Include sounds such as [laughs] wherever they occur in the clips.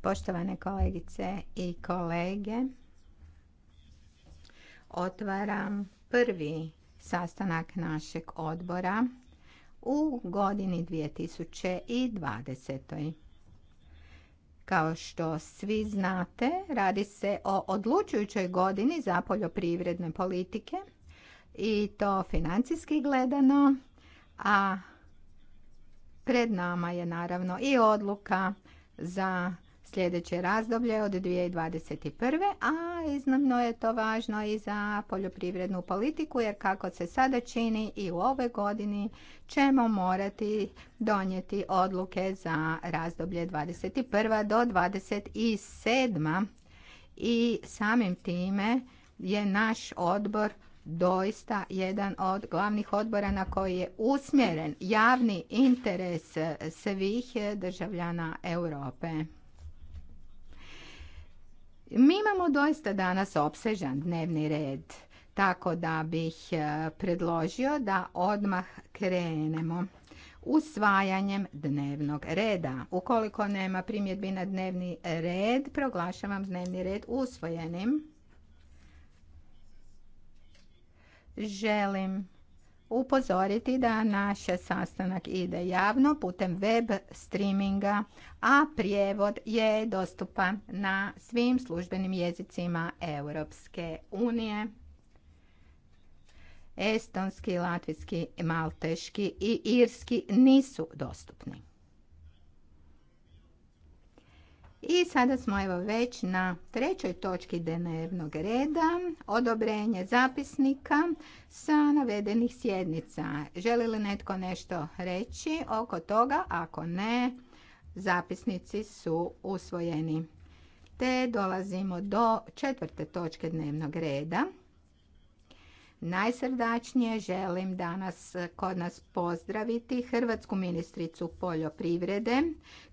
Poštovane kolegice i kolege, otvaram prvi sastanak našeg odbora u godini 2020. Kao što svi znate, radi se o odlučujućoj godini za poljoprivredne politike i to financijski gledano, a pred nama je naravno i odluka za sljedeće razdoblje od 2021. A iznimno je to važno i za poljoprivrednu politiku jer kako se sada čini i u ovoj godini ćemo morati donijeti odluke za razdoblje 21. do 2027. I samim time je naš odbor doista jedan od glavnih odbora na koji je usmjeren javni interes svih državljana Europe. Mi imamo doista danas opsežan dnevni red, tako da bih e, predložio da odmah krenemo usvajanjem dnevnog reda. Ukoliko nema primjedbi na dnevni red, proglašavam dnevni red usvojenim. želim upozoriti da naš sastanak ide javno putem web streaminga, a prijevod je dostupan na svim službenim jezicima Europske unije. Estonski, latvijski, malteški i irski nisu dostupni. I sada smo evo već na trećoj točki dnevnog reda, odobrenje zapisnika sa navedenih sjednica. Želi li netko nešto reći oko toga? Ako ne, zapisnici su usvojeni. Te dolazimo do četvrte točke dnevnog reda. Najsrdačnije želim danas eh, kod nas pozdraviti hrvatsku ministricu poljoprivrede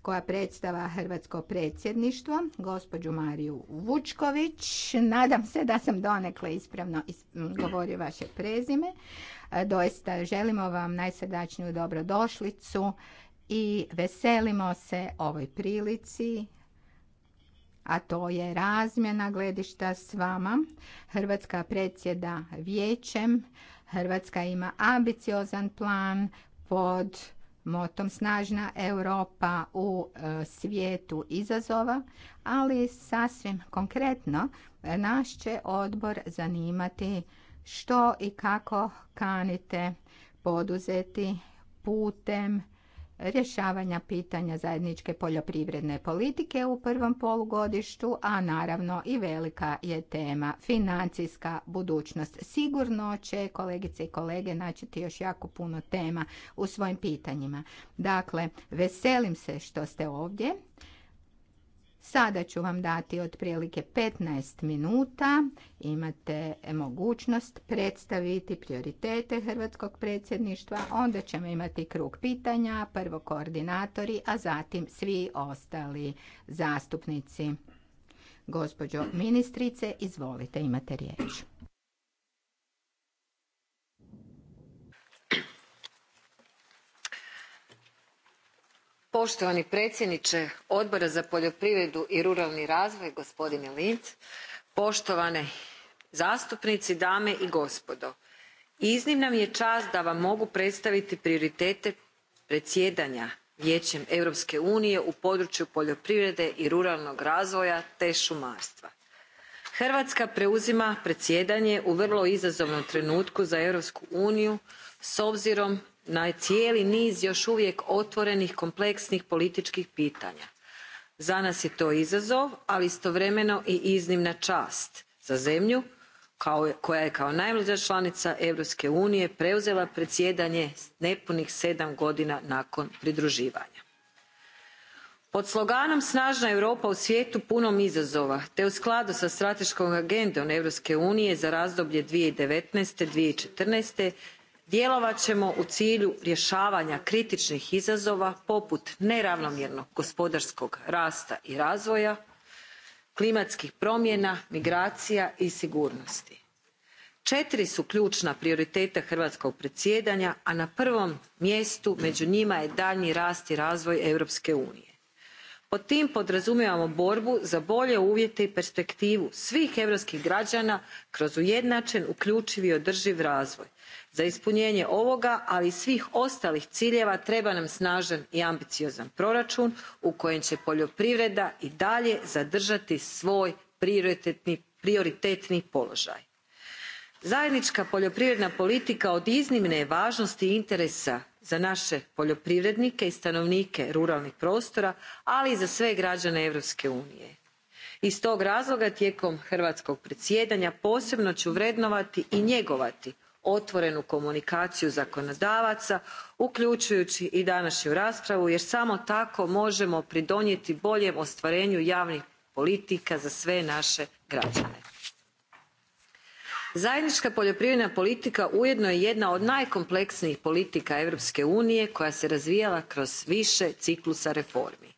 koja predstava hrvatsko predsjedništvo, gospođu Mariju Vučković. Nadam se da sam donekle ispravno mm, govorio vaše prezime. Eh, doista želimo vam najsrdačniju dobrodošlicu i veselimo se ovoj prilici a to je razmjena gledišta s vama. Hrvatska predsjeda vijećem, Hrvatska ima ambiciozan plan pod motom snažna Europa u e, svijetu izazova, ali sasvim konkretno naš će odbor zanimati što i kako kanite poduzeti putem rješavanja pitanja zajedničke poljoprivredne politike u prvom polugodištu, a naravno i velika je tema financijska budućnost. Sigurno će kolegice i kolege naći još jako puno tema u svojim pitanjima. Dakle, veselim se što ste ovdje Sada ću vam dati otprilike 15 minuta. Imate mogućnost predstaviti prioritete Hrvatskog predsjedništva. Onda ćemo imati krug pitanja, prvo koordinatori, a zatim svi ostali zastupnici. Gospođo ministrice, izvolite, imate riječ. poštovani predsjedniče odbora za poljoprivredu i ruralni razvoj gospodine Linz, poštovane zastupnici, dame i gospodo. Iznimna mi je čast da vam mogu predstaviti prioritete predsjedanja Vijećem Europske unije u području poljoprivrede i ruralnog razvoja te šumarstva. Hrvatska preuzima predsjedanje u vrlo izazovnom trenutku za Europsku uniju s obzirom na cijeli niz još uvijek otvorenih kompleksnih političkih pitanja. Za nas je to izazov, ali istovremeno i iznimna čast za zemlju koja je kao najmlađa članica Europske unije preuzela predsjedanje nepunih sedam godina nakon pridruživanja. Pod sloganom Snažna Europa u svijetu punom izazova te u skladu sa strateškom agendom Europske unije za razdoblje 2019. 2014 djelovat ćemo u cilju rješavanja kritičnih izazova poput neravnomjernog gospodarskog rasta i razvoja klimatskih promjena migracija i sigurnosti. četiri su ključna prioriteta hrvatskog predsjedanja a na prvom mjestu među njima je daljnji rast i razvoj europske unije pod tim podrazumijevamo borbu za bolje uvjete i perspektivu svih europskih građana kroz ujednačen uključivi i održiv razvoj. za ispunjenje ovoga ali i svih ostalih ciljeva treba nam snažan i ambiciozan proračun u kojem će poljoprivreda i dalje zadržati svoj prioritetni položaj. zajednička poljoprivredna politika od iznimne je važnosti i interesa za naše poljoprivrednike i stanovnike ruralnih prostora, ali i za sve građane Europske unije. Iz tog razloga tijekom hrvatskog predsjedanja posebno ću vrednovati i njegovati otvorenu komunikaciju zakonodavaca uključujući i današnju raspravu jer samo tako možemo pridonijeti boljem ostvarenju javnih politika za sve naše građane zajednička poljoprivredna politika ujedno je jedna od najkompleksnijih politika europske unije koja se razvijala kroz više ciklusa reformi.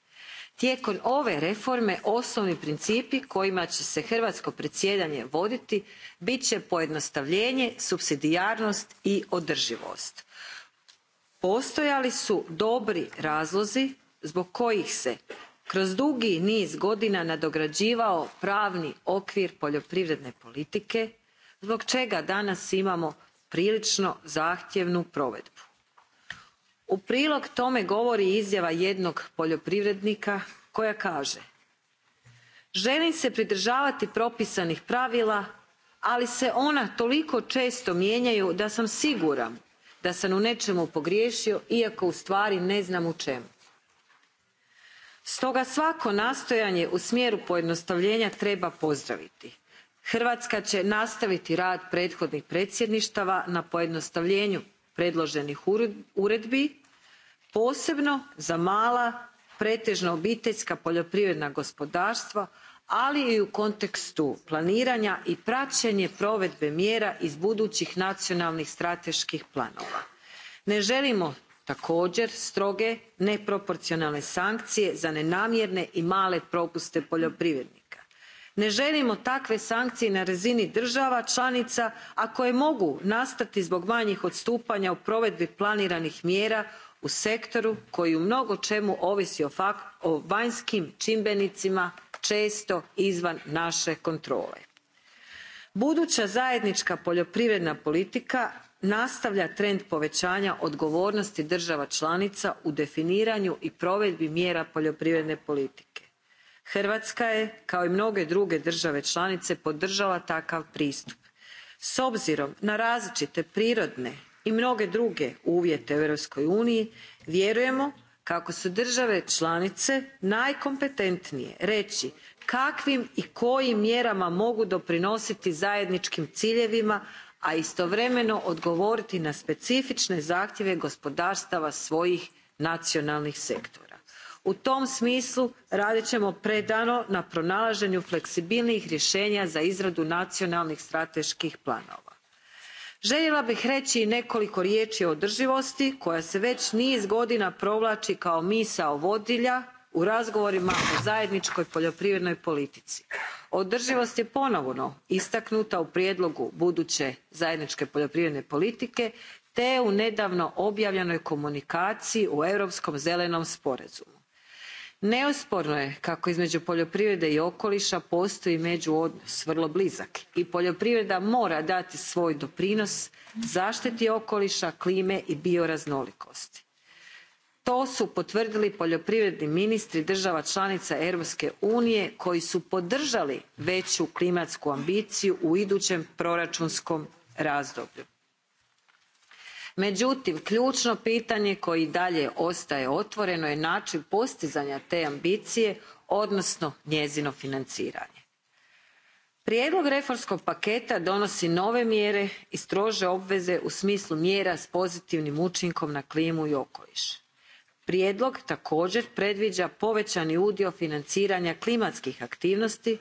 tijekom ove reforme osnovni principi kojima će se hrvatsko predsjedanje voditi bit će pojednostavljenje supsidijarnost i održivost. postojali su dobri razlozi zbog kojih se kroz dugi niz godina nadograđivao pravni okvir poljoprivredne politike zbog čega danas imamo prilično zahtjevnu provedbu. U prilog tome govori izjava jednog poljoprivrednika koja kaže Želim se pridržavati propisanih pravila, ali se ona toliko često mijenjaju da sam siguran da sam u nečemu pogriješio iako ustvari ne znam u čemu. Stoga svako nastojanje u smjeru pojednostavljenja treba pozdraviti hrvatska će nastaviti rad prethodnih predsjedništava na pojednostavljenju predloženih uredbi posebno za mala pretežno obiteljska poljoprivredna gospodarstva ali i u kontekstu planiranja i praćenje provedbe mjera iz budućih nacionalnih strateških planova. ne želimo također stroge neproporcionalne sankcije za nenamjerne i male propuste poljoprivrednika ne želimo takve sankcije na razini država članica a koje mogu nastati zbog manjih odstupanja u provedbi planiranih mjera u sektoru koji u čemu ovisi o vanjskim čimbenicima često izvan naše kontrole. buduća zajednička poljoprivredna politika nastavlja trend povećanja odgovornosti država članica u definiranju i provedbi mjera poljoprivredne politike hrvatska je kao i mnoge druge države članice podržala takav pristup. s obzirom na različite prirodne i mnoge druge uvjete u europskoj uniji vjerujemo kako su države članice najkompetentnije reći kakvim i kojim mjerama mogu doprinositi zajedničkim ciljevima a istovremeno odgovoriti na specifične zahtjeve gospodarstava svojih nacionalnih sektora u tom smislu radit ćemo predano na pronalaženju fleksibilnijih rješenja za izradu nacionalnih strateških planova. željela bih reći i nekoliko riječi o održivosti koja se već niz godina provlači kao misao vodilja u razgovorima o zajedničkoj poljoprivrednoj politici. održivost je ponovno istaknuta u prijedlogu buduće zajedničke poljoprivredne politike te u nedavno objavljenoj komunikaciji o europskom zelenom sporazumu neosporno je kako između poljoprivrede i okoliša postoji međuodnos vrlo blizak i poljoprivreda mora dati svoj doprinos zaštiti okoliša klime i bioraznolikosti. to su potvrdili poljoprivredni ministri država članica europske unije koji su podržali veću klimatsku ambiciju u idućem proračunskom razdoblju međutim ključno pitanje koje i dalje ostaje otvoreno je način postizanja te ambicije odnosno njezino financiranje. prijedlog reformskog paketa donosi nove mjere i strože obveze u smislu mjera s pozitivnim učinkom na klimu i okoliš. prijedlog također predviđa povećani udio financiranja klimatskih aktivnosti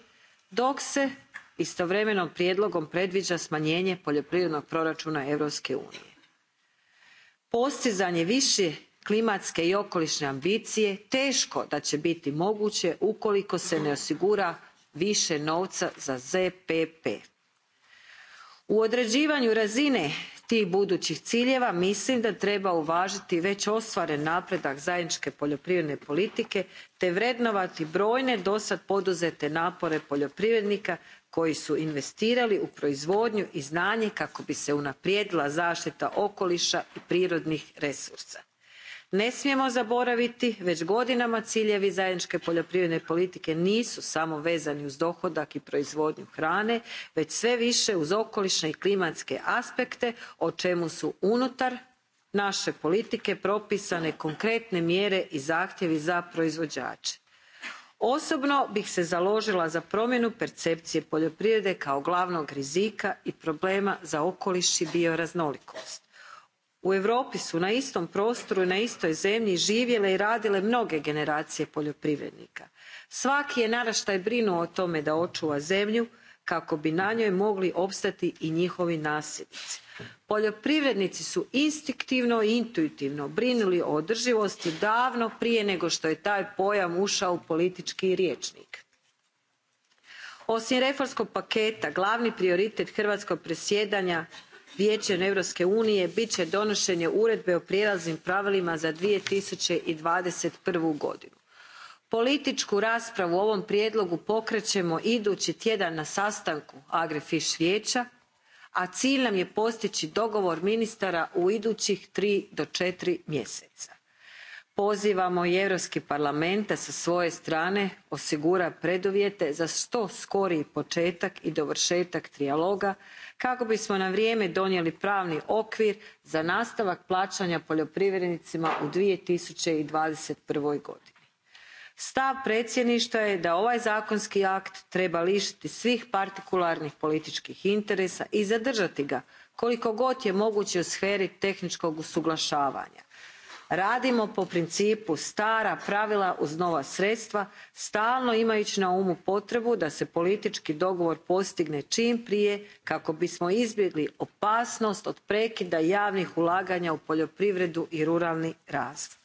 dok se istovremeno prijedlogom predviđa smanjenje poljoprivrednog proračuna europske unije postizanje vie klimatske i okoline ambicije teko da će biti moguće ukoliko se ne osigura više novca za zpp. u odreivanju razine tih budućih ciljeva mislim da treba uvažiti ve ostvaren napredak zajedničke poljoprivredne politike te vrednovati brojne dosad poduzete napore poljoprivrednika koji su investirali u proizvodnju i znanje kako bi se unaprijedila zaštita okoliša i prirodnih resursa. ne smijemo zaboraviti već godinama ciljevi zajedničke poljoprivredne politike nisu samo vezani uz dohodak i proizvodnju hrane već sve više uz okolišne i klimatske aspekte o čemu su unutar naše politike propisane konkretne mjere i zahtjevi za proizvođače osobno bih se založila za promjenu percepcije poljoprivrede kao glavnog rizika i problema za okoliš i bioraznolikost. u europi su na istom prostoru i na istoj zemlji živjele i radile mnoge generacije poljoprivrednika. svaki je naraštaj brinuo o tome da očuva zemlju kako bi na njoj mogli opstati i njihovi nasljednici poljoprivrednici su instinktivno i intuitivno brinuli o održivosti davno prije nego što je taj pojam ušao u politički rječnik osim reformskog paketa glavni prioritet hrvatskog predsjedanja vijećem europske unije bit će donošenje uredbe o prijelaznim pravilima za. two thousand and twenty godinu političku raspravu o ovom prijedlogu pokrećemo idući tjedan na sastanku agrifish vijeća a cilj nam je postići dogovor ministara u idućih tri do četiri mjeseca. pozivamo i europski parlament da sa svoje strane osigura preduvjete za što skoriji početak i dovršetak trijaloga kako bismo na vrijeme donijeli pravni okvir za nastavak plaćanja poljoprivrednicima u. two thousand and twenty one godini stav predsjedništva je da ovaj zakonski akt treba lišiti svih partikularnih političkih interesa i zadržati ga koliko god je moguće u sferi tehničkog usuglašavanja. radimo po principu stara pravila uz nova sredstva stalno imajući na umu potrebu da se politički dogovor postigne čim prije kako bismo izbjegli opasnost od prekida javnih ulaganja u poljoprivredu i ruralni razvoj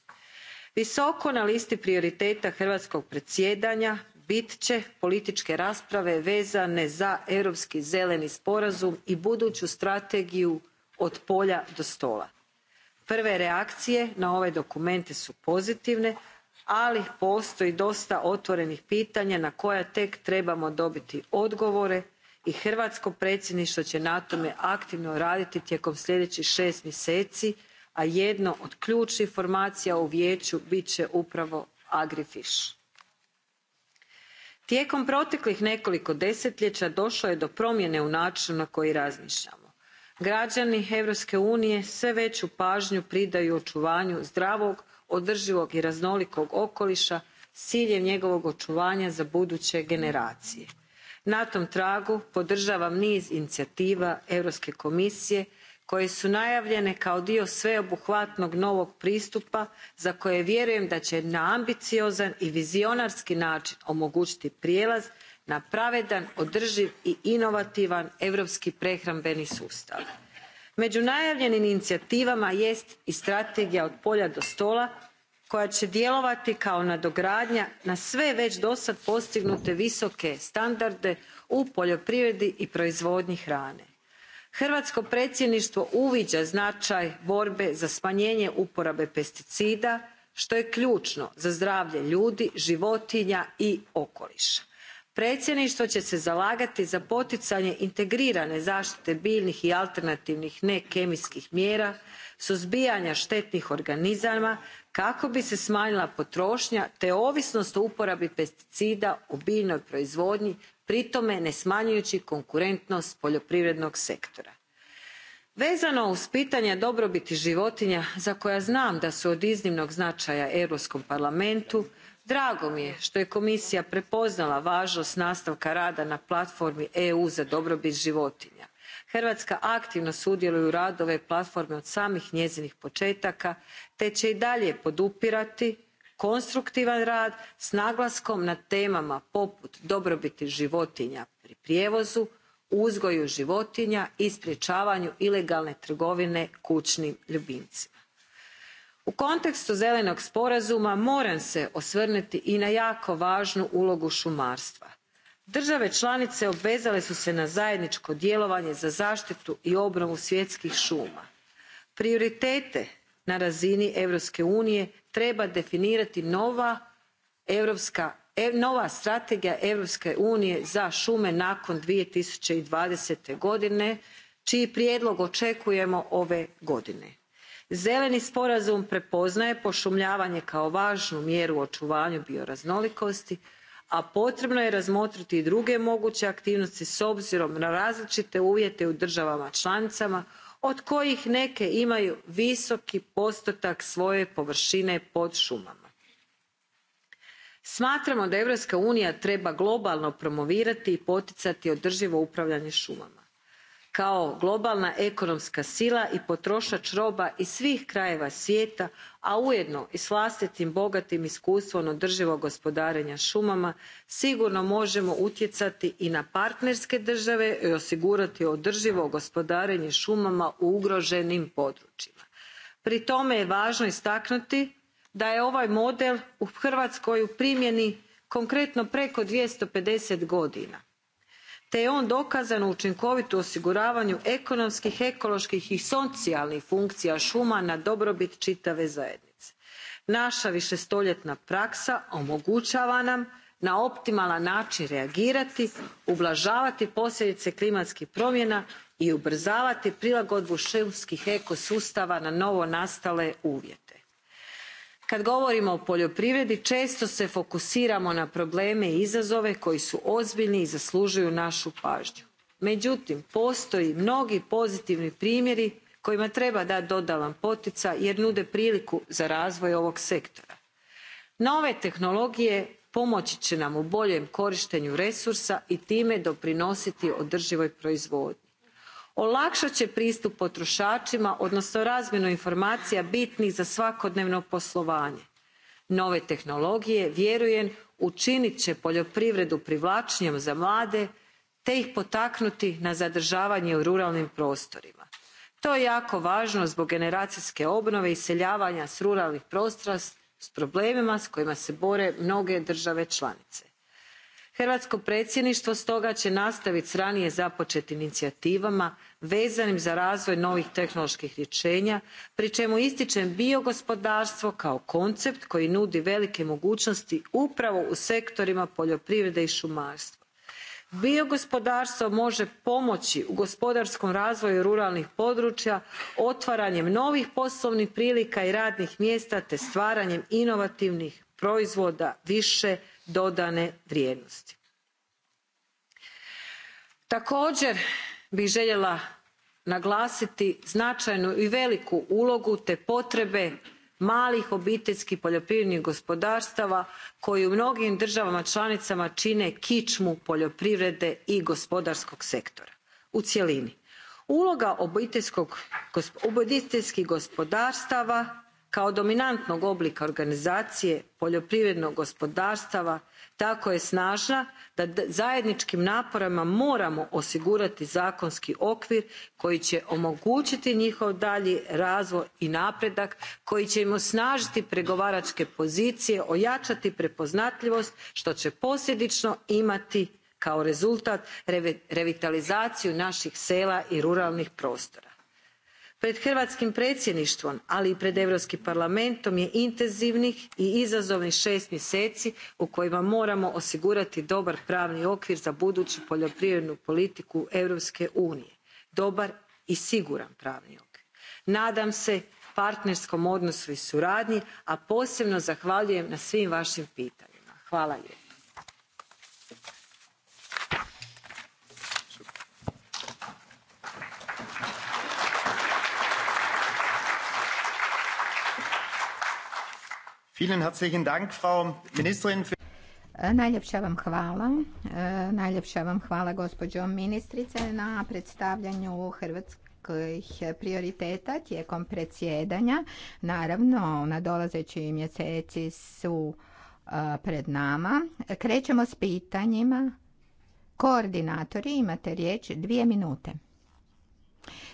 visoko na listi prioriteta hrvatskog predsjedanja bit će političke rasprave vezane za europski zeleni sporazum i buduću strategiju od polja do stola. prve reakcije na ove ovaj dokumente su pozitivne ali postoji dosta otvorenih pitanja na koja tek trebamo dobiti odgovore i hrvatsko predsjedništvo će na tome aktivno raditi tijekom sljedećih šest mjeseci a jedno od ključnih formacija u vijeću bit će upravo agrifish. tijekom proteklih nekoliko desetljeća došlo je do promjene u načinu na koji razmišljamo. građani europske unije sve veću pažnju pridaju očuvanju zdravog održivog i raznolikog okoliša s ciljem njegovog očuvanja za buduće generacije. na tom tragu podržavam niz inicijativa europske komisije koje su najavljene kao dio sveobuhvatnog novog pristupa za koje vjerujem da će na ambiciozan i vizionarski način omogućiti prijelaz na pravedan održiv i inovativan europski prehrambeni sustav. među najavljenim inicijativama jest i strategija od polja do stola koja će djelovati kao nadogradnja na sve već dosad postignute visoke standarde u poljoprivredi i proizvodnji hrane hrvatsko predsjedništvo uviđa značaj borbe za smanjenje uporabe pesticida što je ključno za zdravlje ljudi životinja i okoliša. predsjedništvo će se zalagati za poticanje integrirane zaštite biljnih i alternativnih nekemijskih mjera suzbijanja štetnih organizama kako bi se smanjila potrošnja te ovisnost o uporabi pesticida u biljnoj proizvodnji pri tome ne smanjujući konkurentnost poljoprivrednog sektora. Vezano uz pitanje dobrobiti životinja za koja znam da su od iznimnog značaja Europskom parlamentu, drago mi je što je komisija prepoznala važnost nastavka rada na platformi EU za dobrobit životinja. Hrvatska aktivno sudjeluje u radu ove platforme od samih njezinih početaka te će i dalje podupirati konstruktivan rad s naglaskom na temama poput dobrobiti životinja pri prijevozu uzgoju životinja i sprječavanju ilegalne trgovine kućnim ljubimcima. u kontekstu zelenog sporazuma moram se osvrnuti i na jako važnu ulogu šumarstva. države članice obvezale su se na zajedničko djelovanje za zaštitu i obnovu svjetskih šuma. prioritete na razini europske unije treba definirati nova e, strategija europske unije za šume nakon. two thousand and godine čiji prijedlog očekujemo ove godine. zeleni sporazum prepoznaje pošumljavanje kao važnu mjeru u očuvanju bioraznolikosti a potrebno je razmotriti i druge moguće aktivnosti s obzirom na različite uvjete u državama članicama od kojih neke imaju visoki postotak svoje površine pod šumama. Smatramo da Europska unija treba globalno promovirati i poticati održivo upravljanje šumama kao globalna ekonomska sila i potrošač roba iz svih krajeva svijeta a ujedno i s vlastitim bogatim iskustvom održivog gospodarenja šumama sigurno možemo utjecati i na partnerske države i osigurati održivo gospodarenje šumama u ugroženim područjima. pri tome je važno istaknuti da je ovaj model u hrvatskoj u primjeni konkretno preko dvjesto pedeset godina te je on dokazano učinkovit u osiguravanju ekonomskih ekoloških i socijalnih funkcija šuma na dobrobit čitave zajednice. naša višestoljetna praksa omogućava nam na optimalan način reagirati ublažavati posljedice klimatskih promjena i ubrzavati prilagodbu šumskih ekosustava na novonastale uvjete kad govorimo o poljoprivredi često se fokusiramo na probleme i izazove koji su ozbiljni i zaslužuju našu pažnju međutim postoje mnogi pozitivni primjeri kojima treba dati dodatan poticaj jer nude priliku za razvoj ovog sektora. nove tehnologije pomoći će nam u boljem korištenju resursa i time doprinositi održivoj proizvodnji olakšat će pristup potrošačima odnosno razmjenu informacija bitnih za svakodnevno poslovanje. nove tehnologije vjerujem učinit će poljoprivredu privlačnijom za mlade te ih potaknuti na zadržavanje u ruralnim prostorima. to je jako važno zbog generacijske obnove i iseljavanja s ruralnih prostora s problemima s kojima se bore mnoge države članice hrvatsko predsjedništvo stoga će nastaviti s ranije započetim inicijativama vezanim za razvoj novih tehnoloških rješenja pri čemu ističem biogospodarstvo kao koncept koji nudi velike mogućnosti upravo u sektorima poljoprivrede i šumarstva. biogospodarstvo može pomoći u gospodarskom razvoju ruralnih područja otvaranjem novih poslovnih prilika i radnih mjesta te stvaranjem inovativnih proizvoda više dodane vrijednosti. Također bih željela naglasiti značajnu i veliku ulogu te potrebe malih obiteljskih poljoprivrednih gospodarstava koji u mnogim državama članicama čine kičmu poljoprivrede i gospodarskog sektora u cjelini. Uloga obiteljskih gospodarstava kao dominantnog oblika organizacije poljoprivrednog gospodarstava tako je snažna da zajedničkim naporima moramo osigurati zakonski okvir koji će omogućiti njihov dalji razvoj i napredak koji će im osnažiti pregovaračke pozicije ojačati prepoznatljivost što će posljedično imati kao rezultat revitalizaciju naših sela i ruralnih prostora pred hrvatskim predsjedništvom ali i pred europskim parlamentom je intenzivnih i izazovnih šest mjeseci u kojima moramo osigurati dobar pravni okvir za buduću poljoprivrednu politiku europske unije dobar i siguran pravni okvir. nadam se partnerskom odnosu i suradnji a posebno zahvaljujem na svim vašim pitanjima. hvala Vielen e, Najljepša vam hvala. E, najljepša vam hvala gospođo ministrice na predstavljanju hrvatskih prioriteta tijekom predsjedanja. Naravno, nadolazeći mjeseci su e, pred nama. Krećemo s pitanjima. Koordinatori, imate riječ, dvije minute.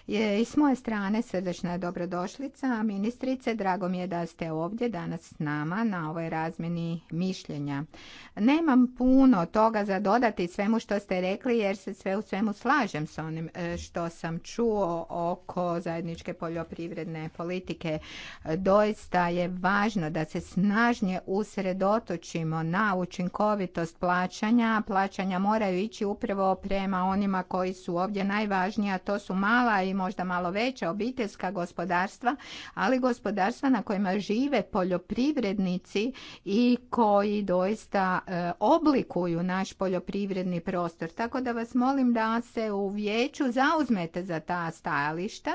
Je, I s moje strane srdečna je dobrodošlica. Ministrice, drago mi je da ste ovdje danas s nama na ovoj razmjeni mišljenja. Nemam puno toga za dodati svemu što ste rekli jer se sve u svemu slažem s onim e, što sam čuo oko zajedničke poljoprivredne politike. Doista je važno da se snažnije usredotočimo na učinkovitost plaćanja. Plaćanja moraju ići upravo prema onima koji su ovdje najvažniji, a to su mala i možda malo veća obiteljska gospodarstva, ali gospodarstva na kojima žive poljoprivrednici i koji doista e, oblikuju naš poljoprivredni prostor. Tako da vas molim da se u vijeću zauzmete za ta stajališta,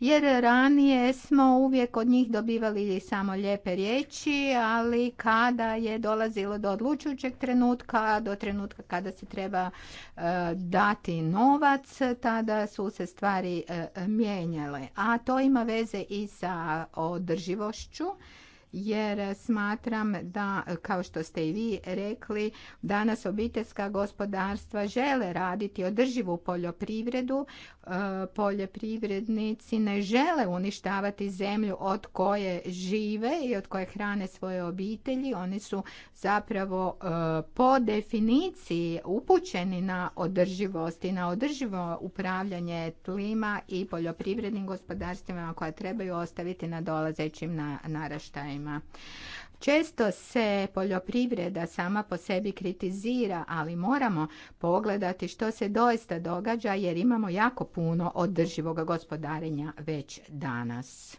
jer ranije smo uvijek od njih dobivali samo lijepe riječi, ali kada je dolazilo do odlučujućeg trenutka, do trenutka kada se treba e, dati novac, tada su se stvari ovaj, mijenjale. A to ima veze i sa održivošću jer smatram da, kao što ste i vi rekli, danas obiteljska gospodarstva žele raditi održivu poljoprivredu, E, poljoprivrednici ne žele uništavati zemlju od koje žive i od koje hrane svoje obitelji. Oni su zapravo e, po definiciji upućeni na održivost i na održivo upravljanje tlima i poljoprivrednim gospodarstvima koja trebaju ostaviti na dolazećim naraštajima. Često se poljoprivreda sama po sebi kritizira, ali moramo pogledati što se doista događa jer imamo jako puno održivog gospodarenja već danas.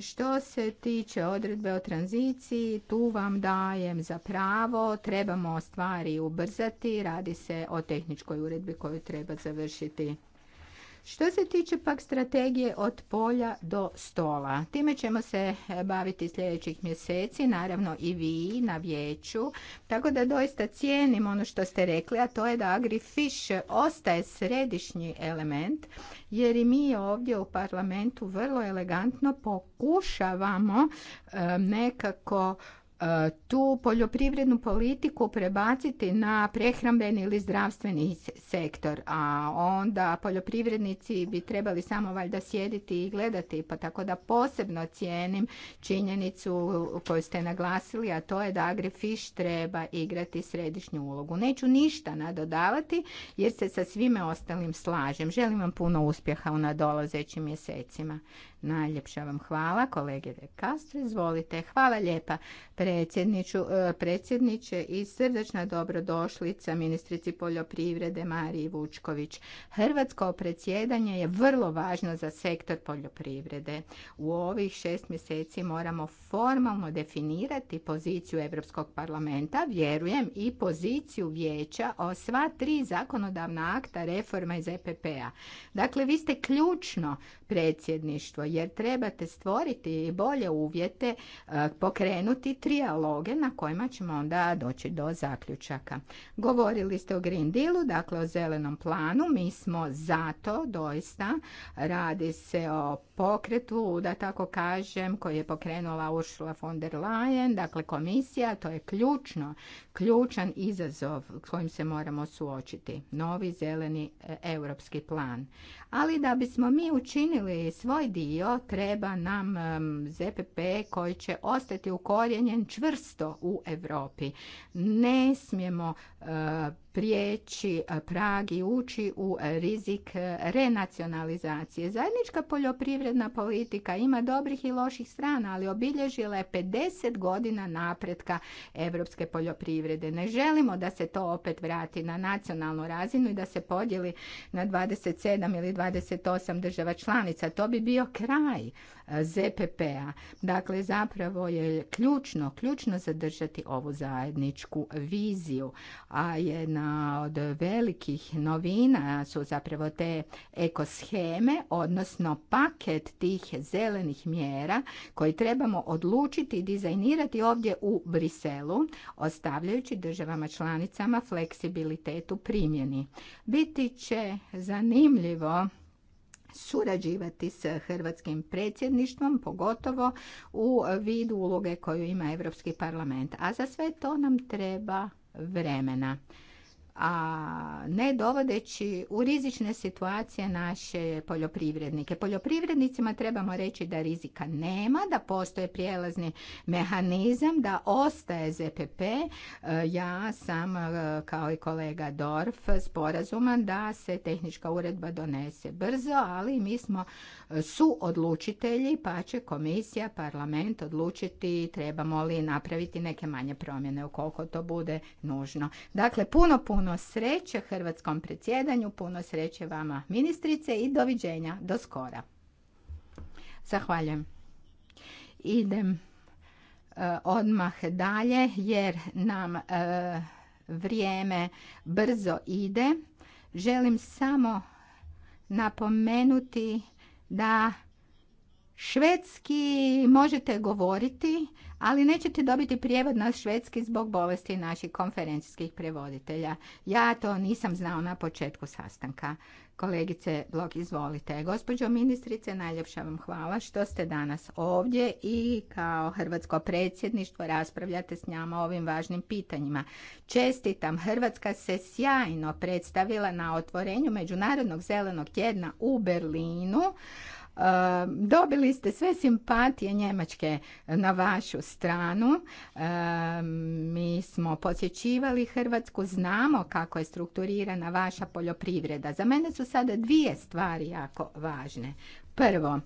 Što se tiče odredbe o tranziciji, tu vam dajem za pravo, trebamo stvari ubrzati, radi se o tehničkoj uredbi koju treba završiti što se tiče pak strategije od polja do stola, time ćemo se baviti sljedećih mjeseci, naravno i vi na vijeću, tako da doista cijenim ono što ste rekli, a to je da AgriFish ostaje središnji element, jer i mi ovdje u parlamentu vrlo elegantno pokušavamo e, nekako tu poljoprivrednu politiku prebaciti na prehrambeni ili zdravstveni sektor, a onda poljoprivrednici bi trebali samo valjda sjediti i gledati, pa tako da posebno cijenim činjenicu koju ste naglasili, a to je da Agrifish treba igrati središnju ulogu. Neću ništa nadodavati jer se sa svime ostalim slažem. Želim vam puno uspjeha u nadolazećim mjesecima. Najljepša vam hvala, kolege De Castro, izvolite. Hvala lijepa e, predsjedniče i srdečna dobrodošlica ministrici poljoprivrede Mariji Vučković. Hrvatsko predsjedanje je vrlo važno za sektor poljoprivrede. U ovih šest mjeseci moramo formalno definirati poziciju Europskog parlamenta, vjerujem i poziciju vijeća o sva tri zakonodavna akta reforma iz EPP-a. Dakle, vi ste ključno predsjedništvo jer trebate stvoriti bolje uvjete, e, pokrenuti trijaloge na kojima ćemo onda doći do zaključaka. Govorili ste o Green Dealu, dakle o zelenom planu. Mi smo zato, doista. Radi se o pokretu, da tako kažem, koji je pokrenula Ursula von der Leyen, dakle komisija, to je ključno, ključan izazov s kojim se moramo suočiti. Novi zeleni e, europski plan. Ali da bismo mi učinili svoj dio, dio, treba nam ZPP koji će ostati ukorijenjen čvrsto u Europi. Ne smijemo eh, prijeći prag i ući u rizik renacionalizacije. Zajednička poljoprivredna politika ima dobrih i loših strana, ali obilježila je 50 godina napretka evropske poljoprivrede. Ne želimo da se to opet vrati na nacionalnu razinu i da se podijeli na 27 ili 28 država članica. To bi bio kraj ZPP-a. Dakle, zapravo je ključno, ključno zadržati ovu zajedničku viziju, a jedna od velikih novina su zapravo te ekosheme, odnosno paket tih zelenih mjera koji trebamo odlučiti i dizajnirati ovdje u Briselu, ostavljajući državama članicama fleksibilitet u primjeni. Biti će zanimljivo surađivati s hrvatskim predsjedništvom, pogotovo u vidu uloge koju ima Europski parlament. A za sve to nam treba vremena a ne dovodeći u rizične situacije naše poljoprivrednike. Poljoprivrednicima trebamo reći da rizika nema, da postoje prijelazni mehanizam, da ostaje ZPP. E, ja sam, e, kao i kolega Dorf, sporazuman da se tehnička uredba donese brzo, ali mi smo odlučitelji pa će komisija, parlament odlučiti trebamo li napraviti neke manje promjene ukoliko to bude nužno. Dakle, puno, puno puno sreće hrvatskom predsjedanju, puno sreće vama ministrice i doviđenja do skora. Zahvaljujem. Idem e, odmah dalje jer nam e, vrijeme brzo ide. Želim samo napomenuti da Švedski možete govoriti, ali nećete dobiti prijevod na švedski zbog bolesti naših konferencijskih prevoditelja. Ja to nisam znao na početku sastanka. Kolegice Blok, izvolite. Gospođo ministrice, najljepša vam hvala što ste danas ovdje i kao Hrvatsko predsjedništvo raspravljate s njama o ovim važnim pitanjima. Čestitam, Hrvatska se sjajno predstavila na otvorenju Međunarodnog zelenog tjedna u Berlinu. Ehm, dobili ste sve simpatije Njemačke na vašu stranu. Ehm, mi smo posjećivali Hrvatsku, znamo kako je strukturirana vaša poljoprivreda. Za mene su sada dvije stvari jako važne. Prvo,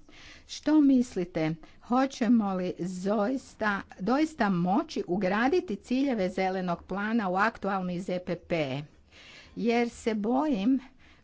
što mislite, hoćemo li doista, doista moći ugraditi ciljeve zelenog plana u aktualni ZPP? Jer se bojim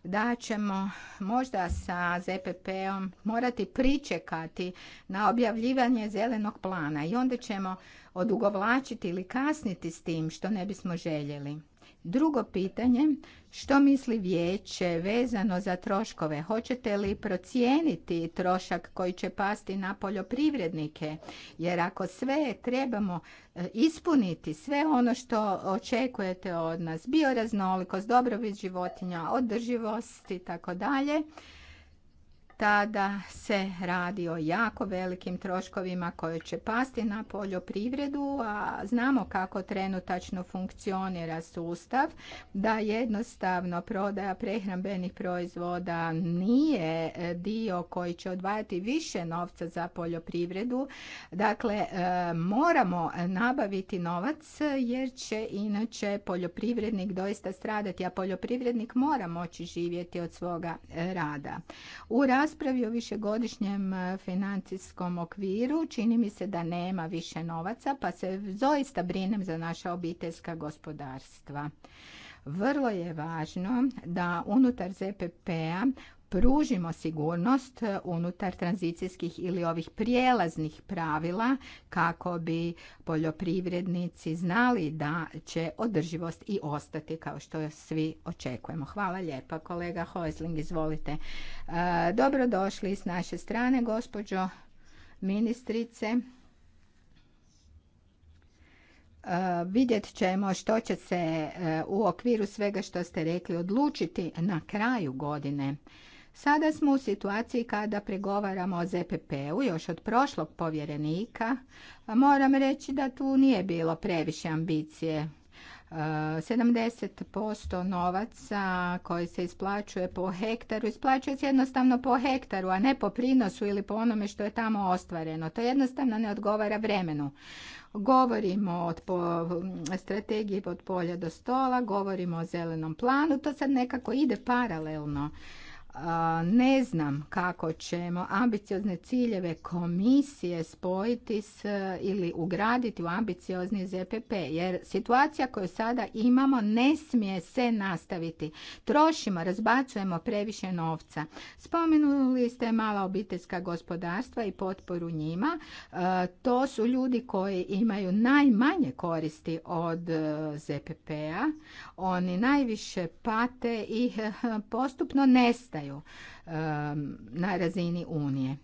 da ćemo možda sa ZPP-om morati pričekati na objavljivanje zelenog plana i onda ćemo odugovlačiti ili kasniti s tim što ne bismo željeli. Drugo pitanje, što misli vijeće vezano za troškove? Hoćete li procijeniti trošak koji će pasti na poljoprivrednike? Jer ako sve trebamo e, ispuniti, sve ono što očekujete od nas, bioraznolikost, dobrobit životinja, održivost i tako dalje, tada se radi o jako velikim troškovima koje će pasti na poljoprivredu, a znamo kako trenutačno funkcionira sustav, da jednostavno prodaja prehrambenih proizvoda nije dio koji će odvajati više novca za poljoprivredu. Dakle, e, moramo nabaviti novac jer će inače poljoprivrednik doista stradati, a poljoprivrednik mora moći živjeti od svoga rada. U raspravi o višegodišnjem e, financijskom okviru čini mi se da nema više novaca, pa se zaista brinem za naša obiteljska gospodarstva. Vrlo je važno da unutar ZPP-a pružimo sigurnost e, unutar tranzicijskih ili ovih prijelaznih pravila kako bi poljoprivrednici znali da će održivost i ostati kao što svi očekujemo. Hvala lijepa kolega Hojsling, izvolite. E, dobrodošli s naše strane gospođo ministrice. E, vidjet ćemo što će se u okviru svega što ste rekli odlučiti na kraju godine Sada smo u situaciji kada pregovaramo o ZPP-u još od prošlog povjerenika. Moram reći da tu nije bilo previše ambicije. 70% e, novaca koji se isplaćuje po hektaru, isplaćuje se jednostavno po hektaru, a ne po prinosu ili po onome što je tamo ostvareno. To jednostavno ne odgovara vremenu. Govorimo o strategiji od polja do stola, govorimo o zelenom planu, to sad nekako ide paralelno ne znam kako ćemo ambiciozne ciljeve komisije spojiti s ili ugraditi u ambiciozni ZPP jer situacija koju sada imamo ne smije se nastaviti. Trošimo, razbacujemo previše novca. Spomenuli ste mala obiteljska gospodarstva i potporu njima. To su ljudi koji imaju najmanje koristi od e, ZPP-a. Oni najviše pate i [laughs] postupno nestaju na razini Unije.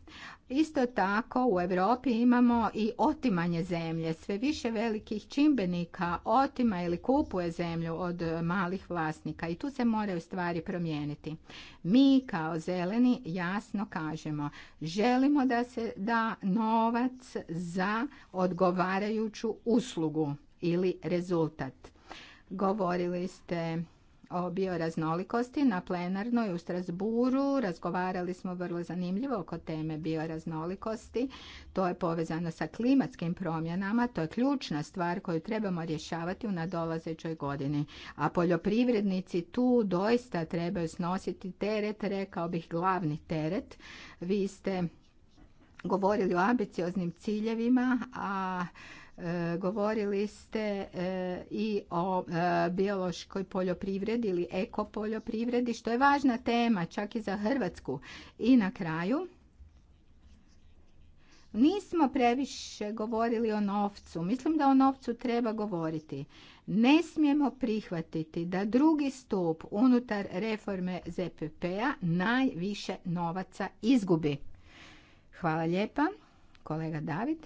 Isto tako u Europi imamo i otimanje zemlje. Sve više velikih čimbenika otima ili kupuje zemlju od malih vlasnika i tu se moraju stvari promijeniti. Mi kao zeleni jasno kažemo želimo da se da novac za odgovarajuću uslugu ili rezultat. Govorili ste o bioraznolikosti na plenarnoj u Strasburu. Razgovarali smo vrlo zanimljivo oko teme bioraznolikosti. To je povezano sa klimatskim promjenama. To je ključna stvar koju trebamo rješavati u nadolazećoj godini. A poljoprivrednici tu doista trebaju snositi teret, rekao bih glavni teret. Vi ste govorili o ambicioznim ciljevima, a E, govorili ste e, i o e, biološkoj poljoprivredi ili ekopoljoprivredi, što je važna tema čak i za Hrvatsku. I na kraju, Nismo previše govorili o novcu. Mislim da o novcu treba govoriti. Ne smijemo prihvatiti da drugi stup unutar reforme ZPP-a najviše novaca izgubi. Hvala lijepa, kolega David.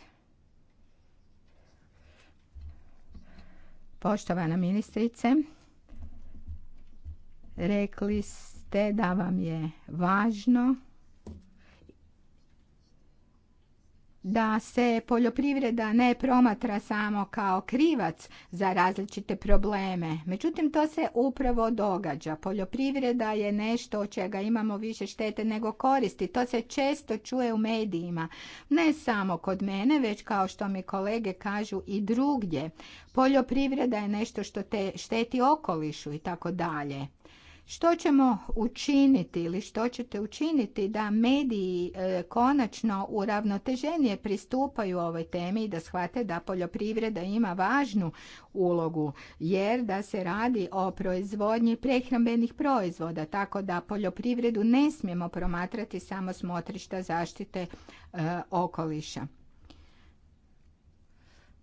Poštovana ministrice, rekli ste da vam je važno da se poljoprivreda ne promatra samo kao krivac za različite probleme. Međutim, to se upravo događa. Poljoprivreda je nešto od čega imamo više štete nego koristi. To se često čuje u medijima. Ne samo kod mene, već kao što mi kolege kažu i drugdje. Poljoprivreda je nešto što te šteti okolišu i tako dalje. Što ćemo učiniti ili što ćete učiniti da mediji e, konačno uravnoteženije pristupaju ovoj temi i da shvate da poljoprivreda ima važnu ulogu jer da se radi o proizvodnji prehrambenih proizvoda tako da poljoprivredu ne smijemo promatrati samo s motrišta zaštite e, okoliša.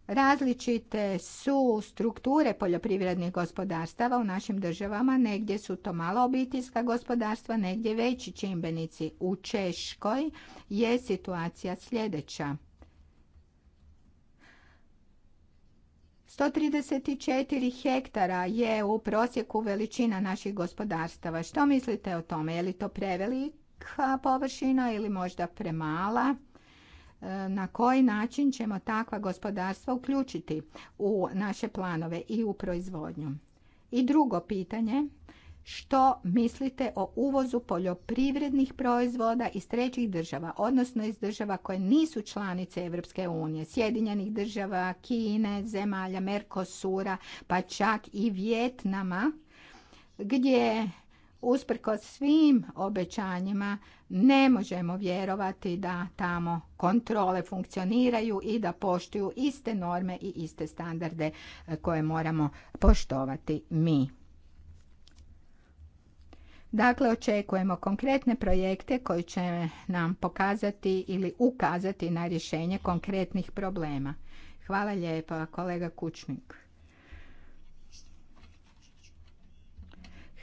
Različite su strukture poljoprivrednih gospodarstava u našim državama, negdje su to malo obiteljska gospodarstva, negdje veći čimbenici. U Češkoj je situacija sljedeća. 134 hektara je u prosjeku veličina naših gospodarstava. Što mislite o tome? Je li to prevelika površina ili možda premala? E, na koji način ćemo takva gospodarstva uključiti u naše planove i u proizvodnju. I drugo pitanje, što mislite o uvozu poljoprivrednih proizvoda iz trećih država, odnosno iz država koje nisu članice Europske unije, Sjedinjenih država, Kine, zemalja Merkosura, pa čak i Vjetnama, gdje usprkos svim obećanjima ne možemo vjerovati da tamo kontrole funkcioniraju i da poštuju iste norme i iste standarde e, koje moramo poštovati mi. Dakle, očekujemo konkretne projekte koji će nam pokazati ili ukazati na rješenje konkretnih problema. Hvala lijepa, kolega Kučnik.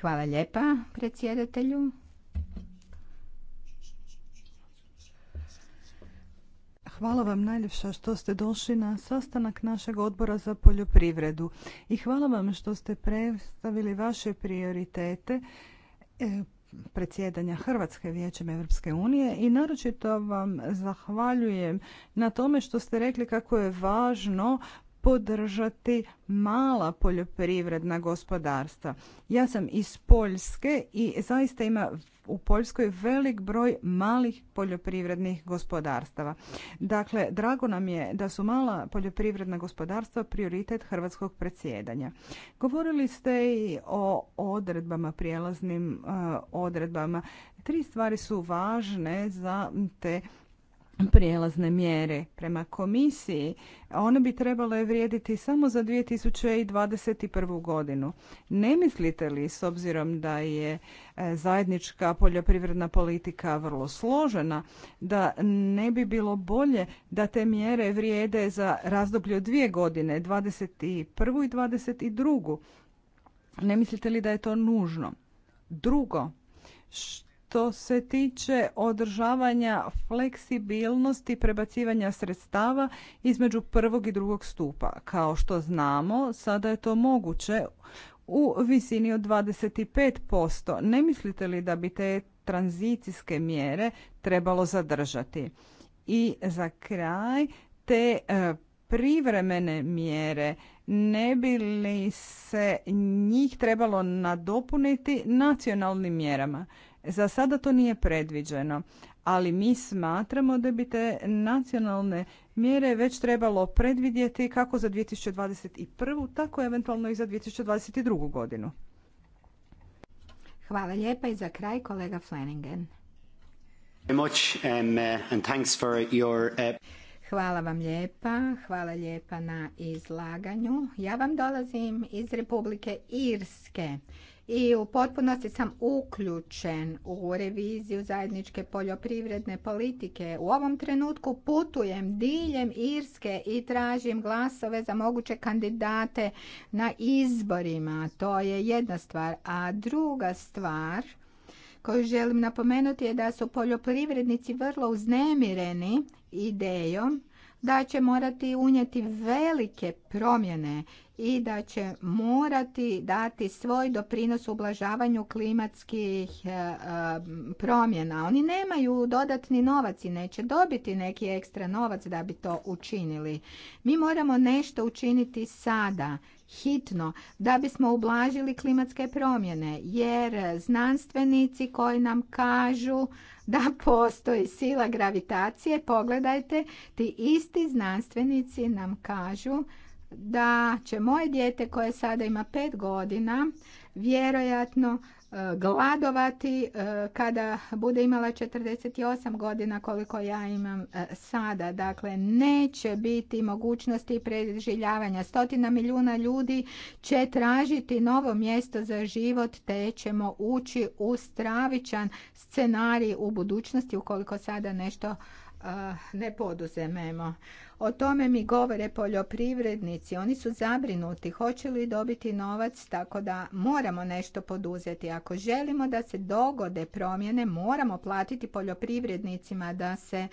Hvala lijepa, predsjedatelju. Hvala vam najljepša što ste došli na sastanak našeg odbora za poljoprivredu i hvala vam što ste predstavili vaše prioritete e, predsjedanja Hrvatske vijećem Europske unije i naročito vam zahvaljujem na tome što ste rekli kako je važno podržati mala poljoprivredna gospodarstva. Ja sam iz Poljske i zaista ima u Poljskoj velik broj malih poljoprivrednih gospodarstava. Dakle, drago nam je da su mala poljoprivredna gospodarstva prioritet hrvatskog predsjedanja. Govorili ste i o odredbama, prijelaznim e, odredbama. Tri stvari su važne za te prijelazne mjere prema komisiji, one bi trebale vrijediti samo za 2021. godinu. Ne mislite li, s obzirom da je e, zajednička poljoprivredna politika vrlo složena, da ne bi bilo bolje da te mjere vrijede za razdoblje od dvije godine, 2021. i 2022. Ne mislite li da je to nužno? Drugo, što što se tiče održavanja fleksibilnosti prebacivanja sredstava između prvog i drugog stupa. Kao što znamo, sada je to moguće u visini od 25%. Ne mislite li da bi te tranzicijske mjere trebalo zadržati? I za kraj te e, privremene mjere ne bi li se njih trebalo nadopuniti nacionalnim mjerama? Za sada to nije predviđeno, ali mi smatramo da bi te nacionalne mjere već trebalo predvidjeti kako za 2021. tako eventualno i za 2022. godinu. Hvala lijepa i za kraj kolega Flanagan. Hvala vam lijepa, hvala lijepa na izlaganju. Ja vam dolazim iz Republike Irske i u potpunosti sam uključen u reviziju zajedničke poljoprivredne politike. U ovom trenutku putujem diljem Irske i tražim glasove za moguće kandidate na izborima. To je jedna stvar. A druga stvar koju želim napomenuti je da su poljoprivrednici vrlo uznemireni idejom da će morati unijeti velike promjene i da će morati dati svoj doprinos ublažavanju klimatskih e, e, promjena. Oni nemaju dodatni novac i neće dobiti neki ekstra novac da bi to učinili. Mi moramo nešto učiniti sada hitno da bismo ublažili klimatske promjene jer znanstvenici koji nam kažu da postoji sila gravitacije, pogledajte, ti isti znanstvenici nam kažu da će moje dijete koje sada ima pet godina vjerojatno gladovati e, kada bude imala 48 godina koliko ja imam e, sada. Dakle, neće biti mogućnosti preživljavanja. Stotina milijuna ljudi će tražiti novo mjesto za život te ćemo ući u stravičan scenarij u budućnosti ukoliko sada nešto e, ne poduzememo. O tome mi govore poljoprivrednici. Oni su zabrinuti hoće li dobiti novac, tako da moramo nešto poduzeti. Ako želimo da se dogode promjene, moramo platiti poljoprivrednicima da se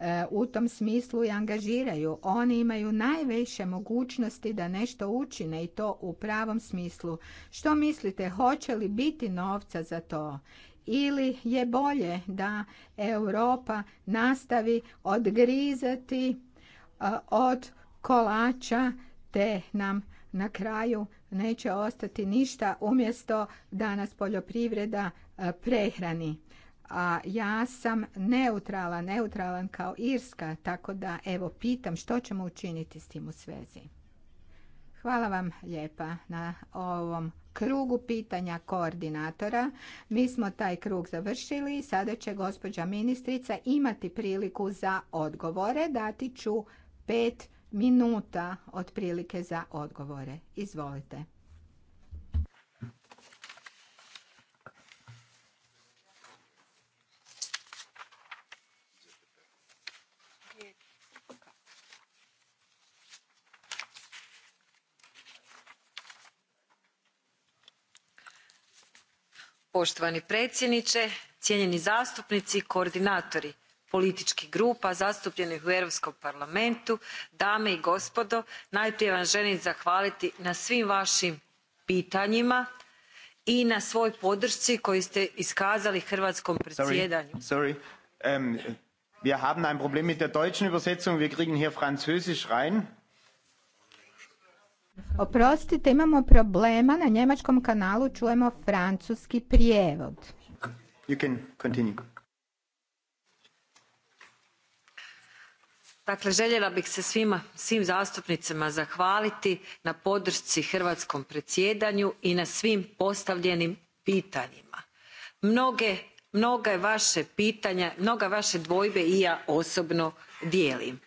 e, u tom smislu i angažiraju. Oni imaju najveće mogućnosti da nešto učine i to u pravom smislu. Što mislite, hoće li biti novca za to? ili je bolje da Europa nastavi odgrizati od kolača te nam na kraju neće ostati ništa umjesto da nas poljoprivreda e, prehrani. A ja sam neutralan, neutralan kao Irska, tako da evo pitam što ćemo učiniti s tim u svezi. Hvala vam lijepa na ovom krugu pitanja koordinatora. Mi smo taj krug završili i sada će gospođa ministrica imati priliku za odgovore. Dati ću pet minuta otprilike za odgovore. Izvolite. Poštovani predsjedniče, cijenjeni zastupnici, koordinatori političkih grupa zastupljenih u europskom parlamentu dame i gospodo najprije vam želim zahvaliti na svim vašim pitanjima i na svoj podršci koju ste iskazali hrvatskom predsjedanju wir haben ein problem Oprostite, imamo problema. Na njemačkom kanalu čujemo francuski prijevod. You can Dakle, željela bih se svima, svim zastupnicima zahvaliti na podršci hrvatskom predsjedanju i na svim postavljenim pitanjima. Mnoge, mnoga vaše pitanja, mnoga vaše dvojbe i ja osobno dijelim.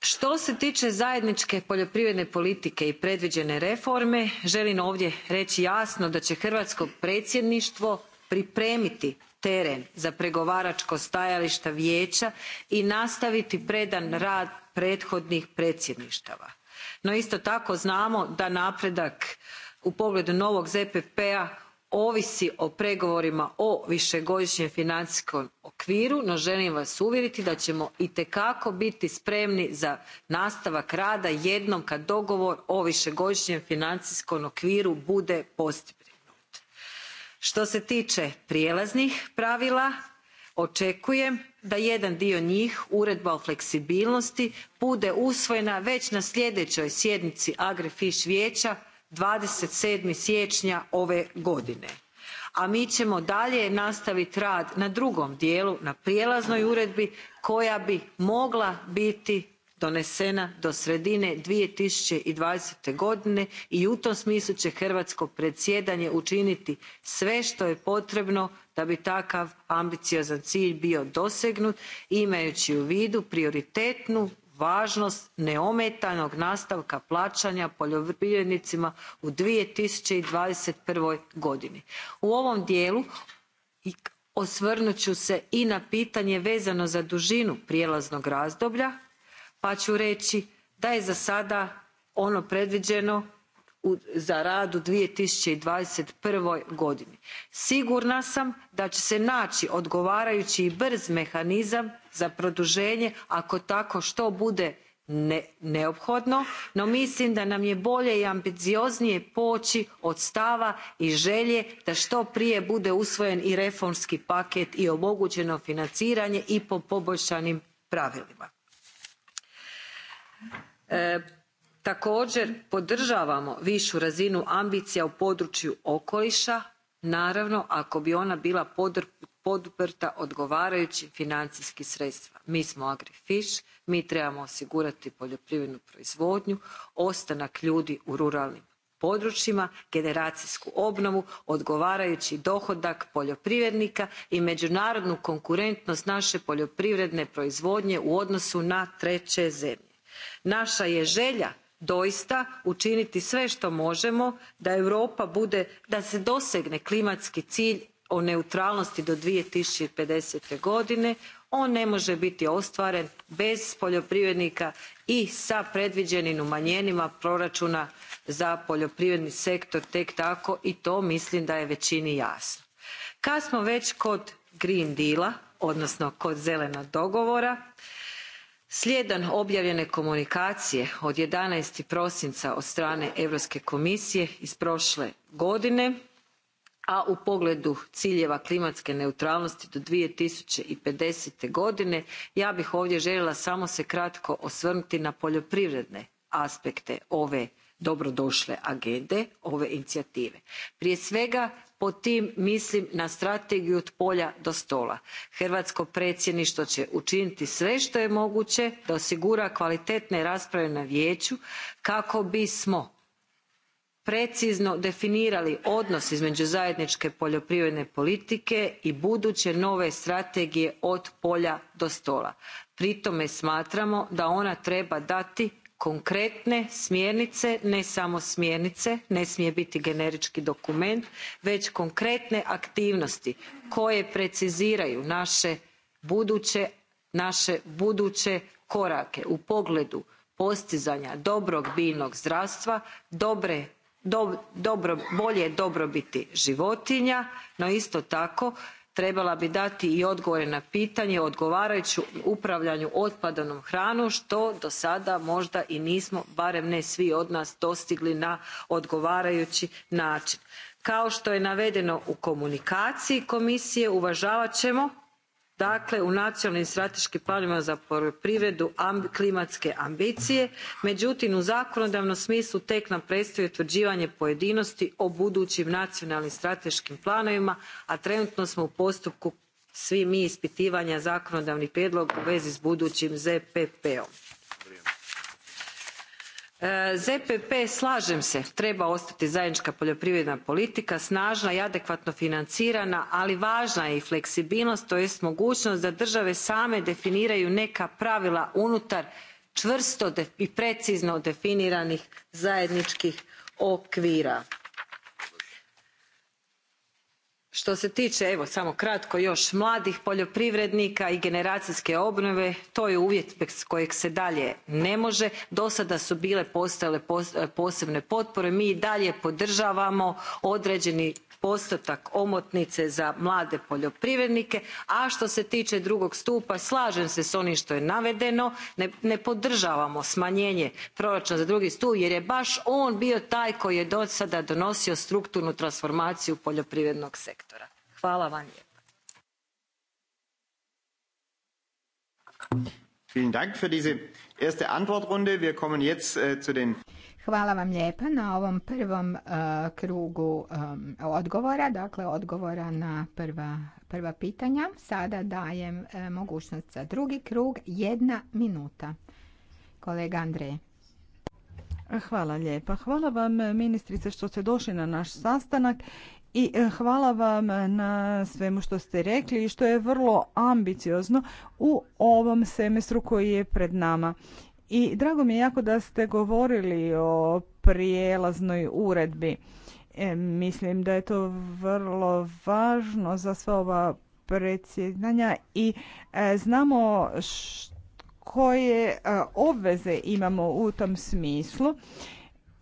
Što se tiče zajedničke poljoprivredne politike i predviđene reforme, želim ovdje reći jasno da će hrvatsko predsjedništvo pripremiti teren za pregovaračko stajalište vijeća i nastaviti predan rad prethodnih predsjedništava no isto tako znamo da napredak u pogledu novog zpp a p-a ovisi o pregovorima o višegodišnjem financijskom okviru no želim vas uvjeriti da ćemo itekako biti spremni za nastavak rada jednom kad dogovor o višegodišnjem financijskom okviru bude postignut što se tiče prijelaznih pravila očekujem da jedan dio njih uredba o fleksibilnosti bude usvojena već na sljedećoj sjednici agrifish vijeća. twenty seven siječnja ove godine a mi ćemo dalje nastaviti rad na drugom dijelu na prijelaznoj uredbi koja bi mogla biti donesena do sredine. two thousand and twenty i u tom smislu će hrvatsko predsjedanje učiniti sve što je potrebno da bi takav ambiciozan cilj bio dosegnut imajući u vidu prioritetnu važnost neometanog nastavka plaćanja poljoprivrednicima u. two thousand and twenty godini. u ovom dijelu osvrnut ću se i na pitanje vezano za dužinu prijelaznog razdoblja pa ću reći da je za sada ono predviđeno za rad u. two thousand and twenty godini. sigurna sam da će se naći odgovarajući i brz mehanizam za produženje ako tako što bude neophodno no mislim da nam je bolje i ambicioznije poći od stava i želje da što prije bude usvojen i reformski paket i omogućeno financiranje i po poboljšanim pravilima. E, također podržavamo višu razinu ambicija u području okoliša naravno ako bi ona bila poduprta odgovarajućim financijskim sredstvima. mi smo agrifish mi trebamo osigurati poljoprivrednu proizvodnju ostanak ljudi u ruralnim područjima generacijsku obnovu odgovarajući dohodak poljoprivrednika i međunarodnu konkurentnost naše poljoprivredne proizvodnje u odnosu na treće zemlje naša je želja doista učiniti sve što možemo da europa bude da se dosegne klimatski cilj o neutralnosti do. two thousand and godine on ne može biti ostvaren bez poljoprivrednika i sa predviđenim umanjenjima proračuna za poljoprivredni sektor tek tako i to mislim da je većini jasno. kad smo već kod green deala odnosno kod zelenog dogovora slijedom objavljene komunikacije od. eleven prosinca od strane europske komisije iz prošle godine a u pogledu ciljeva klimatske neutralnosti do. two thousand and godine ja bih ovdje eljela samo se kratko osvrnuti na poljoprivredne aspekte ove dobrodole agende ove inicijative. prije svega pod tim mislim na strategiju od polja do stola. hrvatsko predsjedništvo će učiniti sve što je moguće da osigura kvalitetne rasprave na vijeću kako bismo precizno definirali odnos između zajedničke poljoprivredne politike i buduće nove strategije od polja do stola. pri tome smatramo da ona treba dati konkretne smjernice ne samo smjernice ne smije biti generički dokument već konkretne aktivnosti koje preciziraju naše buduće, naše buduće korake u pogledu postizanja dobrog biljnog zdravstva dobre dobro, bolje dobrobiti životinja no isto tako trebala bi dati i odgovore na pitanje o odgovarajućem upravljanju otpadom hranom što do sada možda i nismo barem ne svi od nas dostigli na odgovarajući način. kao što je navedeno u komunikaciji komisije uvažavat ćemo dakle u nacionalnim strateškim planovima za poljoprivredu klimatske ambicije međutim u zakonodavnom smislu tek nam predstoji utvrđivanje pojedinosti o budućim nacionalnim strateškim planovima a trenutno smo u postupku svi mi ispitivanja zakonodavnih prijedloga u vezi s budućim zpp om zpp slažem se treba ostati zajednička poljoprivredna politika snažna i adekvatno financirana ali važna je i fleksibilnost tj. mogućnost da države same definiraju neka pravila unutar čvrsto i precizno definiranih zajedničkih okvira što se tiče evo samo kratko još mladih poljoprivrednika i generacijske obnove to je uvjet bez kojeg se dalje ne može do sada su bile postojale posebne potpore mi i dalje podržavamo određeni postotak omotnice za mlade poljoprivrednike a što se tiče drugog stupa slažem se s onim što je navedeno ne, ne podržavamo smanjenje proračuna za drugi stup jer je baš on bio taj koji je do sada donosio strukturnu transformaciju poljoprivrednog sektora. Hvala vam lijepa. Hvala vam lijepa na ovom prvom uh, krugu um, odgovora, dakle odgovora na prva, pitanja. Sada dajem uh, mogućnost za drugi krug, jedna minuta. Kolega Andrej. Hvala lijepa. Hvala vam ministrice što ste došli na naš sastanak i e, hvala vam na svemu što ste rekli i što je vrlo ambiciozno u ovom semestru koji je pred nama. I drago mi je jako da ste govorili o prijelaznoj uredbi. E, mislim da je to vrlo važno za sva ova predsjedanja i e, znamo koje obveze imamo u tom smislu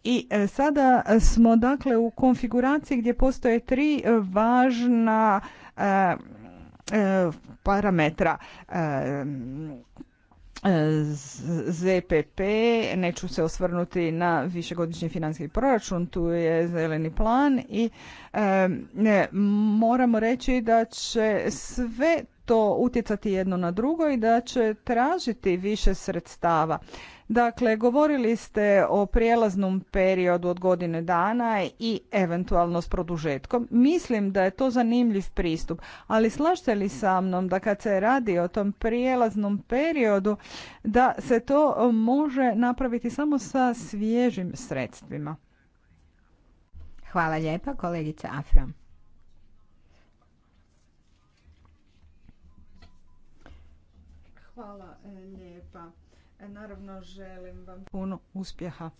i e, sada smo dakle u konfiguraciji gdje postoje tri e, važna e, parametra. ZPP, neću se osvrnuti na višegodišnji financijski proračun, tu je zeleni plan i moramo reći da će sve to utjecati jedno na drugo i da će tražiti više sredstava. Dakle, govorili ste o prijelaznom periodu od godine dana i eventualno s produžetkom. Mislim da je to zanimljiv pristup, ali slažete li sa mnom da kad se radi o tom prijelaznom periodu, da se to može napraviti samo sa svježim sredstvima? Hvala lijepa, kolegica Afram. E, naravno, želim vam puno uspjeha.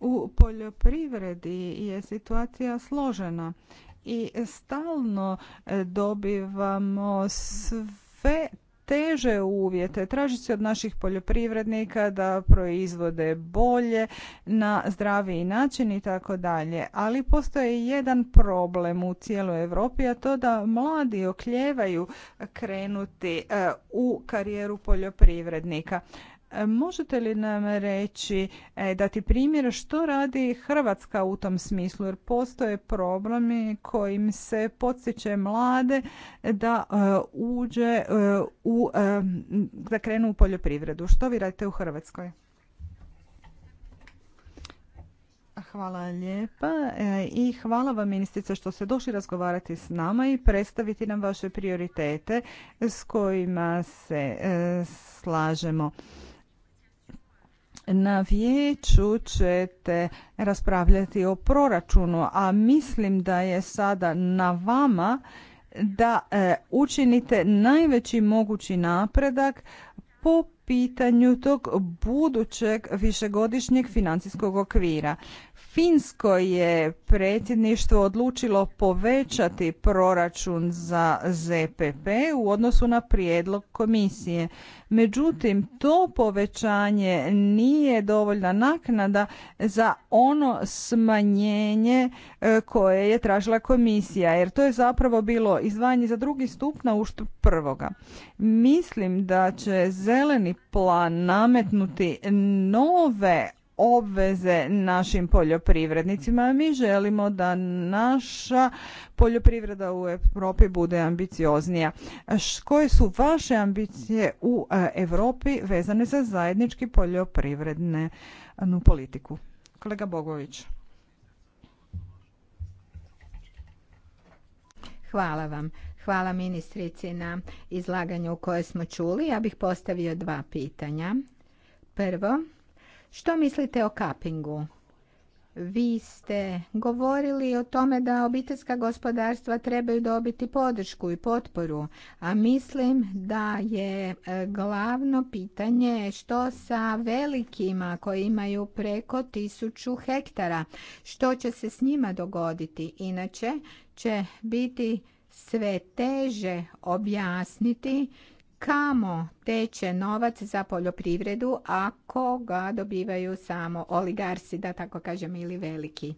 U poljoprivredi je situacija složena i stalno e, dobivamo sve teže uvjete, traži se od naših poljoprivrednika da proizvode bolje, na zdraviji način i tako dalje. Ali postoji jedan problem u cijeloj Europi, a to da mladi okljevaju krenuti e, u karijeru poljoprivrednika. E, možete li nam reći, e, dati primjer što radi Hrvatska u tom smislu? Jer postoje problemi kojim se podsjeće mlade da e, uđe u, da krenu u poljoprivredu. Što vi radite u Hrvatskoj? Hvala lijepa i hvala vam ministrice što ste došli razgovarati s nama i predstaviti nam vaše prioritete s kojima se slažemo. Na vijeću ćete raspravljati o proračunu, a mislim da je sada na vama da e, učinite najveći mogući napredak po pitanju tog budućeg višegodišnjeg financijskog okvira. Finsko je predsjedništvo odlučilo povećati proračun za ZPP u odnosu na prijedlog komisije. Međutim, to povećanje nije dovoljna naknada za ono smanjenje e, koje je tražila komisija, jer to je zapravo bilo izdvajanje za drugi stup na uštup prvoga. Mislim da će zeleni plan nametnuti nove obveze našim poljoprivrednicima. Mi želimo da naša poljoprivreda u Europi bude ambicioznija. Koje su vaše ambicije u e, Europi vezane za zajednički poljoprivrednu politiku? Kolega Bogović. Hvala vam. Hvala ministrici na izlaganju koje smo čuli. Ja bih postavio dva pitanja. Prvo, što mislite o kapingu? Vi ste govorili o tome da obiteljska gospodarstva trebaju dobiti podršku i potporu, a mislim da je e, glavno pitanje što sa velikima koji imaju preko tisuću hektara. Što će se s njima dogoditi? Inače će biti sve teže objasniti kamo teče novac za poljoprivredu ako ga dobivaju samo oligarsi, da tako kažem, ili veliki.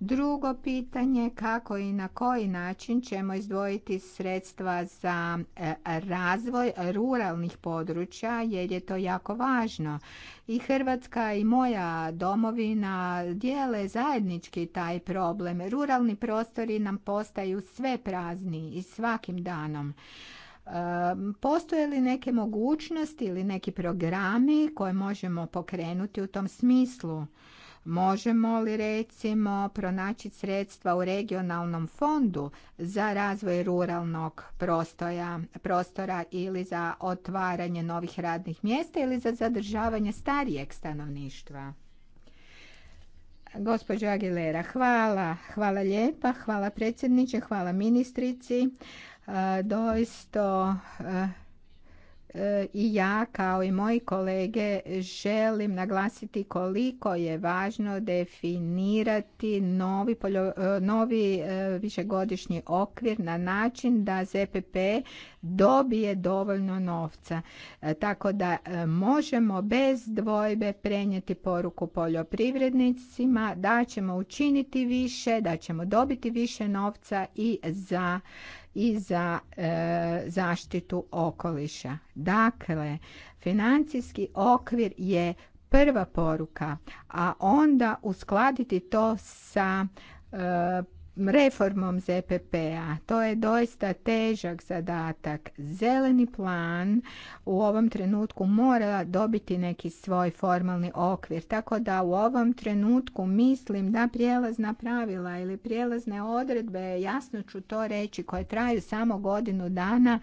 Drugo pitanje, kako i na koji način ćemo izdvojiti sredstva za e, razvoj ruralnih područja, jer je to jako važno. I Hrvatska i moja domovina dijele zajednički taj problem. Ruralni prostori nam postaju sve prazniji i svakim danom. Postoje li neke mogućnosti ili neki programi koje možemo pokrenuti u tom smislu? Možemo li recimo pronaći sredstva u regionalnom fondu za razvoj ruralnog prostora ili za otvaranje novih radnih mjesta ili za zadržavanje starijeg stanovništva? Gospođo Aguilera, hvala. Hvala lijepa, hvala predsjedniče, hvala ministrici. Doista e, i ja kao i moji kolege želim naglasiti koliko je važno definirati novi, e, novi e, višegodišnji okvir na način da ZPP dobije dovoljno novca. Tako da možemo bez dvojbe prenijeti poruku poljoprivrednicima da ćemo učiniti više, da ćemo dobiti više novca i za i za e, zaštitu okoliša. Dakle, financijski okvir je prva poruka, a onda uskladiti to sa e, reformom ZPP-a. To je doista težak zadatak. Zeleni plan u ovom trenutku mora dobiti neki svoj formalni okvir, tako da u ovom trenutku mislim da prijelazna pravila ili prijelazne odredbe, jasno ću to reći, koje traju samo godinu dana,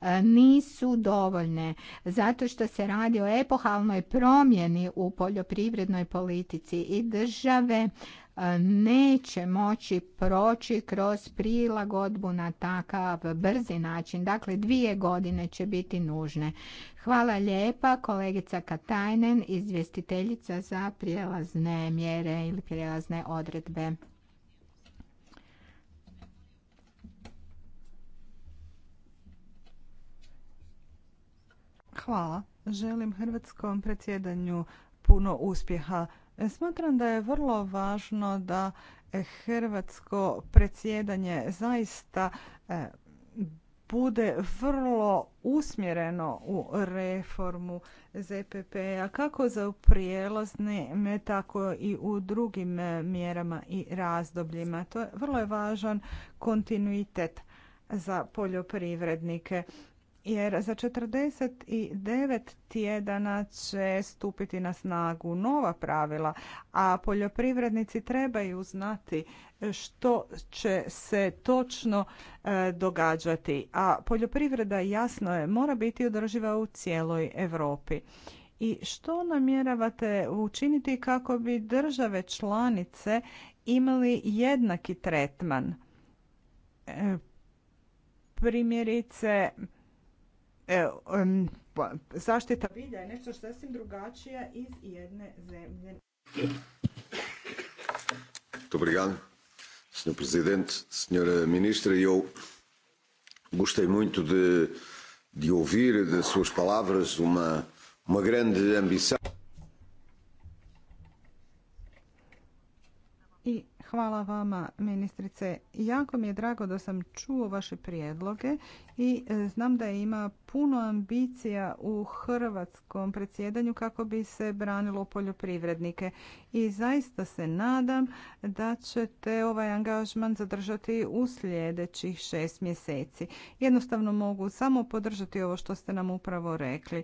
e, nisu dovoljne zato što se radi o epohalnoj promjeni u poljoprivrednoj politici i države neće moći proći kroz prilagodbu na takav brzi način. Dakle, dvije godine će biti nužne. Hvala lijepa kolegica Katajnen, izvjestiteljica za prijelazne mjere ili prijelazne odredbe. Hvala. Želim hrvatskom predsjedanju puno uspjeha E, smatram da je vrlo važno da e, hrvatsko predsjedanje zaista e, bude vrlo usmjereno u reformu ZPP-a kako za prijelazne tako i u drugim mjerama i razdobljima. To je vrlo je važan kontinuitet za poljoprivrednike jer za 49 tjedana će stupiti na snagu nova pravila, a poljoprivrednici trebaju znati što će se točno e, događati. A poljoprivreda jasno je, mora biti održiva u cijeloj Europi. I što namjeravate učiniti kako bi države članice imali jednaki tretman? E, primjerice, E, pa, zaštita bilja je nešto sasvim drugačije iz jedne zemlje. Dobar obrigado, senjor Presidente, senjor eh, Ministra. Eu gostei muito de, de ouvir das suas palavras uma, uma grande ambição. Hvala vama, ministrice. Jako mi je drago da sam čuo vaše prijedloge i e, znam da ima puno ambicija u hrvatskom predsjedanju kako bi se branilo poljoprivrednike. I zaista se nadam da ćete ovaj angažman zadržati u sljedećih šest mjeseci. Jednostavno mogu samo podržati ovo što ste nam upravo rekli.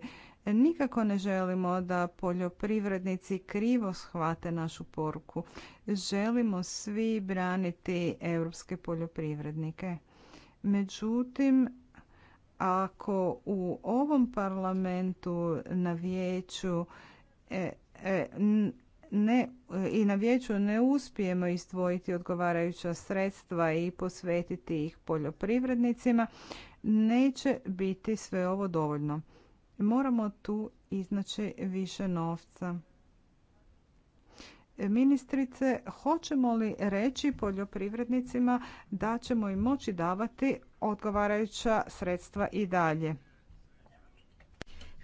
Nikako ne želimo da poljoprivrednici krivo shvate našu poruku. Želimo svi braniti europske poljoprivrednike. Međutim, ako u ovom parlamentu na vijeću e, e, ne, i na vijeću ne uspijemo izdvojiti odgovarajuća sredstva i posvetiti ih poljoprivrednicima, neće biti sve ovo dovoljno. Moramo tu iznaći više novca. E, ministrice, hoćemo li reći poljoprivrednicima da ćemo im moći davati odgovarajuća sredstva i dalje?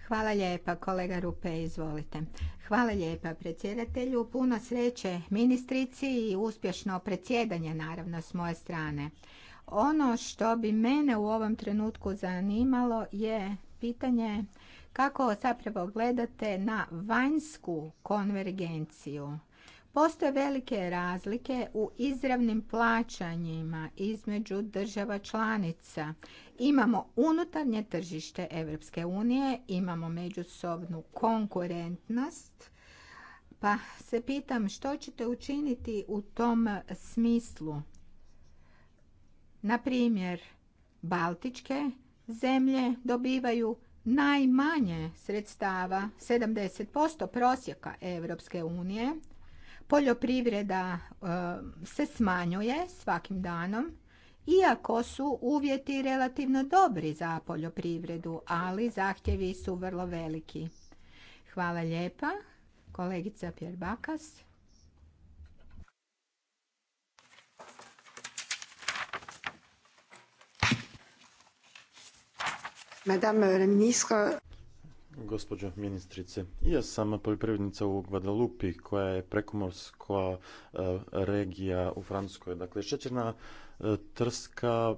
Hvala lijepa, kolega Rupe, izvolite. Hvala lijepa predsjedatelju, puno sreće ministrici i uspješno predsjedanje naravno s moje strane. Ono što bi mene u ovom trenutku zanimalo je pitanje kako zapravo gledate na vanjsku konvergenciju. Postoje velike razlike u izravnim plaćanjima između država članica. Imamo unutarnje tržište Europske unije, imamo međusobnu konkurentnost, pa se pitam što ćete učiniti u tom smislu. Na primjer, Baltičke zemlje dobivaju najmanje sredstava, 70% prosjeka Europske unije. Poljoprivreda e, se smanjuje svakim danom, iako su uvjeti relativno dobri za poljoprivredu, ali zahtjevi su vrlo veliki. Hvala lijepa, kolegica Pjerbakas. Gospođo ministrice, ja sam poljoprivrednica u Guadalupi koja je prekomorska e, regija u Francuskoj. Dakle, šećerna e, trska,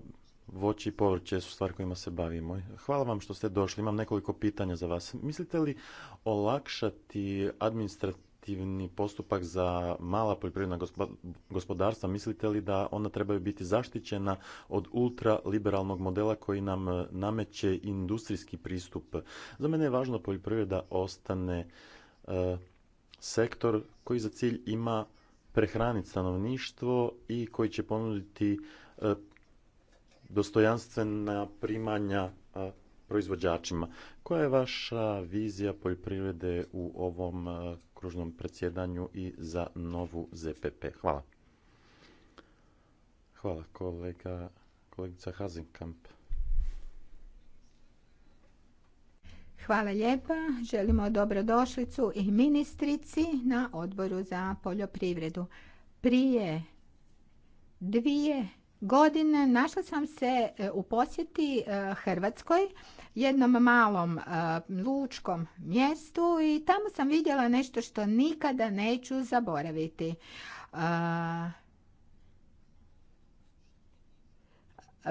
voći i povrće su stvari kojima se bavimo. Hvala vam što ste došli. Imam nekoliko pitanja za vas. Mislite li olakšati administrativno administrativni postupak za mala poljoprivredna gospodarstva, mislite li da ona trebaju biti zaštićena od ultraliberalnog modela koji nam e, nameće industrijski pristup? Za mene je važno da poljoprivreda ostane e, sektor koji za cilj ima prehraniti stanovništvo i koji će ponuditi e, dostojanstvena primanja proizvođačima. Koja je vaša vizija poljoprivrede u ovom kružnom predsjedanju i za novu ZPP. Hvala. Hvala kolega, kolegica Hazenkamp. Hvala lijepa. Želimo dobrodošlicu i ministrici na odboru za poljoprivredu. Prije dvije godine našla sam se e, u posjeti e, Hrvatskoj, jednom malom e, lučkom mjestu i tamo sam vidjela nešto što nikada neću zaboraviti.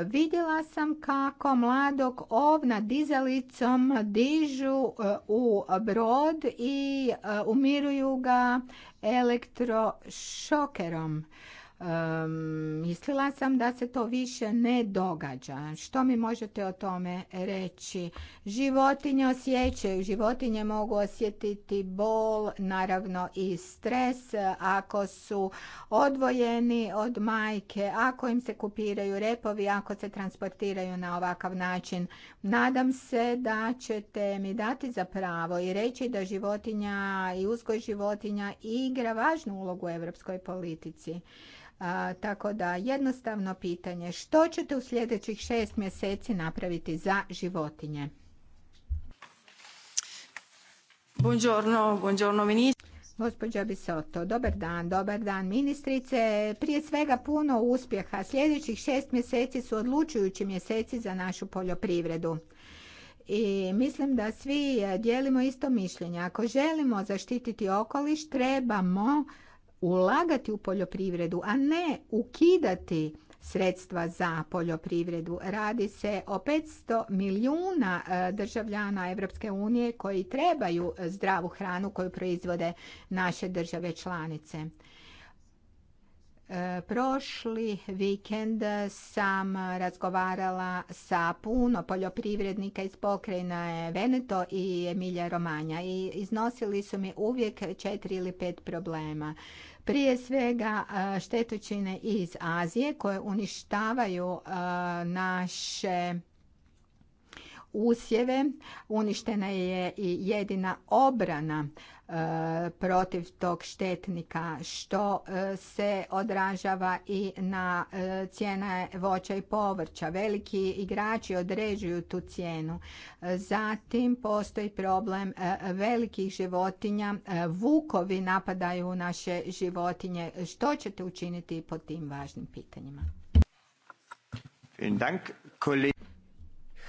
Vidjela sam kako mladog ovna dizalicom dižu u brod i umiruju ga elektrošokerom mislila sam da se to više ne događa. Što mi možete o tome reći? Životinje osjećaju, životinje mogu osjetiti bol, naravno i stres ako su odvojeni od majke, ako im se kupiraju repovi, ako se transportiraju na ovakav način. Nadam se da ćete mi dati za pravo i reći da životinja i uzgoj životinja igra važnu ulogu u europskoj politici. A, tako da jednostavno pitanje što ćete u sljedećih šest mjeseci napraviti za životinje? Buongiorno, buongiorno Bisoto, dobar dan, dobar dan ministrice. Prije svega puno uspjeha. Sljedećih šest mjeseci su odlučujući mjeseci za našu poljoprivredu i mislim da svi dijelimo isto mišljenje. Ako želimo zaštititi okoliš, trebamo ulagati u poljoprivredu, a ne ukidati sredstva za poljoprivredu. Radi se o 500 milijuna e, državljana Europske unije koji trebaju zdravu hranu koju proizvode naše države članice. E, prošli vikend sam razgovarala sa puno poljoprivrednika iz pokrajina Veneto i Emilija Romanja i iznosili su mi uvijek četiri ili pet problema. Prije svega e, štetočine iz Azije koje uništavaju e, naše usjeve. Uništena je i jedina obrana protiv tog štetnika što e, se odražava i na e, cijene voća i povrća. Veliki igrači određuju tu cijenu. Zatim postoji problem e, velikih životinja. Vukovi napadaju naše životinje. Što ćete učiniti po tim važnim pitanjima?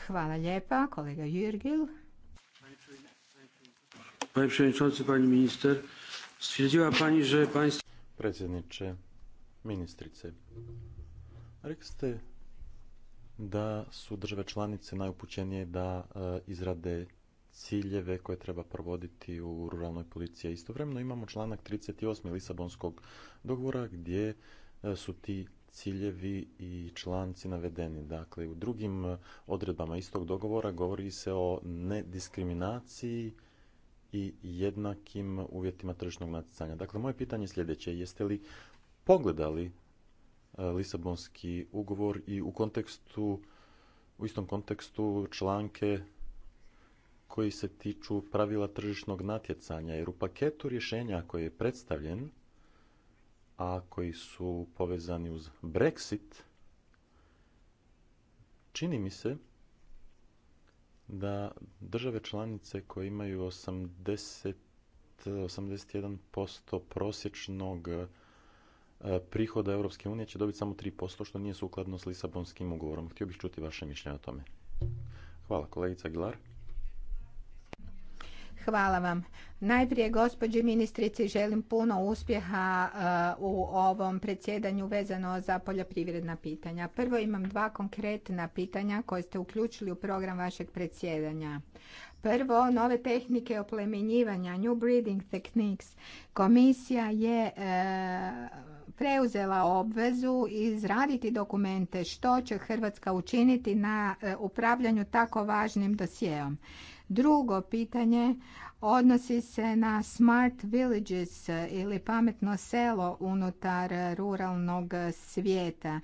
Hvala lijepa, kolega Jurgil. Predsjedniče, ministrice, rekli ste da su države članice najupućenije da e, izrade ciljeve koje treba provoditi u ruralnoj policiji. Istovremeno imamo članak 38. Lisabonskog dogovora gdje e, su ti ciljevi i članci navedeni. Dakle, u drugim e, odredbama istog dogovora govori se o nediskriminaciji i jednakim uvjetima tržišnog natjecanja. Dakle, moje pitanje je sljedeće. Jeste li pogledali e, Lisabonski ugovor i u kontekstu, u istom kontekstu članke koji se tiču pravila tržišnog natjecanja, jer u paketu rješenja koji je predstavljen, a koji su povezani uz Brexit, čini mi se da države članice koje imaju 80, 81% prosječnog e, prihoda Europske unije će dobiti samo 3%, što nije sukladno s Lisabonskim ugovorom. Htio bih čuti vaše mišljenje o tome. Hvala, kolegica Aguilar. Hvala vam. Najprije, gospođi ministrici, želim puno uspjeha uh, u ovom predsjedanju vezano za poljoprivredna pitanja. Prvo imam dva konkretna pitanja koje ste uključili u program vašeg predsjedanja. Prvo, nove tehnike oplemenjivanja, new breeding techniques. Komisija je uh, preuzela obvezu izraditi dokumente što će Hrvatska učiniti na uh, upravljanju tako važnim dosjeom. Drugo pitanje odnosi se na smart villages ili pametno selo unutar ruralnog svijeta. E,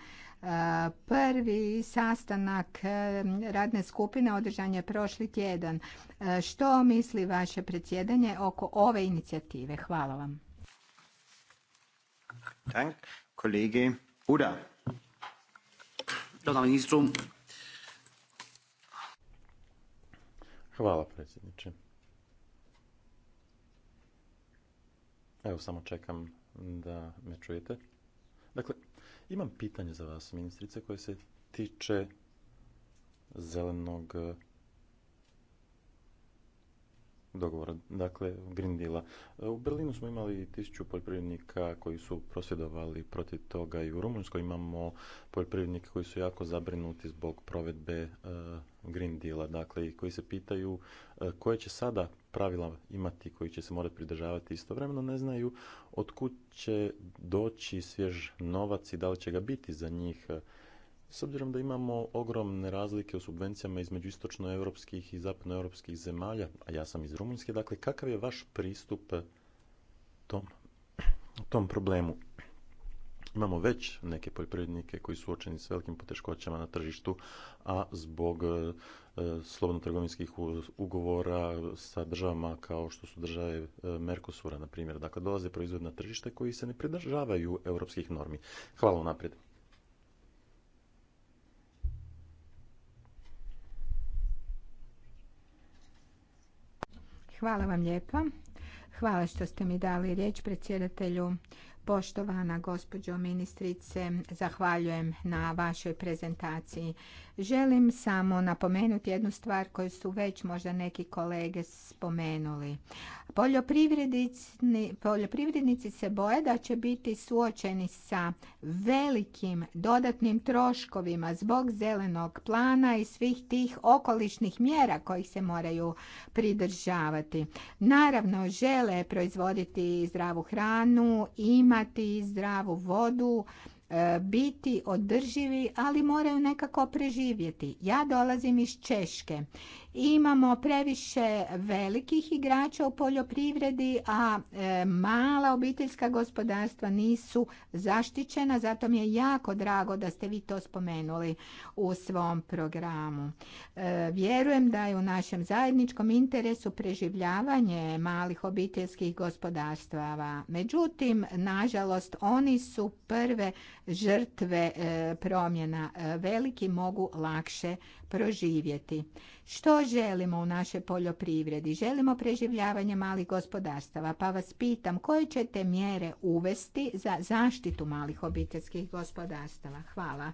prvi sastanak e, radne skupine održan je prošli tjedan. E, što misli vaše predsjedanje oko ove inicijative? Hvala vam. Dank, kolege Uda. ministru, Hvala predsjedniče. Evo samo čekam da me čujete. Dakle, imam pitanje za vas, ministrice, koje se tiče zelenog dogovora, dakle Green Deala. U Berlinu smo imali tisuću poljoprivrednika koji su prosvjedovali protiv toga i u Rumunjskoj imamo poljoprivrednike koji su jako zabrinuti zbog provedbe e, Green Deala, dakle, i koji se pitaju e, koje će sada pravila imati koji će se morati pridržavati istovremeno, ne znaju od kud će doći svjež novac i da li će ga biti za njih. S obzirom da imamo ogromne razlike u subvencijama između istočnoevropskih i zapadnoevropskih zemalja, a ja sam iz Rumunjske, dakle kakav je vaš pristup tom, tom problemu? Imamo već neke poljoprivrednike koji su očeni s velikim poteškoćama na tržištu, a zbog e, e, slobodno-trgovinskih ugovora sa državama kao što su države e, Merkosura, na primjer. Dakle, dolaze proizvod na tržište koji se ne pridržavaju europskih normi. Hvala naprijed. Hvala vam lijepa. Hvala što ste mi dali riječ predsjedatelju Poštovana gospođo ministrice, zahvaljujem na vašoj prezentaciji. Želim samo napomenuti jednu stvar koju su već možda neki kolege spomenuli. Poljoprivrednici, se boje da će biti suočeni sa velikim dodatnim troškovima zbog zelenog plana i svih tih okolišnih mjera kojih se moraju pridržavati. Naravno, žele proizvoditi zdravu hranu, imati zdravu vodu, E, biti održivi, ali moraju nekako preživjeti. Ja dolazim iz Češke Imamo previše velikih igrača u poljoprivredi, a e, mala obiteljska gospodarstva nisu zaštićena, zato mi je jako drago da ste vi to spomenuli u svom programu. E, vjerujem da je u našem zajedničkom interesu preživljavanje malih obiteljskih gospodarstava. Međutim, nažalost, oni su prve žrtve e, promjena. Veliki mogu lakše proživjeti. Što želimo u našoj poljoprivredi? Želimo preživljavanje malih gospodarstava, pa vas pitam koje ćete mjere uvesti za zaštitu malih obiteljskih gospodarstava? Hvala.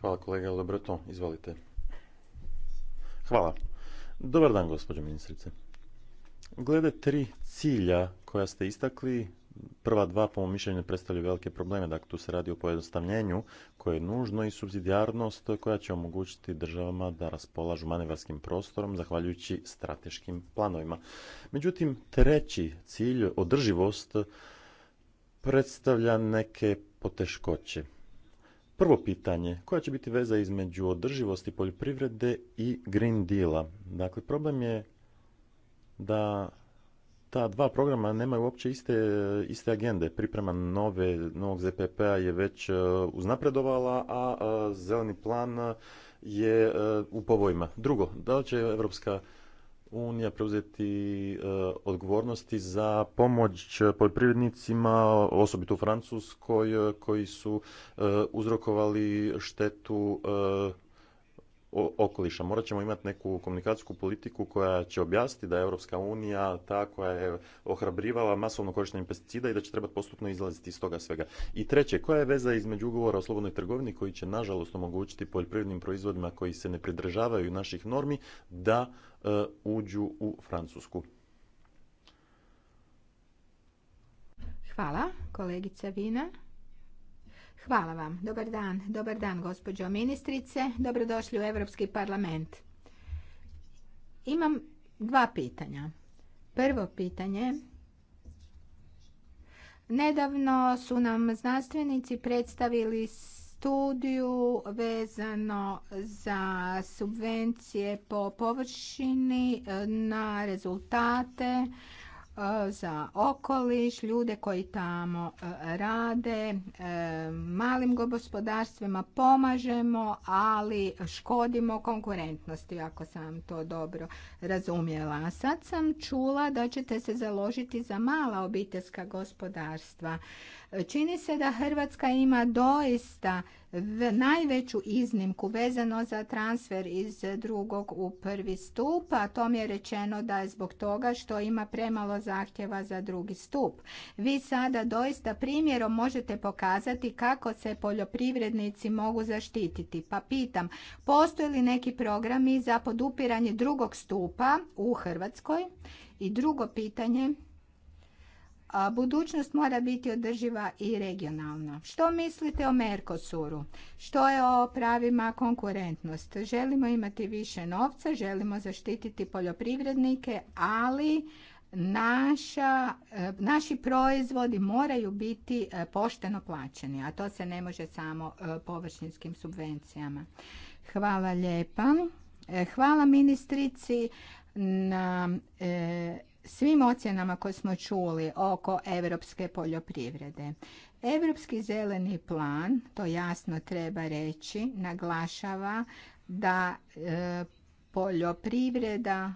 Hvala kolega Lebreton, izvolite. Hvala. Dobar dan, gospođo ministrice. Glede tri cilja koja ste istakli, prva dva po mom mišljenju predstavljaju velike probleme. Dakle, tu se radi o pojednostavljenju koje je nužno i subsidijarnost koja će omogućiti državama da raspolažu manevarskim prostorom zahvaljujući strateškim planovima. Međutim, treći cilj, održivost, predstavlja neke poteškoće. Prvo pitanje, koja će biti veza između održivosti poljoprivrede i Green Deala? Dakle, problem je da ta dva programa nemaju uopće iste, iste agende. Priprema nove, novog ZPP-a je već e, uznapredovala, a e, zeleni plan je e, u povojima. Drugo, da li će Evropska unija preuzeti odgovornosti za pomoć poljoprivrednicima, osobito u Francuskoj, koji su uzrokovali štetu okoliša. Morat ćemo imati neku komunikacijsku politiku koja će objasniti da je Europska unija ta koja je ohrabrivala masovno korištenje pesticida i da će trebati postupno izlaziti iz toga svega. I treće, koja je veza između ugovora o slobodnoj trgovini koji će nažalost omogućiti poljoprivrednim proizvodima koji se ne pridržavaju naših normi da e, uđu u Francusku? Hvala, kolegica Vina. Hvala vam. Dobar dan. Dobar dan, gospođo ministrice. Dobrodošli u Europski parlament. Imam dva pitanja. Prvo pitanje. Nedavno su nam znanstvenici predstavili studiju vezano za subvencije po površini eh, na rezultate E, za okoliš, ljude koji tamo e, rade, e, malim gospodarstvima pomažemo, ali škodimo konkurentnosti, ako sam to dobro razumjela. Sad sam čula da ćete se založiti za mala obiteljska gospodarstva. Čini se da Hrvatska ima doista najveću iznimku vezano za transfer iz drugog u prvi stup, a to mi je rečeno da je zbog toga što ima premalo zahtjeva za drugi stup. Vi sada doista primjerom možete pokazati kako se poljoprivrednici mogu zaštititi. Pa pitam, postoje li neki programi za podupiranje drugog stupa u Hrvatskoj? I drugo pitanje, budućnost mora biti održiva i regionalna. Što mislite o Mercosuru? Što je o pravima konkurentnost? Želimo imati više novca, želimo zaštititi poljoprivrednike, ali naša, e, naši proizvodi moraju biti e, pošteno plaćeni, a to se ne može samo e, površinskim subvencijama. Hvala lijepa. Hvala ministrici na svim ocjenama koje smo čuli oko europske poljoprivrede. Europski zeleni plan, to jasno treba reći, naglašava da e, poljoprivreda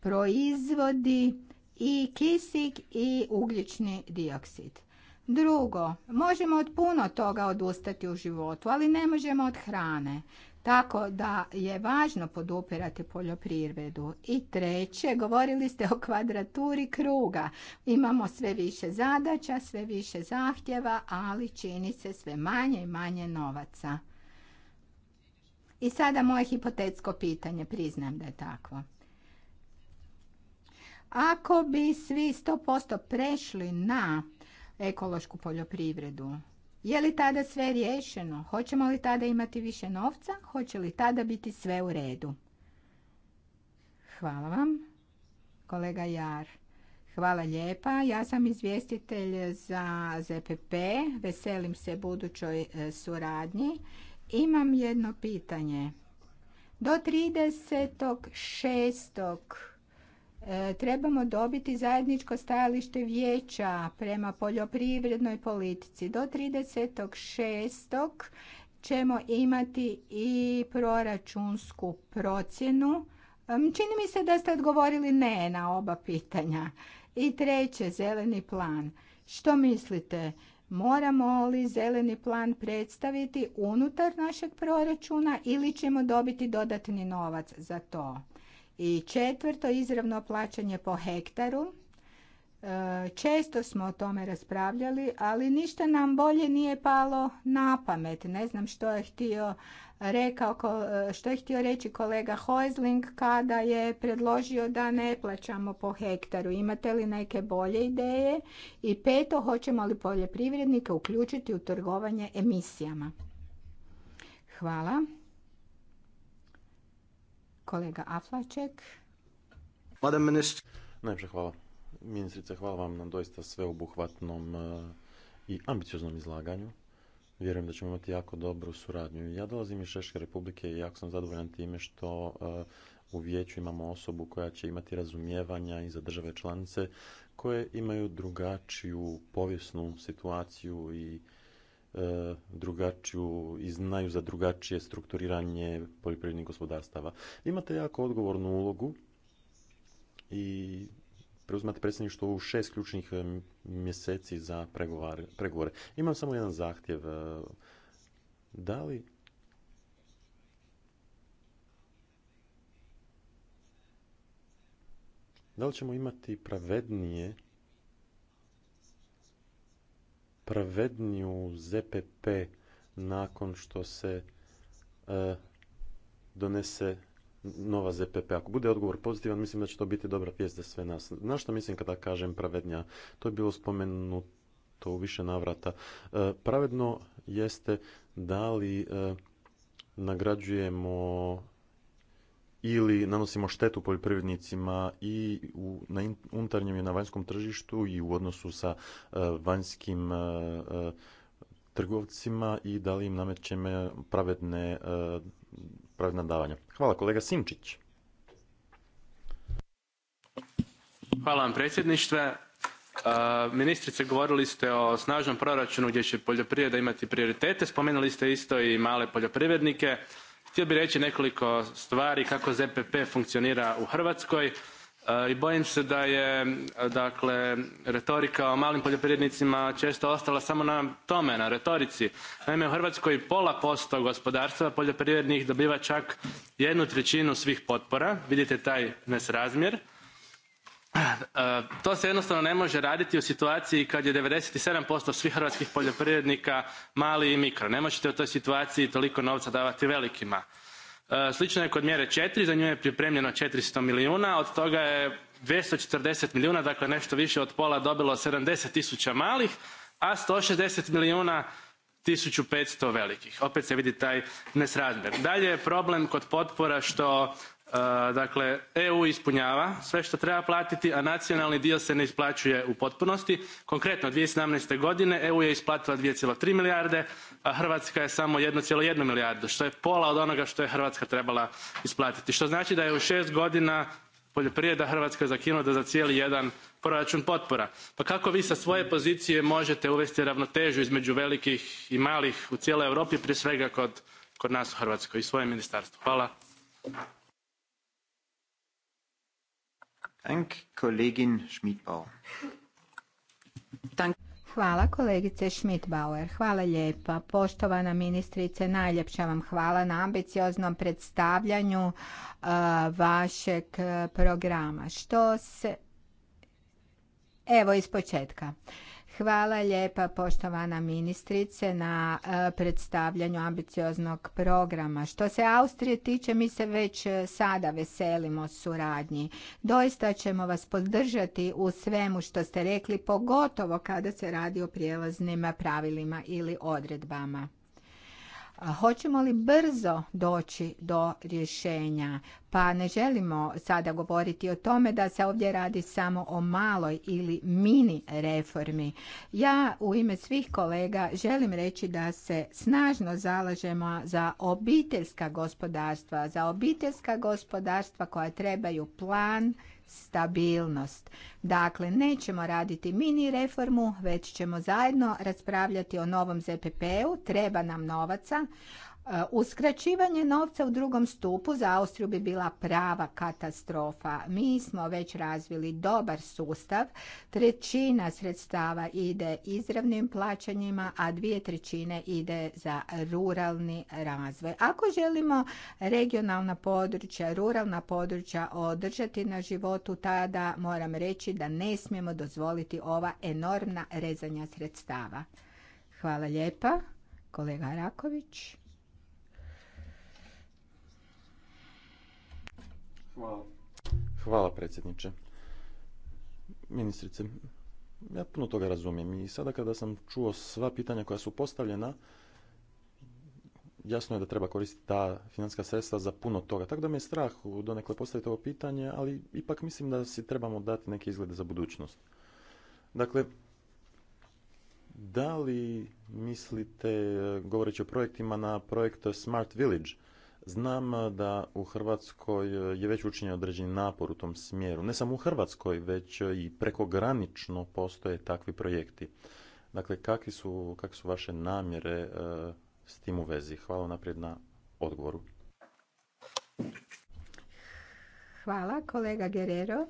proizvodi i kisik i ugljični dioksid. Drugo, možemo od puno toga odustati u životu, ali ne možemo od hrane. Tako da je važno podupirati poljoprivredu. I treće, govorili ste o kvadraturi kruga. Imamo sve više zadaća, sve više zahtjeva, ali čini se sve manje i manje novaca. I sada moje hipotetsko pitanje, priznam da je takvo. Ako bi svi 100% prešli na ekološku poljoprivredu, je li tada sve riješeno? Hoćemo li tada imati više novca? Hoće li tada biti sve u redu? Hvala vam, kolega Jar. Hvala lijepa. Ja sam izvjestitelj za ZPP. Veselim se budućoj e, suradnji. Imam jedno pitanje. Do 30.6. E, trebamo dobiti zajedničko stajalište vijeća prema poljoprivrednoj politici. Do 36. ćemo imati i proračunsku procjenu. Čini mi se da ste odgovorili ne na oba pitanja. I treće, zeleni plan. Što mislite? Moramo li zeleni plan predstaviti unutar našeg proračuna ili ćemo dobiti dodatni novac za to? I četvrto, izravno plaćanje po hektaru. E, često smo o tome raspravljali, ali ništa nam bolje nije palo na pamet. Ne znam što je htio rekao, e, što je htio reći kolega Hojzling kada je predložio da ne plaćamo po hektaru. Imate li neke bolje ideje? I peto, hoćemo li poljoprivrednike uključiti u trgovanje emisijama? Hvala. Kolega Aflaček. Najpše hvala. Ministrice, hvala vam na doista sveobuhvatnom e, i ambicioznom izlaganju. Vjerujem da ćemo imati jako dobru suradnju. Ja dolazim iz Češke republike i jako sam zadovoljan time što e, u vijeću imamo osobu koja će imati razumijevanja i za države članice koje imaju drugačiju povijesnu situaciju i E, drugačiju i znaju za drugačije strukturiranje poljoprivrednih gospodarstava. Imate jako odgovornu ulogu i preuzmate predsjedništvo u šest ključnih e, mjeseci za pregovore. Imam samo jedan zahtjev. E, da li da li ćemo imati pravednije pravedniju ZPP nakon što se e, donese nova ZPP. Ako bude odgovor pozitivan, mislim da će to biti dobra vijest za sve nas. Na što mislim kada kažem pravednja? To je bilo spomenuto u više navrata. E, pravedno jeste da li e, nagrađujemo ili nanosimo štetu poljoprivrednicima i u, na unutarnjem i na vanjskom tržištu i u odnosu sa e, vanjskim e, e, trgovcima i da li im namećemo pravedne, pravedna davanja. Hvala kolega Simčić. Hvala vam predsjedništve. Ministrice, govorili ste o snažnom proračunu gdje će poljoprivreda imati prioritete. Spomenuli ste isto i male poljoprivrednike htio bih reći nekoliko stvari kako zpp funkcionira u hrvatskoj e, i bojim se da je dakle retorika o malim poljoprivrednicima često ostala samo na tome na retorici. naime u hrvatskoj pola posto gospodarstava poljoprivrednih dobiva čak jednu treinu svih potpora vidite taj nesrazmjer. E, to se jednostavno ne može raditi u situaciji kad je 97% svih hrvatskih poljoprivrednika mali i mikro, ne možete u toj situaciji toliko novca davati velikima. E, slično je kod mjere 4, za nju je pripremljeno 400 milijuna, od toga je 240 milijuna, dakle nešto više od pola dobilo 70 tisuća malih, a 160 milijuna 1500 velikih. Opet se vidi taj nesrazmjer. Dalje je problem kod potpora što Eh, dakle eu ispunjava sve što treba platiti a nacionalni dio se ne isplaćuje u potpunosti. konkretno. two thousand and godine eu je isplatila two three milijarde a hrvatska je samo one one milijardu što je pola od onoga što je hrvatska trebala isplatiti što znači da je u šest godina poljoprivreda hrvatske zakinuta za cijeli jedan proračun potpora. pa kako vi sa svoje pozicije možete uvesti ravnotežu između velikih i malih u cijeloj europi prije svega kod, kod nas u hrvatskoj i svoje ministarstvo hvala. Hvala kolegice Schmidt-Bauer. Hvala lijepa. Poštovana ministrice, najljepša vam hvala na ambicioznom predstavljanju uh, vašeg uh, programa. Što se... Evo iz početka. Hvala lijepa poštovana ministrice na e, predstavljanju ambicioznog programa. Što se Austrije tiče, mi se već e, sada veselimo suradnji. Doista ćemo vas podržati u svemu što ste rekli, pogotovo kada se radi o prijelaznim pravilima ili odredbama. A hoćemo li brzo doći do rješenja? Pa ne želimo sada govoriti o tome da se ovdje radi samo o maloj ili mini reformi. Ja u ime svih kolega želim reći da se snažno zalažemo za obiteljska gospodarstva, za obiteljska gospodarstva koja trebaju plan, stabilnost. Dakle, nećemo raditi mini reformu, već ćemo zajedno raspravljati o novom ZPP-u, treba nam novaca, Uskraćivanje novca u drugom stupu za Austriju bi bila prava katastrofa. Mi smo već razvili dobar sustav. Trećina sredstava ide izravnim plaćanjima, a dvije trećine ide za ruralni razvoj. Ako želimo regionalna područja, ruralna područja održati na životu, tada moram reći da ne smijemo dozvoliti ova enormna rezanja sredstava. Hvala lijepa. Kolega Raković. Hvala. predsjedniče. Ministrice, ja puno toga razumijem i sada kada sam čuo sva pitanja koja su postavljena, jasno je da treba koristiti ta financijska sredstva za puno toga. Tako da me je strah donekle postaviti ovo pitanje, ali ipak mislim da si trebamo dati neke izglede za budućnost. Dakle, da li mislite, govoreći o projektima, na projekt Smart Village – Znam da u Hrvatskoj je već učinjen određeni napor u tom smjeru. Ne samo u Hrvatskoj, već i prekogranično postoje takvi projekti. Dakle, kakvi su, kakve su vaše namjere e, s tim u vezi? Hvala naprijed na odgovoru. Hvala, kolega Guerrero.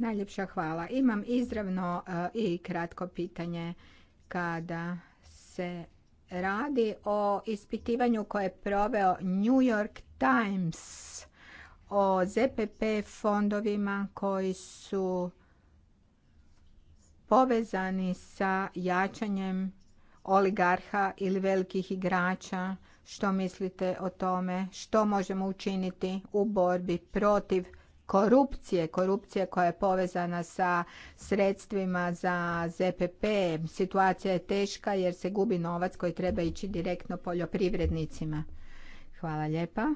Najljepša hvala. Imam izravno e, i kratko pitanje kada se radi o ispitivanju koje je proveo New York Times o ZPP fondovima koji su povezani sa jačanjem oligarha ili velikih igrača. Što mislite o tome? Što možemo učiniti u borbi protiv korupcije, korupcije koja je povezana sa sredstvima za ZPP. Situacija je teška jer se gubi novac koji treba ići direktno poljoprivrednicima. Hvala lijepa.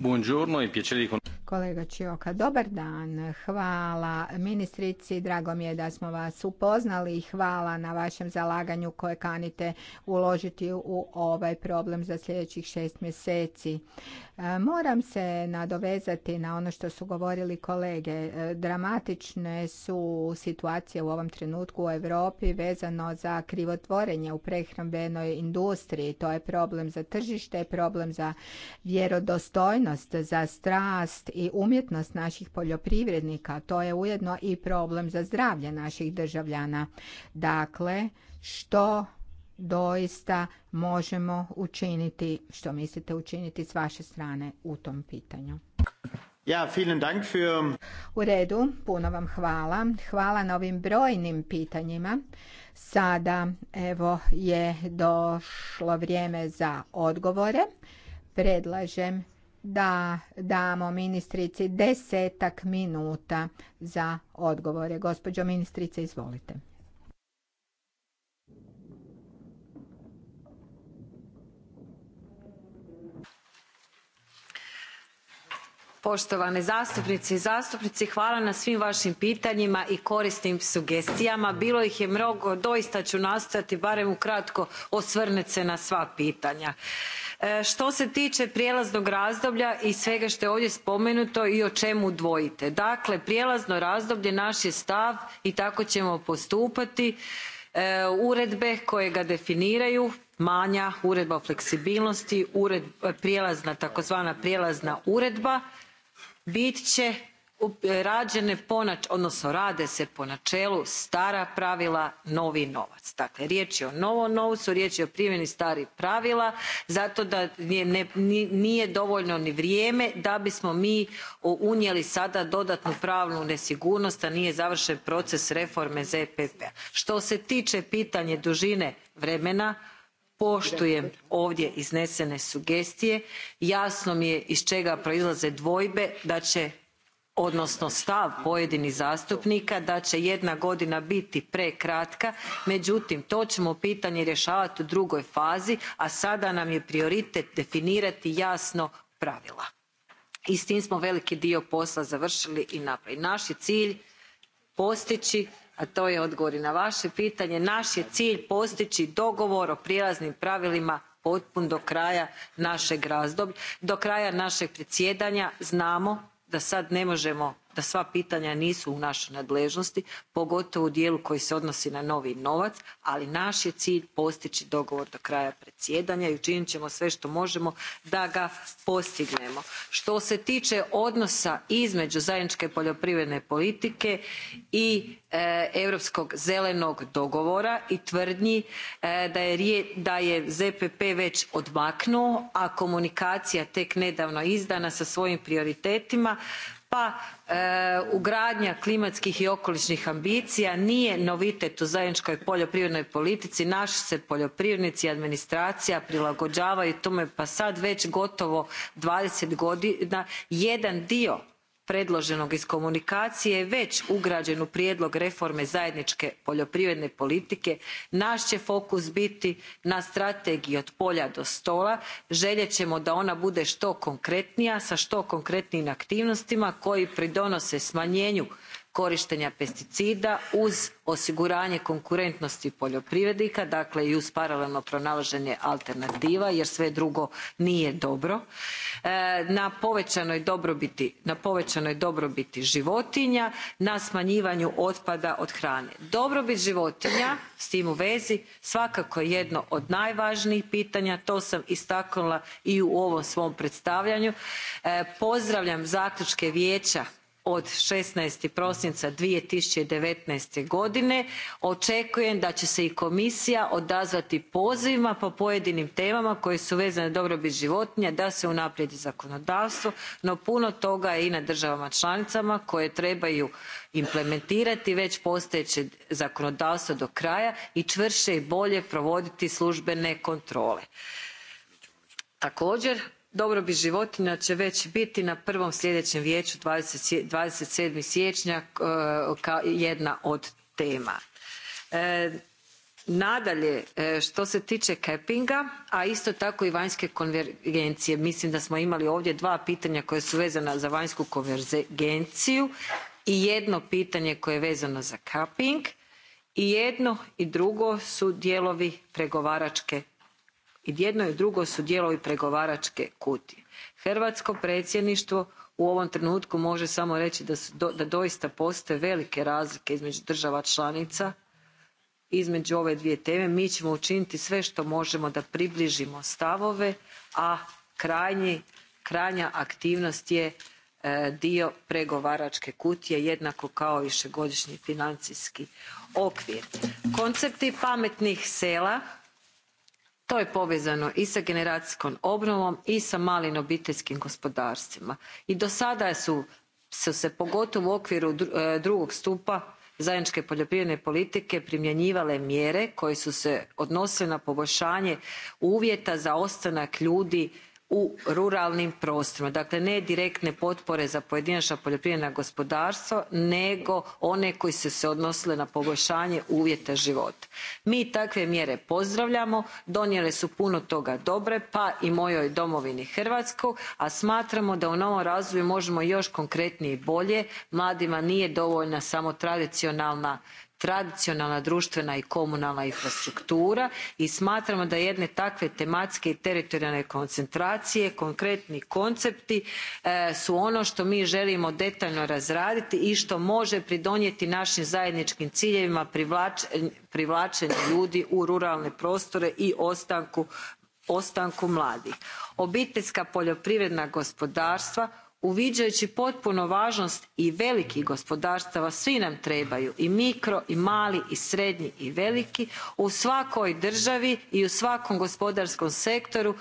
Buongiorno i e piacere di Kolega Čioka, dobar dan. Hvala ministrici, drago mi je da smo vas upoznali i hvala na vašem zalaganju koje kanite uložiti u ovaj problem za sljedećih šest mjeseci. E, moram se nadovezati na ono što su govorili kolege. E, dramatične su situacije u ovom trenutku u Europi vezano za krivotvorenje u prehrambenoj industriji. To je problem za tržište, problem za vjerodostojnost, za strast i umjetnost naših poljoprivrednika. To je ujedno i problem za zdravlje naših državljana. Dakle, što doista možemo učiniti, što mislite učiniti s vaše strane u tom pitanju. Ja, vielen Dank für... U redu, puno vam hvala. Hvala na ovim brojnim pitanjima. Sada evo je došlo vrijeme za odgovore. Predlažem da damo ministrici desetak minuta za odgovore. Gospođo ministrice, izvolite. poštovane zastupnice i zastupnici hvala na svim vašim pitanjima i korisnim sugestijama. Bilo ih je mnogo, doista ću nastojati barem ukratko osvrnuti se na sva pitanja. E, što se tiče prijelaznog razdoblja i svega što je ovdje spomenuto i o čemu dvojite. Dakle, prijelazno razdoblje naš je stav i tako ćemo postupati e, uredbe koje ga definiraju manja uredba o fleksibilnosti prijelazna takozvana prijelazna uredba bit će rađene odnosno rade se po načelu stara pravila novi novac. Dakle, riječ je o novom novcu, riječ je o primjeni starih pravila zato da nije dovoljno ni vrijeme da bismo mi unijeli sada dodatnu pravnu nesigurnost, a nije završen proces reforme ZPP-a. Što se tiče pitanje dužine vremena poštujem ovdje iznesene sugestije jasno mi je iz čega proizlaze dvojbe da će odnosno stav pojedinih zastupnika da će jedna godina biti prekratka međutim to ćemo pitanje rješavati u drugoj fazi a sada nam je prioritet definirati jasno pravila i s tim smo veliki dio posla završili i napravili. naš je cilj postići a to je odgovor i na vaše pitanje. Naš je cilj postići dogovor o prijelaznim pravilima potpun do kraja našeg razdoblja, do kraja našeg predsjedanja. Znamo da sad ne možemo da sva pitanja nisu u našoj nadležnosti pogotovo u dijelu koji se odnosi na novi novac ali naš je cilj postići dogovor do kraja predsjedanja i učinit ćemo sve što možemo da ga postignemo. što se tiče odnosa između zajedničke poljoprivredne politike i e, europskog zelenog dogovora i tvrdnji e, da je, da je zpp već odmaknuo a komunikacija tek nedavno izdana sa svojim prioritetima pa e, ugradnja klimatskih i okolišnih ambicija nije novitet u zajedničkoj poljoprivrednoj politici naši se poljoprivrednici i administracija prilagođavaju tome pa sad već gotovo dvadeset godina jedan dio predloženog iz komunikacije već ugrađen u prijedlog reforme zajedničke poljoprivredne politike naš će fokus biti na strategiji od polja do stola željet ćemo da ona bude što konkretnija sa što konkretnijim aktivnostima koji pridonose smanjenju korištenja pesticida uz osiguranje konkurentnosti poljoprivrednika, dakle i uz paralelno pronalaženje alternativa jer sve drugo nije dobro, e, na povećanoj dobrobiti, na povećanoj dobrobiti životinja, na smanjivanju otpada od hrane. Dobrobit životinja s tim u vezi svakako je jedno od najvažnijih pitanja, to sam istaknula i u ovom svom predstavljanju. E, pozdravljam zaključke Vijeća od 16. prosinca 2019. godine očekujem da će se i komisija odazvati pozivima po pojedinim temama koje su vezane za dobrobit životinja da se unaprijedi zakonodavstvo no puno toga je i na državama članicama koje trebaju implementirati već postojeće zakonodavstvo do kraja i čvršće i bolje provoditi službene kontrole. također dobrobit životinja će već biti na prvom sljedećem vijeću 27. siječnja e, jedna od tema. E, nadalje e, što se tiče capinga a isto tako i vanjske konvergencije mislim da smo imali ovdje dva pitanja koja su vezana za vanjsku konvergenciju i jedno pitanje koje je vezano za caping i jedno i drugo su dijelovi pregovaračke i jedno i drugo su dijelovi pregovaračke kutije. hrvatsko predsjedništvo u ovom trenutku može samo reći da doista postoje velike razlike između država članica između ove dvije teme. mi ćemo učiniti sve što možemo da približimo stavove a krajnji, krajnja aktivnost je e, dio pregovaračke kutije jednako kao i višegodišnji financijski okvir. koncepti pametnih sela to je povezano i sa generacijskom obnovom i sa malim obiteljskim gospodarstvima i do sada su, su se pogotovo u okviru e, drugog stupa zajedničke poljoprivredne politike primjenjivale mjere koje su se odnosile na poboljšanje uvjeta za ostanak ljudi u ruralnim prostorima. Dakle, ne direktne potpore za pojedinačna poljoprivredna gospodarstva, nego one koje su se odnosile na poboljšanje uvjeta života. Mi takve mjere pozdravljamo, donijele su puno toga dobre, pa i mojoj domovini Hrvatskoj, a smatramo da u novom razvoju možemo još konkretnije i bolje. Mladima nije dovoljna samo tradicionalna tradicionalna društvena i komunalna infrastruktura i smatramo da jedne takve tematske i teritorijalne koncentracije konkretni koncepti e, su ono što mi želimo detaljno razraditi i što može pridonijeti našim zajedničkim ciljevima privlačenja ljudi u ruralne prostore i ostanku mladih. obiteljska poljoprivredna gospodarstva uviđajući potpunu važnost i velikih gospodarstava svi nam trebaju i mikro i mali i srednji i veliki u svakoj državi i u svakom gospodarskom sektoru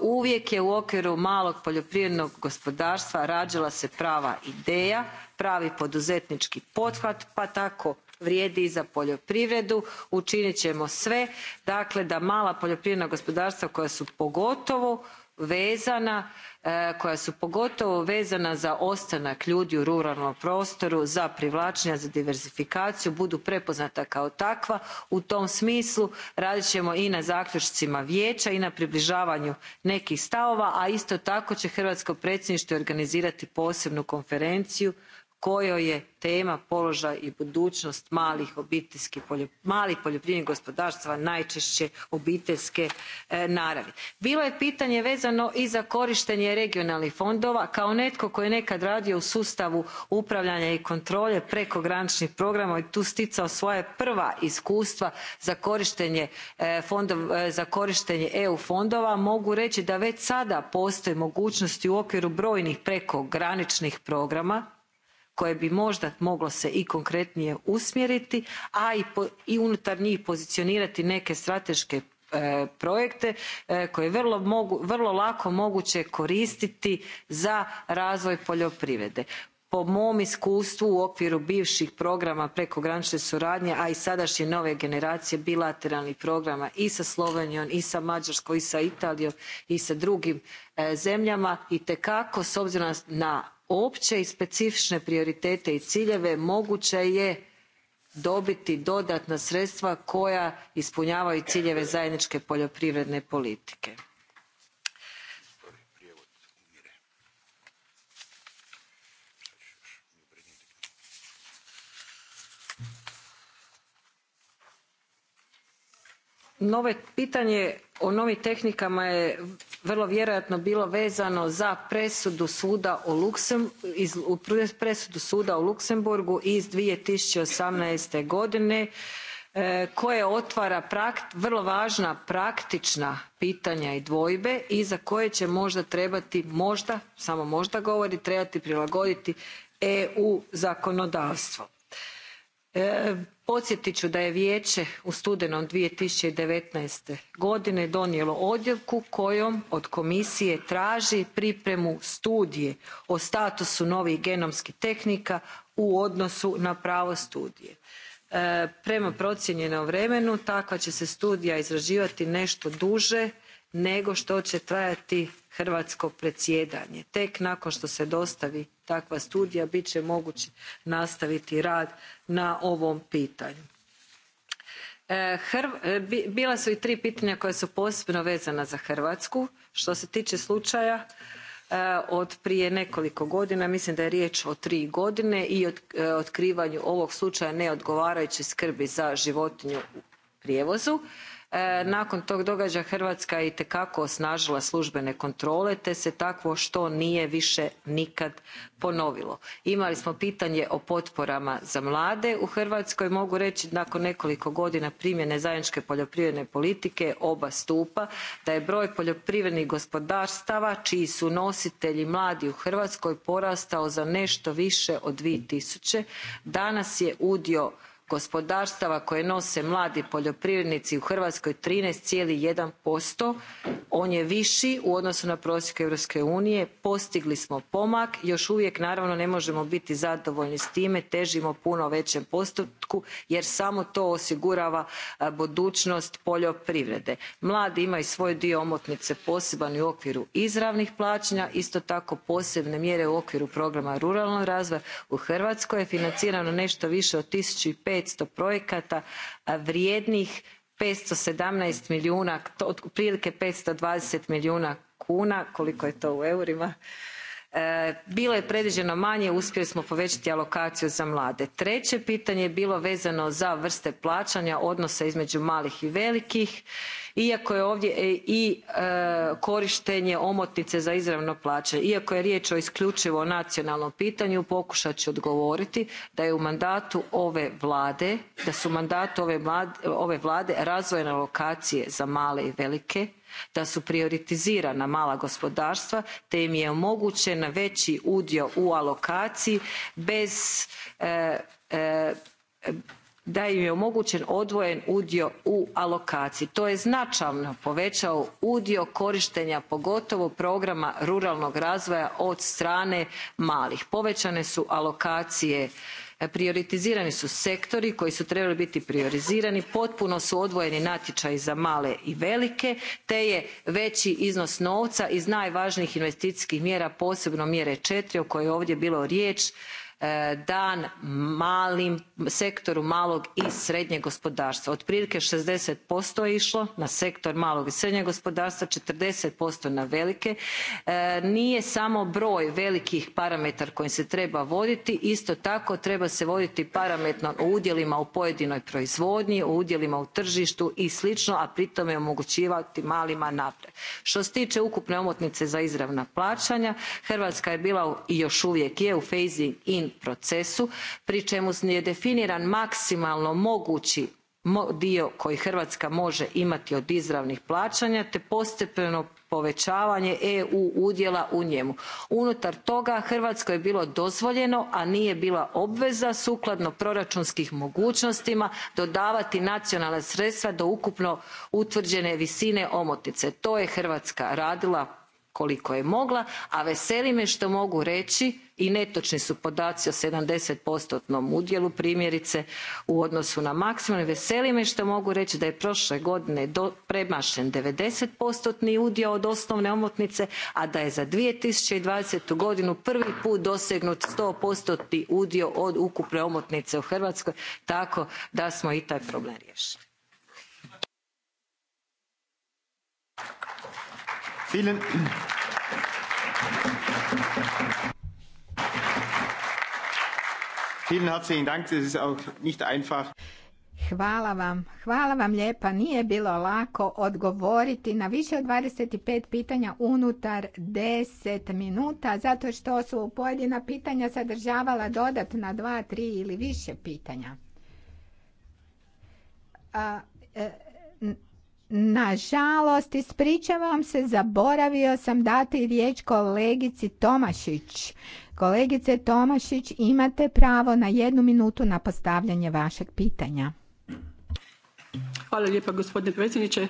uvijek je u okviru malog poljoprivrednog gospodarstva rađala se prava ideja pravi poduzetnički pothvat pa tako vrijedi i za poljoprivredu učinit ćemo sve dakle da mala poljoprivredna gospodarstva koja su pogotovo vezana e, koja su pogotovo vezana za ostanak ljudi u ruralnom prostoru za privlačenje za diversifikaciju budu prepoznata kao takva. u tom smislu radit ćemo i na zaključcima vijeća i na približavanju nekih stavova a isto tako će hrvatsko predsjedništvo organizirati posebnu konferenciju kojoj je tema položaj i budućnost malih obiteljskih malih poljoprivrednih gospodarstava najčešće obiteljske e, naravi. bilo je pitanje vezano i za korištenje regionalnih fondova. kao netko tko je nekad radio u sustavu upravljanja i kontrole prekograničnih programa i tu sticao svoja prva iskustva za korištenje, e, fondova, e, za korištenje eu fondova mogu reći da već sada postoje mogućnosti u okviru brojnih prekograničnih programa koje bi možda moglo se i konkretnije usmjeriti a i unutar njih pozicionirati neke strateške e, projekte e, koje je vrlo lako moguće koristiti za razvoj poljoprivrede. po mom iskustvu u okviru bivših programa prekogranične suradnje a i sadašnje nove generacije bilateralnih programa i sa slovenijom i sa mađarskom i sa italijom i sa drugim e, zemljama itekako s obzirom na opće i specifične prioritete i ciljeve moguće je dobiti dodatna sredstva koja ispunjavaju ciljeve zajedničke poljoprivredne politike. Nove, pitanje o novim tehnikama je vrlo vjerojatno bilo vezano za presudu suda u iz, presudu suda u Luksemburgu iz 2018. godine e, koje otvara vrlo važna praktična pitanja i dvojbe i za koje će možda trebati možda samo možda govori trebati prilagoditi eu zakonodavstvo. E, podsjetit ću da je vijeće u studenom. two thousand and godine donijelo odluku kojom od komisije traži pripremu studije o statusu novih genomskih tehnika u odnosu na pravo studije. E, prema procijenjenom vremenu takva će se studija izraivati nešto duže nego što će trajati hrvatsko predsjedanje. tek nakon što se dostavi takva studija bit će moguće nastaviti rad na ovom pitanju. E, e, bila su i tri pitanja koja su posebno vezana za hrvatsku što se tiče slučaja e, od prije nekoliko godina mislim da je riječ o tri godine i otkrivanju ovog slučaja neodgovarajuće skrbi za životinju u prijevozu. E, nakon tog događaja hrvatska je itekako osnažila službene kontrole te se takvo što nije više nikad ponovilo. imali smo pitanje o potporama za mlade u hrvatskoj mogu reći nakon nekoliko godina primjene zajedničke poljoprivredne politike oba stupa da je broj poljoprivrednih gospodarstava čiji su nositelji mladi u hrvatskoj porastao za nešto više od dvije tisuće danas je udio gospodarstava koje nose mladi poljoprivrednici u hrvatskoj thirteen one on je viši u odnosu na prosjek europske unije postigli smo pomak Još uvijek naravno ne možemo biti zadovoljni s time teimo puno veem postotku jer samo to osigurava budućnost poljoprivrede. mladi imaju svoj dio omotnice poseban i u okviru izravnih plaćanja, isto tako posebne mjere u okviru programa ruralnog razvoja. u hrvatskoj je financirano neto vie od one five 500 projekata vrijednih 517 milijuna, otprilike 520 milijuna kuna, koliko je to u eurima, e, bilo je predviđeno manje uspjeli smo povećati alokaciju za mlade. treće pitanje je bilo vezano za vrste plaćanja odnosa između malih i velikih iako je ovdje e, i e, korištenje omotnice za izravno plaćanje. Iako je riječ o isključivo nacionalnom pitanju pokušat ću odgovoriti da je u mandatu ove Vlade, da su u mandatu ove Vlade razvojne alokacije za male i velike, da su prioritizirana mala gospodarstva te im je omogućen veći udio u alokaciji bez e, da im je omogućen odvojen udio u alokaciji. to je značajno povećao udio korištenja pogotovo programa ruralnog razvoja od strane malih. povećane su alokacije e, prioritizirani su sektori koji su trebali biti priorizirani potpuno su odvojeni natječaji za male i velike te je veći iznos novca iz najvažnijih investicijskih mjera posebno mjere four o kojoj je ovdje bilo riječ E, dan malim sektoru malog i srednjeg gospodarstva otprilike sixty je išlo na sektor malog i srednjeg gospodarstva forty na velike. E, nije samo broj velikih parametar kojim se treba voditi isto tako treba se voditi parametrom o udjelima u pojedinoj proizvodnji o udjelima u tržištu i slično a pri tome omogućivati malima napredak. što se tiče ukupne omotnice za izravna plaćanja hrvatska je bila i još uvijek je u phasing in procesu pri čemu je definiran maksimalno mogući dio koji hrvatska može imati od izravnih plaćanja te postepeno povećavanje eu udjela u njemu. unutar toga hrvatskoj je bilo dozvoljeno a nije bila obveza sukladno proračunskim mogućnostima dodavati nacionalna sredstva do ukupno utvrđene visine omotnice. to je hrvatska radila koliko je mogla a veseli me što mogu reći i netočni su podaci o sedamdeset postotnom udjelu primjerice u odnosu na maksimalni veseli me što mogu reći da je prošle godine premašen devedeset postotni udio od osnovne omotnice a da je za. two thousand and twenty godinu prvi put dosegnut sto postotni udio od ukupne omotnice u hrvatskoj tako da smo i taj problem riješili. Vielen Vielen herzlichen Dank, es ist auch nicht einfach. Hvala vam, hvala vam lijepa. Nije bilo lako odgovoriti na više od 25 pitanja unutar 10 minuta, zato što su pojedina pitanja sadržavala dodatna 2, 3 ili više pitanja. A, e, Nažalost, ispričavam se, zaboravio sam dati riječ kolegici Tomašić. Kolegice Tomašić, imate pravo na jednu minutu na postavljanje vašeg pitanja. Hvala lijepa gospodine predsjedniče.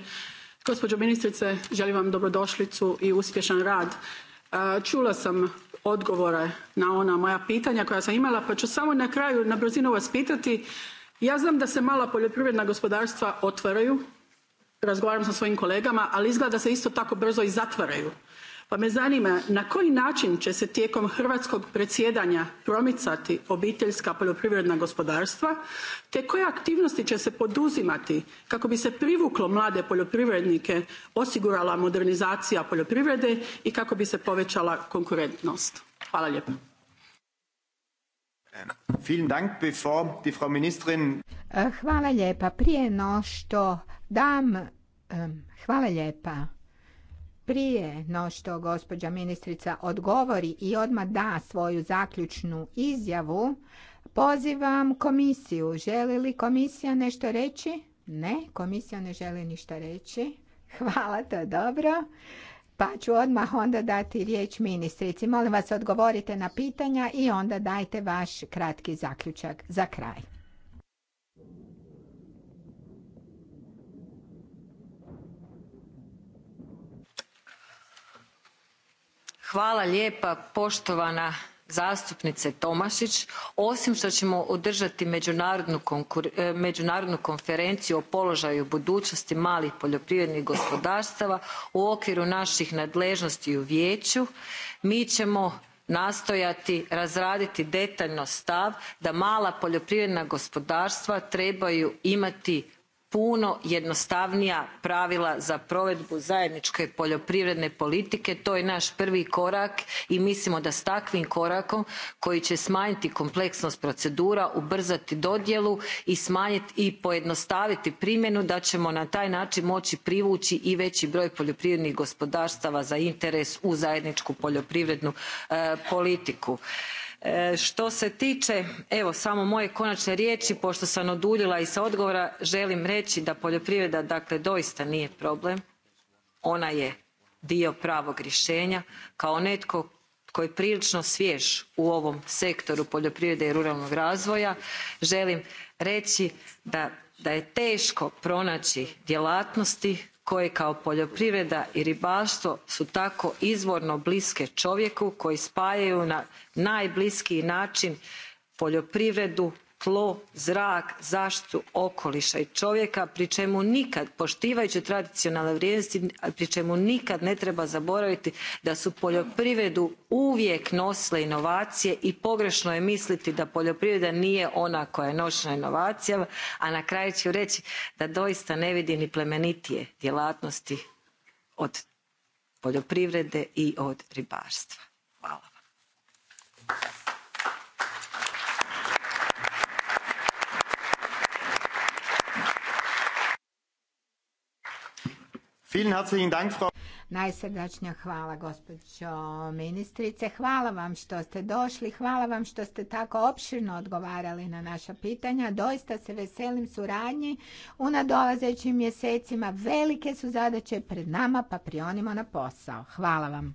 Gospođo ministrice, želim vam dobrodošlicu i uspješan rad. E, čula sam odgovore na ona moja pitanja koja sam imala, pa ću samo na kraju na brzinu vas pitati. Ja znam da se mala poljoprivredna gospodarstva otvaraju, razgovaram sa svojim kolegama ali izgleda da se isto tako brzo i zatvaraju pa me zanima na koji način će se tijekom hrvatskog predsjedanja promicati obiteljska poljoprivredna gospodarstva te koje aktivnosti će se poduzimati kako bi se privuklo mlade poljoprivrednike osigurala modernizacija poljoprivrede i kako bi se povećala konkurentnost? hvala lijepa. Hvala lijepa. Prije no što dam Hvala lijepa. Prije no što gospođa ministrica odgovori i odmah da svoju zaključnu izjavu, pozivam komisiju. Želi li komisija nešto reći? Ne, komisija ne želi ništa reći. [laughs] Hvala, to je dobro. Pa ću odmah onda dati riječ ministrici. Molim vas odgovorite na pitanja i onda dajte vaš kratki zaključak za kraj. Hvala lijepa poštovana zastupnice Tomašić. Osim što ćemo održati međunarodnu e, konferenciju o položaju budućnosti malih poljoprivrednih gospodarstava u okviru naših nadležnosti u Vijeću mi ćemo nastojati razraditi detaljno stav da mala poljoprivredna gospodarstva trebaju imati puno jednostavnija pravila za provedbu zajedničke poljoprivredne politike. to je naš prvi korak i mislimo da s takvim korakom koji će smanjiti kompleksnost procedura ubrzati dodjelu i smanjiti i pojednostaviti primjenu da ćemo na taj način moći privući i veći broj poljoprivrednih gospodarstava za interes u zajedničku poljoprivrednu e, politiku. E, što se tiče evo samo moje konačne riječi pošto sam oduljila i s odgovora želim reći da poljoprivreda dakle doista nije problem ona je dio pravog rješenja. kao netko tko je prilično svjež u ovom sektoru poljoprivrede i ruralnog razvoja želim reći da, da je teško pronaći djelatnosti koje kao poljoprivreda i ribarstvo su tako izvorno bliske čovjeku koji spajaju na najbliskiji način poljoprivredu tlo zrak zaštitu okoliša i čovjeka pri čemu nikad poštivajući tradicionalne vrijednosti pri čemu nikad ne treba zaboraviti da su poljoprivredu uvijek nosile inovacije i pogrešno je misliti da poljoprivreda nije ona koja je noćna inovacijama a na kraju ću reći da doista ne vidim ni plemenitije djelatnosti od poljoprivrede i od ribarstva. hvala Najsrdačnija hvala gospođo ministrice. Hvala vam što ste došli, hvala vam što ste tako opširno odgovarali na naša pitanja. Doista se veselim suradnji u nadolazećim mjesecima. Velike su zadaće pred nama pa prionimo na posao. Hvala vam.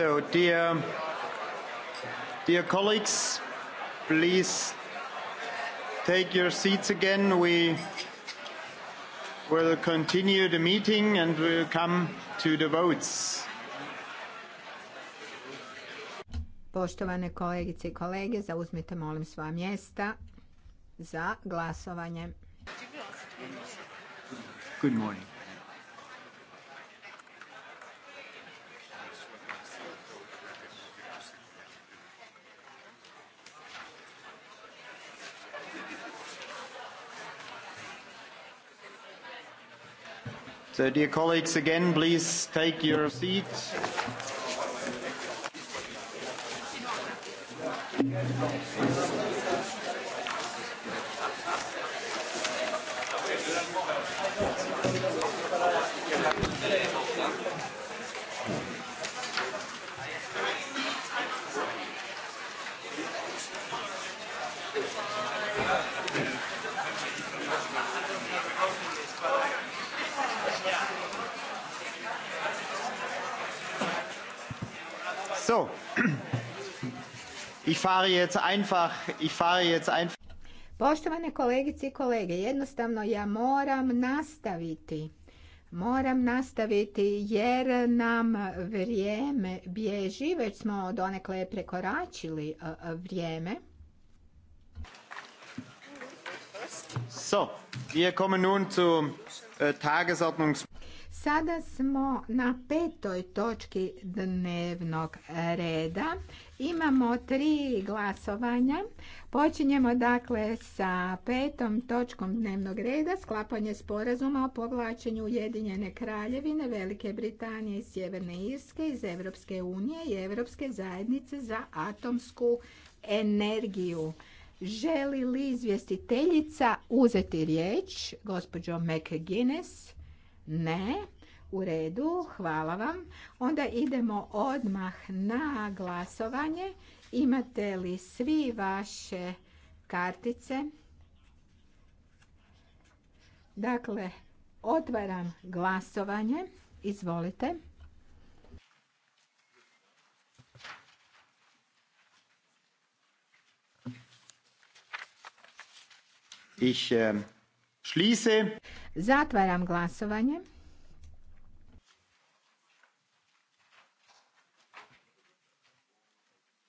So, dear, dear colleagues, please take your seats again. We will continue the meeting and will come to the votes. Poštovane kolegice i kolege, zauzmite molim sva mjesta za glasovanje. Good morning. dear colleagues, again, please take your seats. fahre Poštovane kolegice i kolege, jednostavno ja moram nastaviti. Moram nastaviti jer nam vrijeme bježi, već smo donekle prekoračili e, e, vrijeme. So, wir kommen nun zum äh, Tagesordnungspunkt. Sada smo na petoj točki dnevnog reda. Imamo tri glasovanja. Počinjemo dakle sa petom točkom dnevnog reda, sklapanje sporazuma o povlačenju Ujedinjene kraljevine, Velike Britanije i Sjeverne Irske iz Europske unije i Europske zajednice za atomsku energiju. Želi li izvjestiteljica uzeti riječ, gospođo McGuinness? Ne. U redu, hvala vam. Onda idemo odmah na glasovanje. Imate li svi vaše kartice? Dakle, otvaram glasovanje. Izvolite. Ich eh, Schließe. Zatvaram glasovanje.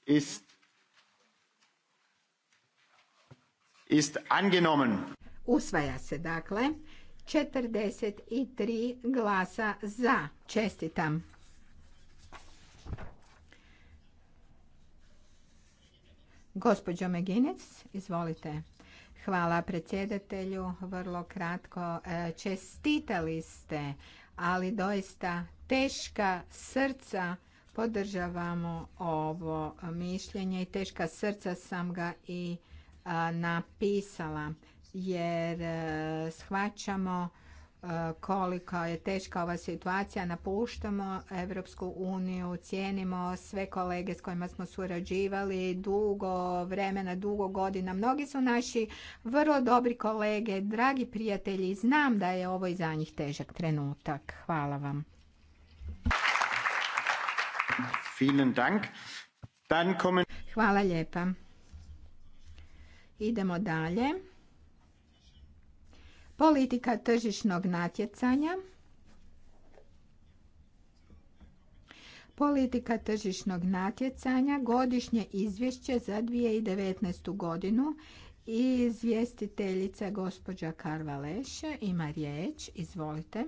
Ist ist angenommen. Usvaja se dakle 43 glasa za. Čestitam. Gospođo Meginec, izvolite. Hvala predsjedatelju, vrlo kratko. E, čestitali ste, ali doista teška srca podržavamo ovo mišljenje i teška srca sam ga i napisala jer e, shvaćamo koliko je teška ova situacija. Napuštamo Evropsku uniju, cijenimo sve kolege s kojima smo surađivali dugo vremena, dugo godina. Mnogi su naši vrlo dobri kolege, dragi prijatelji. Znam da je ovo i za njih težak trenutak. Hvala vam. Hvala lijepa. Idemo dalje. Politika tržišnog natjecanja. Politika tržišnog natjecanja, godišnje izvješće za 2019. godinu i izvjestiteljica gospođa Leše ima riječ. Izvolite.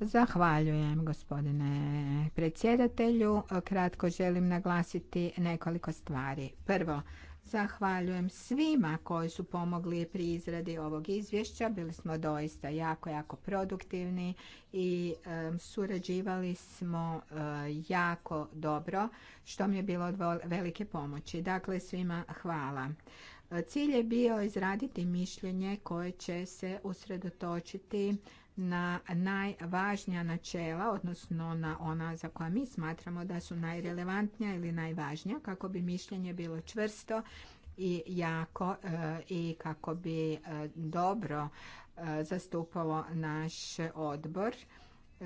Zahvaljujem gospodine predsjedatelju. Kratko želim naglasiti nekoliko stvari. Prvo, Zahvaljujem svima koji su pomogli pri izradi ovog izvješća. Bili smo doista jako, jako produktivni i surađivali smo e, jako dobro, što mi je bilo od velike pomoći. Dakle, svima hvala. Cilj je bio izraditi mišljenje koje će se usredotočiti na najvažnija načela, odnosno na ona za koja mi smatramo da su najrelevantnija ili najvažnija, kako bi mišljenje bilo čvrsto i jako e, i kako bi e, dobro e, zastupalo naš odbor.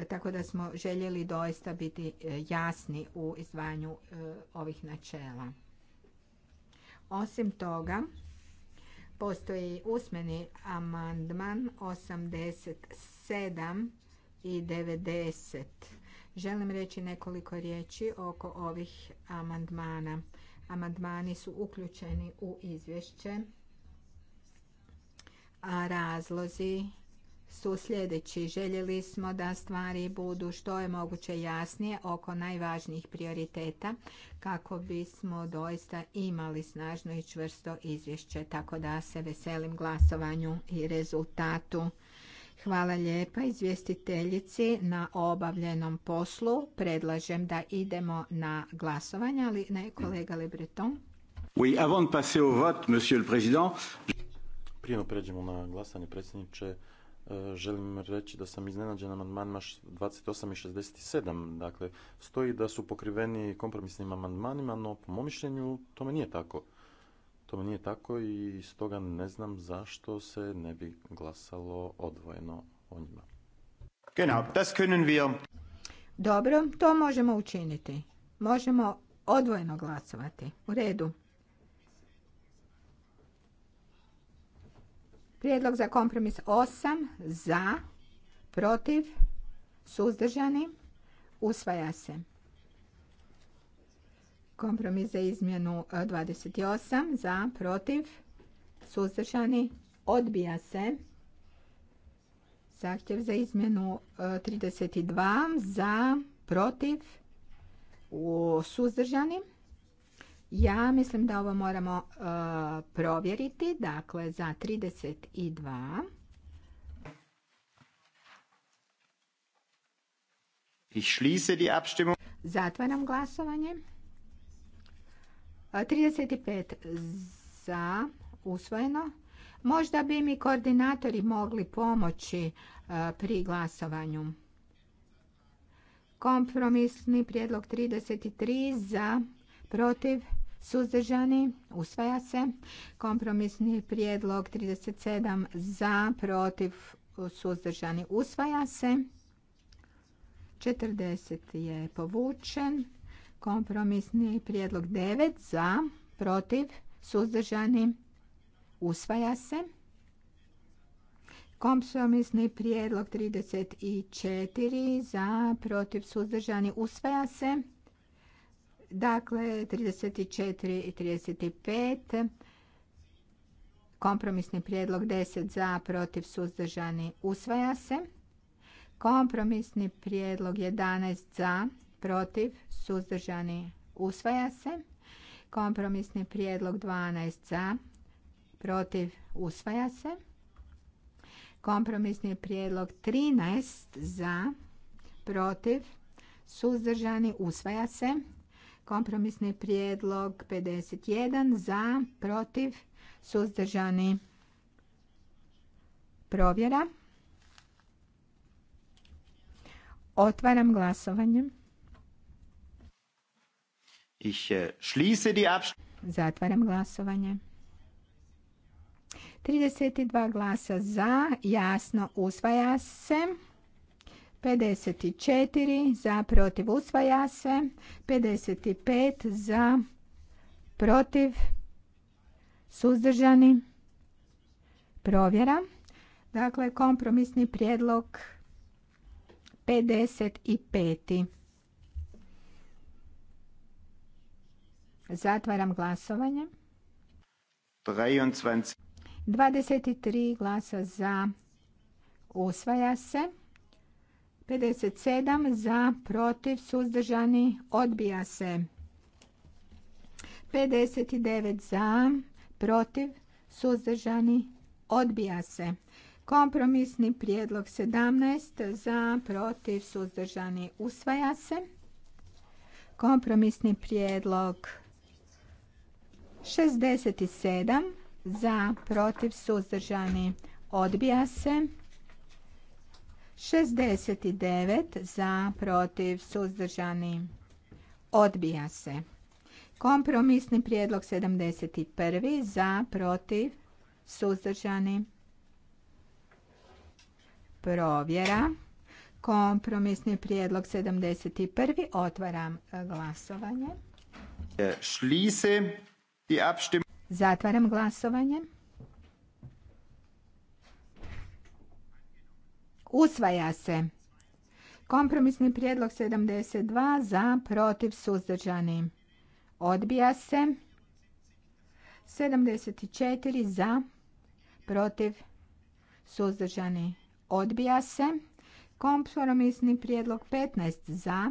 Tako da smo željeli doista biti jasni u izdvajanju ovih načela. Osim toga, Postoji usmeni amandman 87 i 90. Želim reći nekoliko riječi oko ovih amandmana. Amandmani su uključeni u izvješće, a razlozi su sljedeći. Željeli smo da stvari budu što je moguće jasnije oko najvažnijih prioriteta kako bismo doista imali snažno i čvrsto izvješće. Tako da se veselim glasovanju i rezultatu. Hvala lijepa izvjestiteljici na obavljenom poslu. Predlažem da idemo na glasovanje, ali ne kolega Le Breton. Oui, avant passer au vote, monsieur le président. Prije pređemo na glasanje predsjedniče. E, želim reći da sam iznenađen amandmanima 28 i 67. Dakle, stoji da su pokriveni kompromisnim amandmanima, no po mom mišljenju tome nije tako. Tome nije tako i stoga ne znam zašto se ne bi glasalo odvojeno o njima. Genau, Dobro, to možemo učiniti. Možemo odvojeno glasovati. U redu. Prijedlog za kompromis 8 za, protiv, suzdržani, usvaja se. Kompromis za izmjenu 28 e, za, protiv, suzdržani, odbija se. Zahtjev za izmjenu 32 e, za, protiv, suzdržani, ja mislim da ovo moramo eh, provjeriti, dakle za 32. Ich schließe die Abstimmung. Zatvaram glasovanje. 35 eh, za, usvojeno. Možda bi mi koordinatori mogli pomoći eh, pri glasovanju. Kompromisni prijedlog 33 za, protiv, suzdržani, usvaja se. Kompromisni prijedlog 37 za, protiv, suzdržani, usvaja se. 40 je povučen. Kompromisni prijedlog 9 za, protiv, suzdržani, usvaja se. Kompromisni prijedlog 34 za, protiv, suzdržani, usvaja se. Dakle, 34 i 35. Kompromisni prijedlog 10 za, protiv, suzdržani, usvaja se. Kompromisni prijedlog 11 za, protiv, suzdržani, usvaja se. Kompromisni prijedlog 12 za, protiv, usvaja se. Kompromisni prijedlog 13 za, protiv, suzdržani, usvaja se. Kompromisni prijedlog 51 za, protiv, suzdržani provjera. Otvaram glasovanje. Ich äh, schließe die Zatvaram glasovanje. 32 glasa za, jasno usvaja se. 54 za protiv usvaja se. 55 za protiv suzdržani provjera. Dakle, kompromisni prijedlog 55. Zatvaram glasovanje. 23 glasa za usvaja se. 57 za, protiv, suzdržani, odbija se. 59 za, protiv, suzdržani, odbija se. Kompromisni prijedlog 17 za, protiv, suzdržani, usvaja se. Kompromisni prijedlog 67 za, protiv, suzdržani, odbija se. 69 za, protiv, suzdržani, odbija se. Kompromisni prijedlog 71 za, protiv, suzdržani, provjera. Kompromisni prijedlog 71. Otvaram e, glasovanje. Zatvaram glasovanje. Usvaja se. Kompromisni prijedlog 72 za protiv suzdržani. Odbija se. 74 za protiv suzdržani. Odbija se. Kompromisni prijedlog 15 za.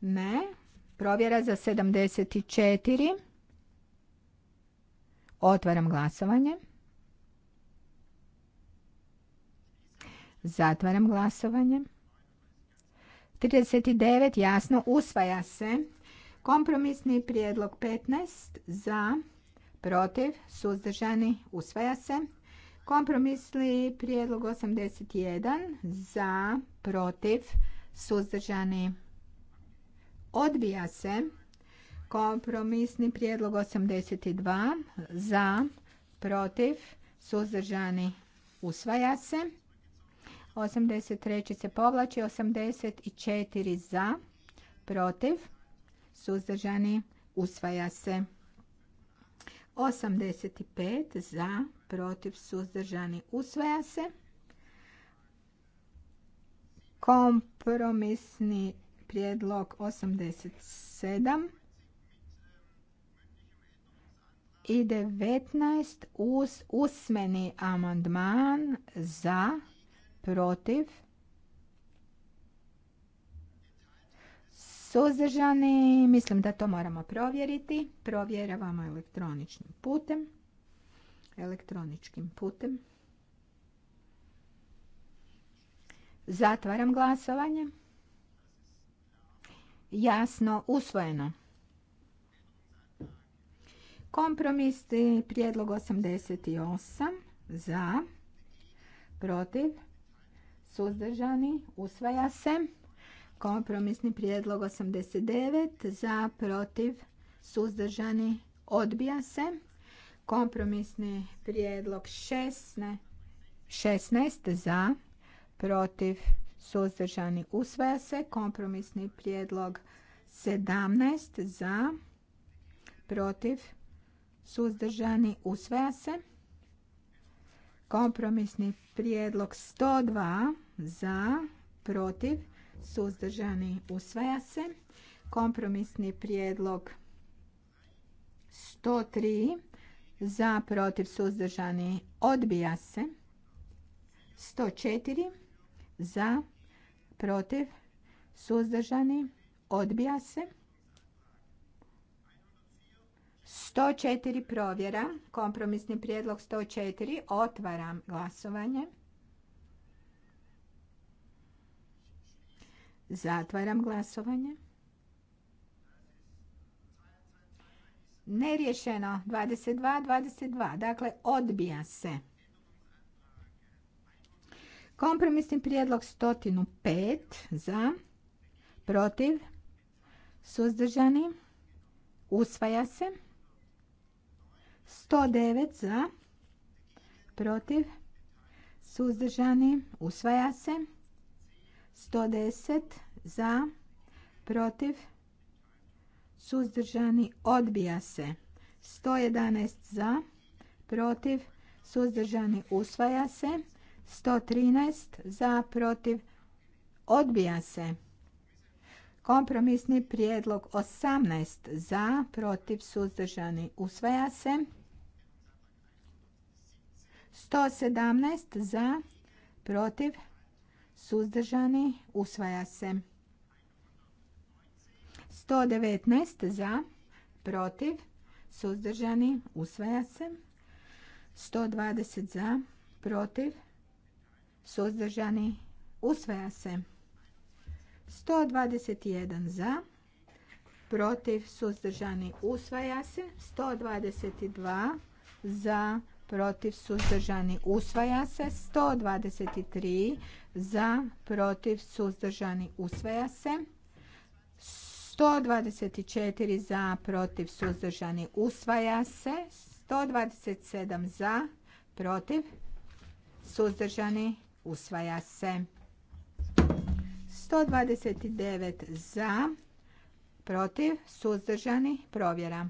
Ne. Provjera za 74. Otvaram glasovanje. Zatvaram glasovanje. 39 jasno usvaja se. Kompromisni prijedlog 15 za, protiv, suzdržani, usvaja se. Kompromisni prijedlog 81 za, protiv, suzdržani, odbija se. Kompromisni prijedlog 82 za, protiv, suzdržani, usvaja se. 83. se povlači, 84 za, protiv, suzdržani, usvaja se. 85 za, protiv, suzdržani, usvaja se. Kompromisni prijedlog 87 i 19 uz usmeni amandman za, protiv, suzdržani, mislim da to moramo provjeriti, provjeravamo elektroničnim putem, elektroničkim putem. Zatvaram glasovanje. Jasno usvojeno. Kompromisni prijedlog 88 za, protiv, suzdržani, usvaja se. Kompromisni prijedlog 89 za, protiv, suzdržani, odbija se. Kompromisni prijedlog 16, 16 za, protiv, suzdržani, usvaja se. Kompromisni prijedlog 17 za, protiv, suzdržani, usvaja se. Kompromisni prijedlog 102 za, protiv, suzdržani, usvaja se. Kompromisni prijedlog 103 za, protiv, suzdržani, odbija se. 104 za, protiv, suzdržani, odbija se. 104 provjera, kompromisni prijedlog 104, otvaram glasovanje. Zatvaram glasovanje. Nerješeno. 22 22. Dakle odbija se. Kompromisni prijedlog 105 za protiv suzdržani usvaja se. 109 za protiv suzdržani usvaja se. 110 za, protiv, suzdržani, odbija se. 111 za, protiv, suzdržani, usvaja se. 113 za, protiv, odbija se. Kompromisni prijedlog 18 za, protiv, suzdržani, usvaja se. 117 za, protiv, suzdržani, usvaja se. 119 za, protiv, suzdržani, usvaja se. 120 za, protiv, suzdržani, usvaja se. 121 za, protiv, suzdržani, usvaja se. 122 za, protiv, suzdržani, usvaja se. 123 za, protiv, suzdržani, usvaja se. 124 za, protiv, suzdržani, usvaja se. 127 za, protiv, suzdržani, usvaja se. 129 za, protiv, suzdržani, provjera.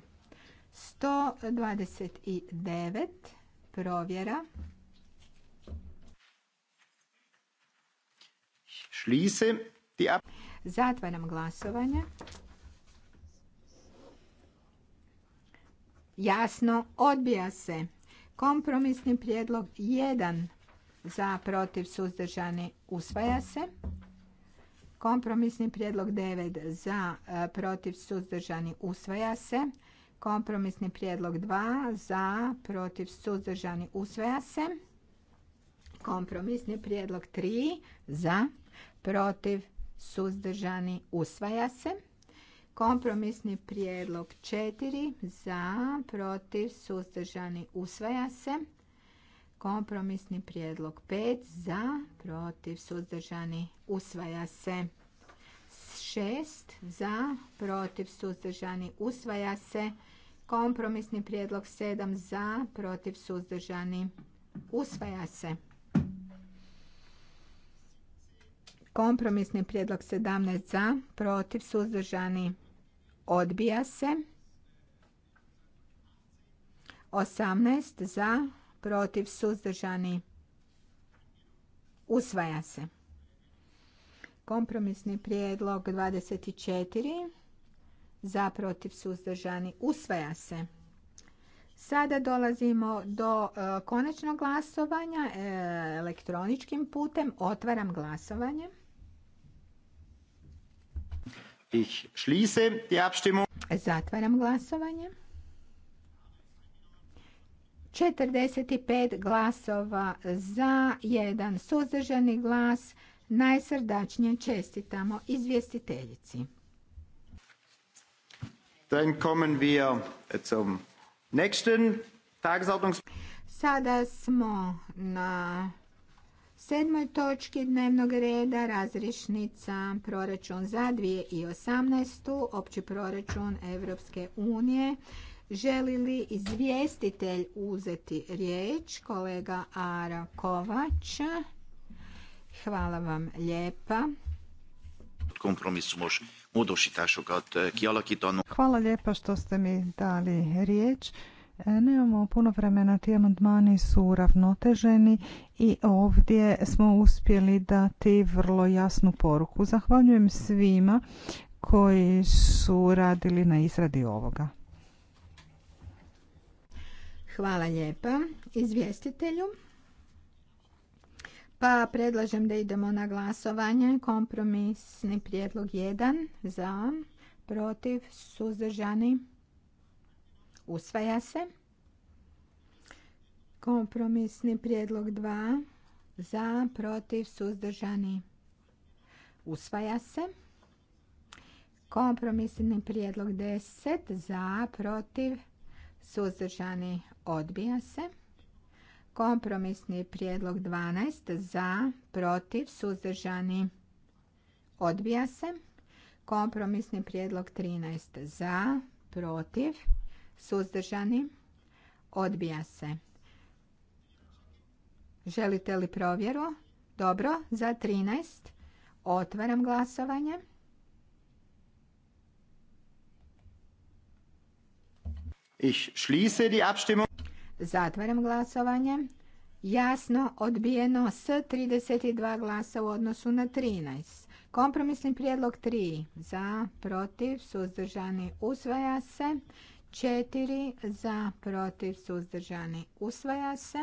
129 provjera. Zatvaram glasovanje. Jasno odbija se. Kompromisni prijedlog 1 za protiv suzdržani usvaja se. Kompromisni prijedlog 9 e, za protiv suzdržani usvaja se. Kompromisni prijedlog 2 za protiv suzdržani usvaja se. Kompromisni prijedlog 3 za protiv, suzdržani, usvaja se. Kompromisni prijedlog 4 za, protiv, suzdržani, usvaja se. Kompromisni prijedlog 5 za, protiv, suzdržani, usvaja se. 6 za, protiv, suzdržani, usvaja se. Kompromisni prijedlog 7 za, protiv, suzdržani, usvaja se. Kompromisni prijedlog 17 za, protiv, suzdržani, odbija se. 18 za, protiv, suzdržani, usvaja se. Kompromisni prijedlog 24 za, protiv, suzdržani, usvaja se. Sada dolazimo do e, konačnog glasovanja e, elektroničkim putem. Otvaram glasovanje. Ich Zatvaram glasovanje. 45 glasova za, jedan suzdržani glas. Najsrdačnije čestitamo izvjestiteljici. Äh, Sada smo na sedmoj točki dnevnog reda razrišnica proračun za 2018. opći proračun Europske unije. Želi li izvjestitelj uzeti riječ? Kolega Ara Kovač. Hvala vam lijepa. Hvala lijepa što ste mi dali riječ. E, nemamo puno vremena, ti amandmani su ravnoteženi i ovdje smo uspjeli dati vrlo jasnu poruku. Zahvaljujem svima koji su radili na izradi ovoga. Hvala lijepa izvjestitelju. Pa predlažem da idemo na glasovanje. Kompromisni prijedlog 1 za, protiv, suzdržani usvaja se. Kompromisni prijedlog 2 za, protiv, suzdržani, usvaja se. Kompromisni prijedlog 10 za, protiv, suzdržani, odbija se. Kompromisni prijedlog 12 za, protiv, suzdržani, odbija se. Kompromisni prijedlog 13 za, protiv, suzdržani, odbija se. Želite li provjeru? Dobro, za 13. Otvaram glasovanje. Zatvaram glasovanje. Jasno odbijeno s 32 glasa u odnosu na 13. Kompromisni prijedlog 3. Za, protiv, suzdržani, usvaja se. 4 za protiv suzdržani usvaja se.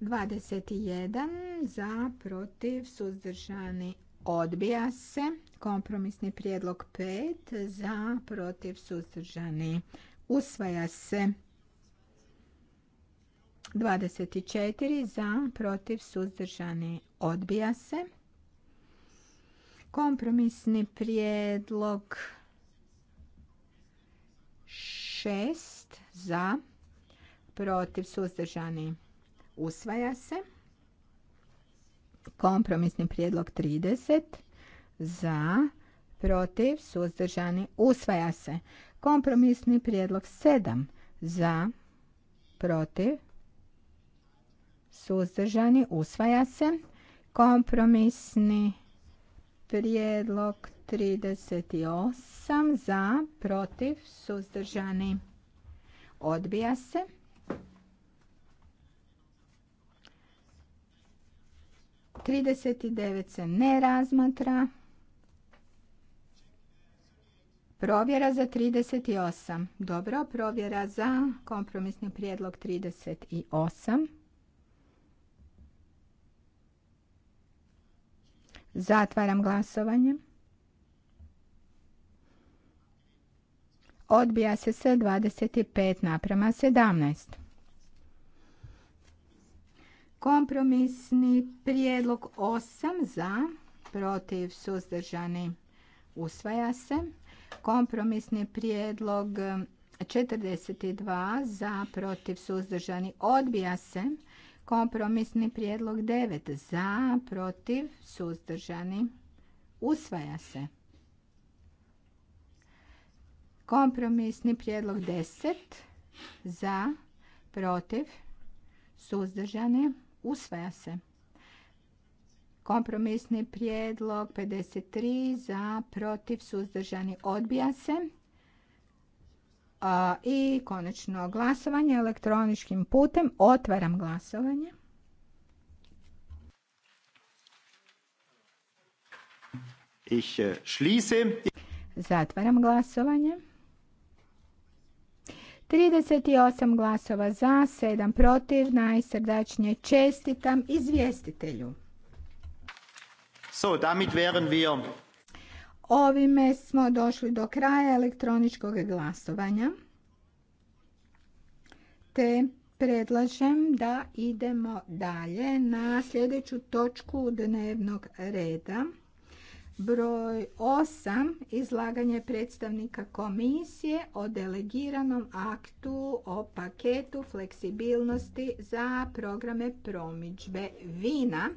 21 za protiv suzdržani odbija se. Kompromisni prijedlog 5 za protiv suzdržani usvaja se. 24 za protiv suzdržani odbija se. Kompromisni prijedlog šest za, protiv suzdržani usvaja se. Kompromisni prijedlog 30 za, protiv suzdržani usvaja se. Kompromisni prijedlog 7 za, protiv suzdržani usvaja se. Kompromisni prijedlog 38 za, protiv, suzdržani, odbija se. Trideset devet se ne razmatra. Provjera za osam Dobro, provjera za kompromisni prijedlog 38. Zatvaram glasovanje. Odbija se sa 25 naprema 17. Kompromisni prijedlog 8 za, protiv suzdržani usvaja se. Kompromisni prijedlog 42 za, protiv suzdržani odbija se. Kompromisni prijedlog 9 za, protiv suzdržani usvaja se. Kompromisni prijedlog 10 za, protiv, suzdržani, usvaja se. Kompromisni prijedlog 53 za, protiv, suzdržani, odbija se. I konačno glasovanje elektroničkim putem. Otvaram glasovanje. Eh, Zatvaram glasovanje. 38 glasova za, 7 protiv. Najsrdačnije čestitam izvjestitelju. So, damit wären wir Ovime smo došli do kraja elektroničkog glasovanja. Te predlažem da idemo dalje na sljedeću točku dnevnog reda broj 8 izlaganje predstavnika komisije o delegiranom aktu o paketu fleksibilnosti za programe promidžbe vina.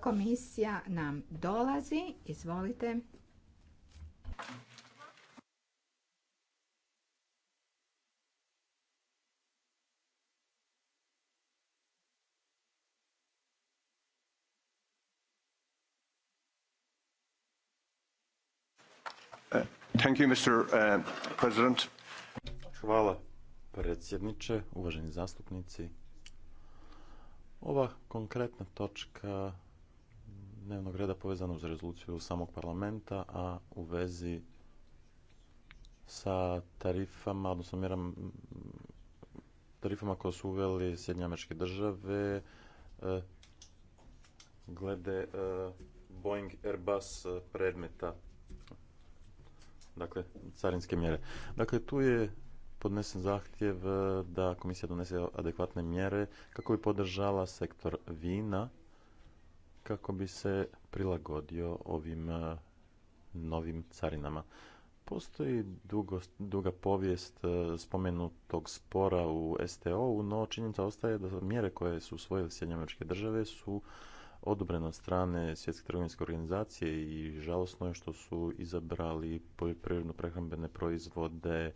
Komisija nam dolazi. Izvolite. Thank uh, Hvala predsjedniče, uvaženi zastupnici. Ova konkretna točka dnevnog reda povezana uz rezoluciju samog parlamenta, a u vezi sa tarifama, odnosno mjeram, tarifama koje su uveli Sjedinje države, e, glede e, Boeing Airbus predmeta dakle carinske mjere. Dakle, tu je podnesen zahtjev e, da komisija donese adekvatne mjere kako bi podržala sektor vina kako bi se prilagodio ovim e, novim carinama. Postoji dugo, duga povijest e, spomenutog spora u STO-u, no činjenica ostaje da mjere koje su usvojile Sjedinjene države su odobren od strane Svjetske trgovinske organizacije i žalosno je što su izabrali poljoprivredno prehrambene proizvode e,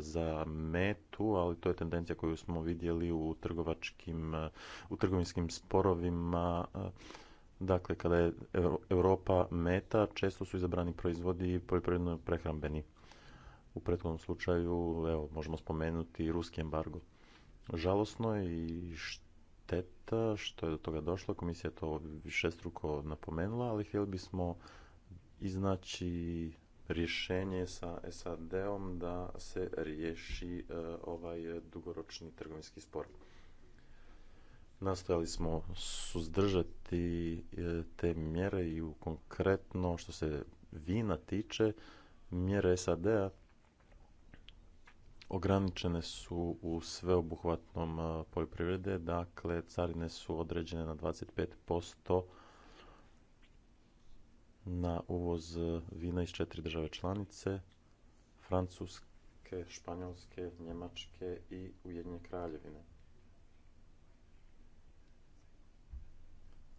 za metu, ali to je tendencija koju smo vidjeli u trgovačkim, e, u trgovinskim sporovima. E, dakle, kada je Europa meta, često su izabrani proizvodi poljoprivredno prehrambeni. U prethodnom slučaju, evo, možemo spomenuti ruski embargo. Žalosno je i što te eh, što je do toga došlo. Komisija je to struko napomenula, ali htjeli bismo iznaći rješenje sa SAD-om da se riješi eh, ovaj dugoročni trgovinski spor. Nastojali smo suzdržati eh, te mjere i konkretno što se vina tiče mjere SAD-a ograničene su u sveobuhvatnom e, poljoprivrede, dakle carine su određene na 25% na uvoz e, vina iz četiri države članice, Francuske, Španjolske, Njemačke i ujedinjene kraljevine.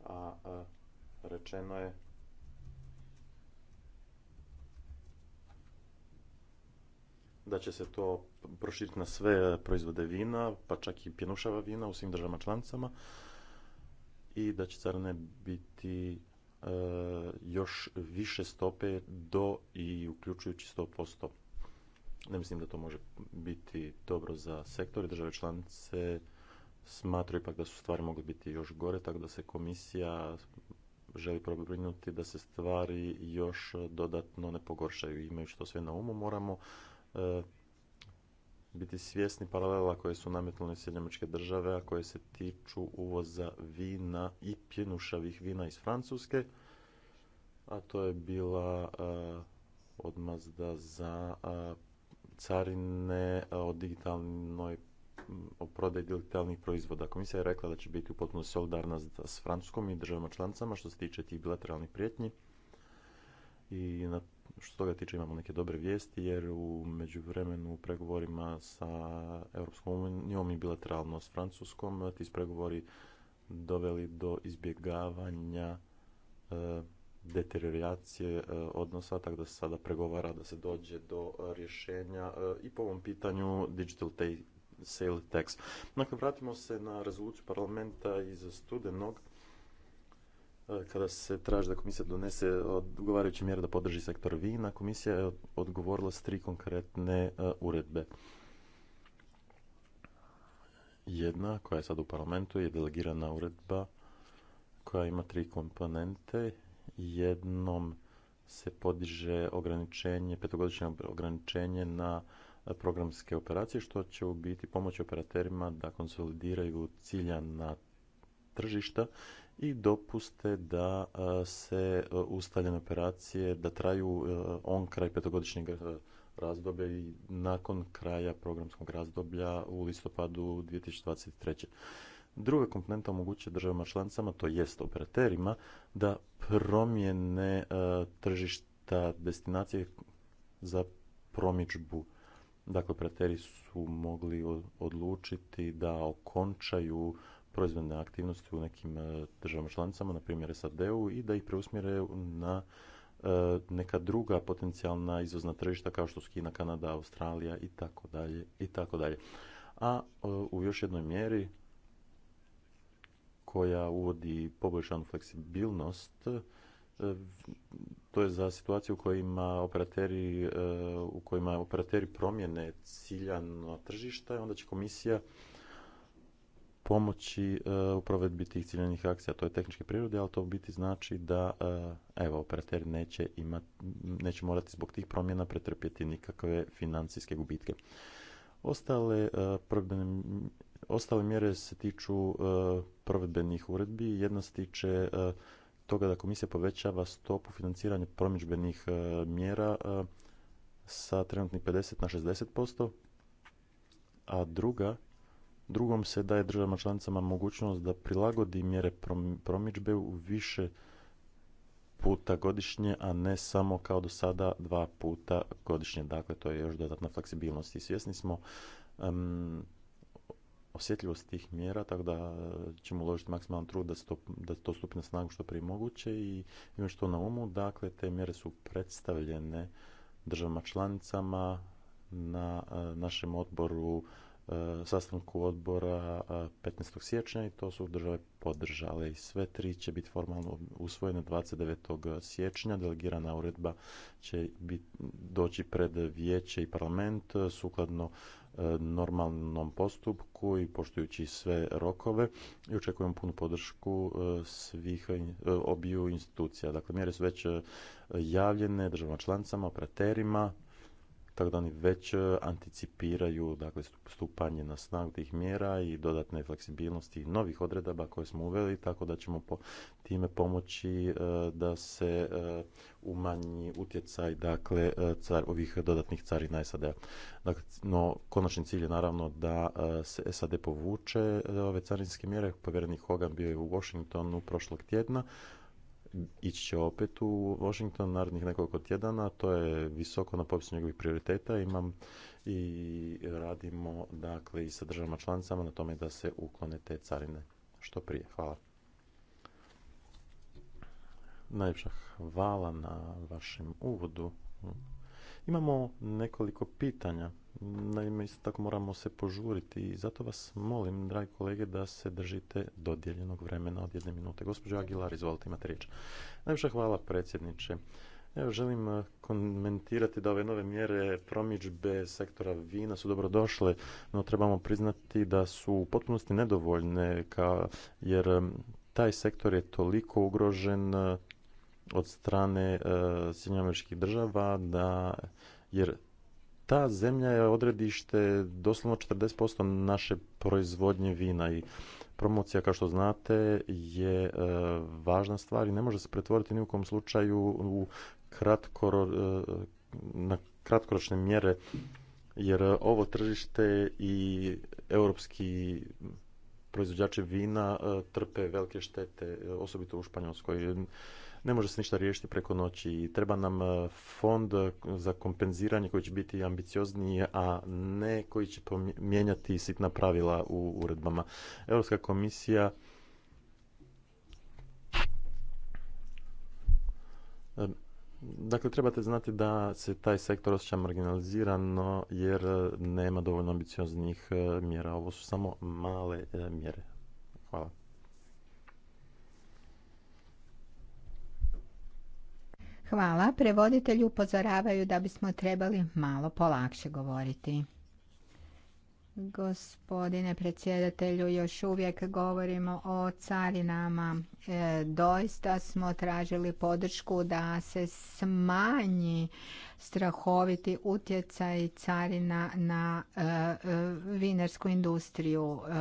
A, a e, rečeno je da će se to proširiti na sve proizvode vina, pa čak i pjenušava vina u svim državama članicama i da će carne biti e, još više stope do i uključujući 100%. Ne mislim da to može biti dobro za sektor i države članice smatraju ipak da su stvari mogle biti još gore, tako da se komisija želi probrinuti da se stvari još dodatno ne pogoršaju. Imajući to sve na umu, moramo E, biti svjesni paralela koje su nametnule Sjedinjamačke države, a koje se tiču uvoza vina i pjenušavih vina iz Francuske, a to je bila e, odmazda za e, carine o digitalnoj o prodaji digitalnih proizvoda. Komisija je rekla da će biti potpuno solidarna s Francuskom i državama članicama što se tiče tih bilateralnih prijetnji i na što toga tiče imamo neke dobre vijesti jer u međuvremenu u pregovorima sa Europskom unijom i bilateralno s Francuskom ti pregovori doveli do izbjegavanja e, deterioracije e, odnosa, tako da se sada pregovara da se dođe do rješenja e, i po ovom pitanju digital sale tax. Dakle, vratimo se na rezoluciju parlamenta iz studenog E, kada se traži da komisija donese odgovarajuće mjere da podrži sektor vina, komisija je odgovorila s tri konkretne e, uredbe. Jedna koja je sad u parlamentu je delegirana uredba koja ima tri komponente. Jednom se podiže ograničenje, petogodišnje ograničenje na programske operacije, što će u biti pomoći operaterima da konsolidiraju na tržišta i dopuste da e, se e, ustaljene operacije da traju e, on kraj petogodišnjeg razdoblja i nakon kraja programskog razdoblja u listopadu 2023. Druga komponenta omogućuje državama članicama, to jest operaterima, da promjene tržišta destinacije za promičbu. Dakle, operateri su mogli odlučiti da okončaju proizvodne aktivnosti u nekim e, državama članicama, na primjer SAD-u, i da ih preusmjere na e, neka druga potencijalna izvozna tržišta kao što su Kina, Kanada, Australija i tako dalje i tako dalje. A e, u još jednoj mjeri koja uvodi poboljšanu fleksibilnost to je za situaciju u kojima operateri u kojima operateri promjene ciljano tržišta onda će komisija pomoći e, u provedbi tih ciljenih akcija. To je tehničke prirode, ali to u biti znači da e, evo, operateri neće, imati, neće morati zbog tih promjena pretrpjeti nikakve financijske gubitke. Ostale, e, ostale mjere se tiču provedbenih uredbi. Jedna se tiče toga da komisija povećava stopu financiranja promidžbenih mjera sa trenutnih 50 na 60%, a druga drugom se daje državama članicama mogućnost da prilagodi mjere promidžbe u više puta godišnje, a ne samo kao do sada dva puta godišnje. Dakle, to je još dodatna fleksibilnost i svjesni smo um, osjetljivost tih mjera, tako da ćemo uložiti maksimalan trud da, da to stupi na snagu što prije moguće i imaš što na umu. Dakle, te mjere su predstavljene državama članicama na e, našem odboru E, sastanku odbora 15. E, siječnja i to su države podržale i sve tri će biti formalno usvojene 29. siječnja. Delegirana uredba će biti doći pred vijeće i parlament e, sukladno normalnom postupku i poštujući sve rokove i očekujem punu podršku svih obiju institucija. Dakle, mjere su već javljene državama članicama, operaterima, tako da oni već e, anticipiraju dakle, stupanje na snagu tih mjera i dodatne fleksibilnosti novih odredaba koje smo uveli, tako da ćemo po time pomoći e, da se e, umanji utjecaj dakle, car, ovih dodatnih carina sad dakle, no, konačni cilj je naravno da se SAD povuče ove carinske mjere. Povjerenik Hogan bio je u Washingtonu prošlog tjedna ići će opet u Washington narednih nekoliko tjedana, to je visoko na popisu njegovih prioriteta, imam i radimo dakle i sa državama članicama na tome da se uklone te carine što prije. Hvala. Najljepša hvala na vašem uvodu. Imamo nekoliko pitanja. Naime, isto tako moramo se požuriti i zato vas molim, dragi kolege, da se držite dodijeljenog vremena od jedne minute. Gospođo Aguilar, izvolite, imate riječ. Najviše hvala predsjedniče. Evo, želim eh, komentirati da ove nove mjere promičbe sektora vina su dobrodošle, no trebamo priznati da su u potpunosti nedovoljne, jer eh, taj sektor je toliko ugrožen eh, od strane e, država da jer ta zemlja je odredište doslovno 40% naše proizvodnje vina i promocija, kao što znate, je e, važna stvar i ne može se pretvoriti ni u kom slučaju u e, na kratkoročne mjere, jer ovo tržište i europski proizvođači vina e, trpe velike štete, osobito u Španjolskoj ne može se ništa riješiti preko noći i treba nam e, fond e, za kompenziranje koji će biti ambiciozniji, a ne koji će mijenjati sitna pravila u uredbama. Europska komisija e, Dakle, trebate znati da se taj sektor osjeća marginalizirano jer nema dovoljno ambicioznih mjera. Ovo su samo male mjere. Hvala. Hvala. Prevoditelji upozoravaju da bismo trebali malo polakše govoriti. Gospodine predsjedatelju, još uvijek govorimo o carinama. E, doista smo tražili podršku da se smanji strahoviti utjecaj carina na e, e, vinarsku industriju. E,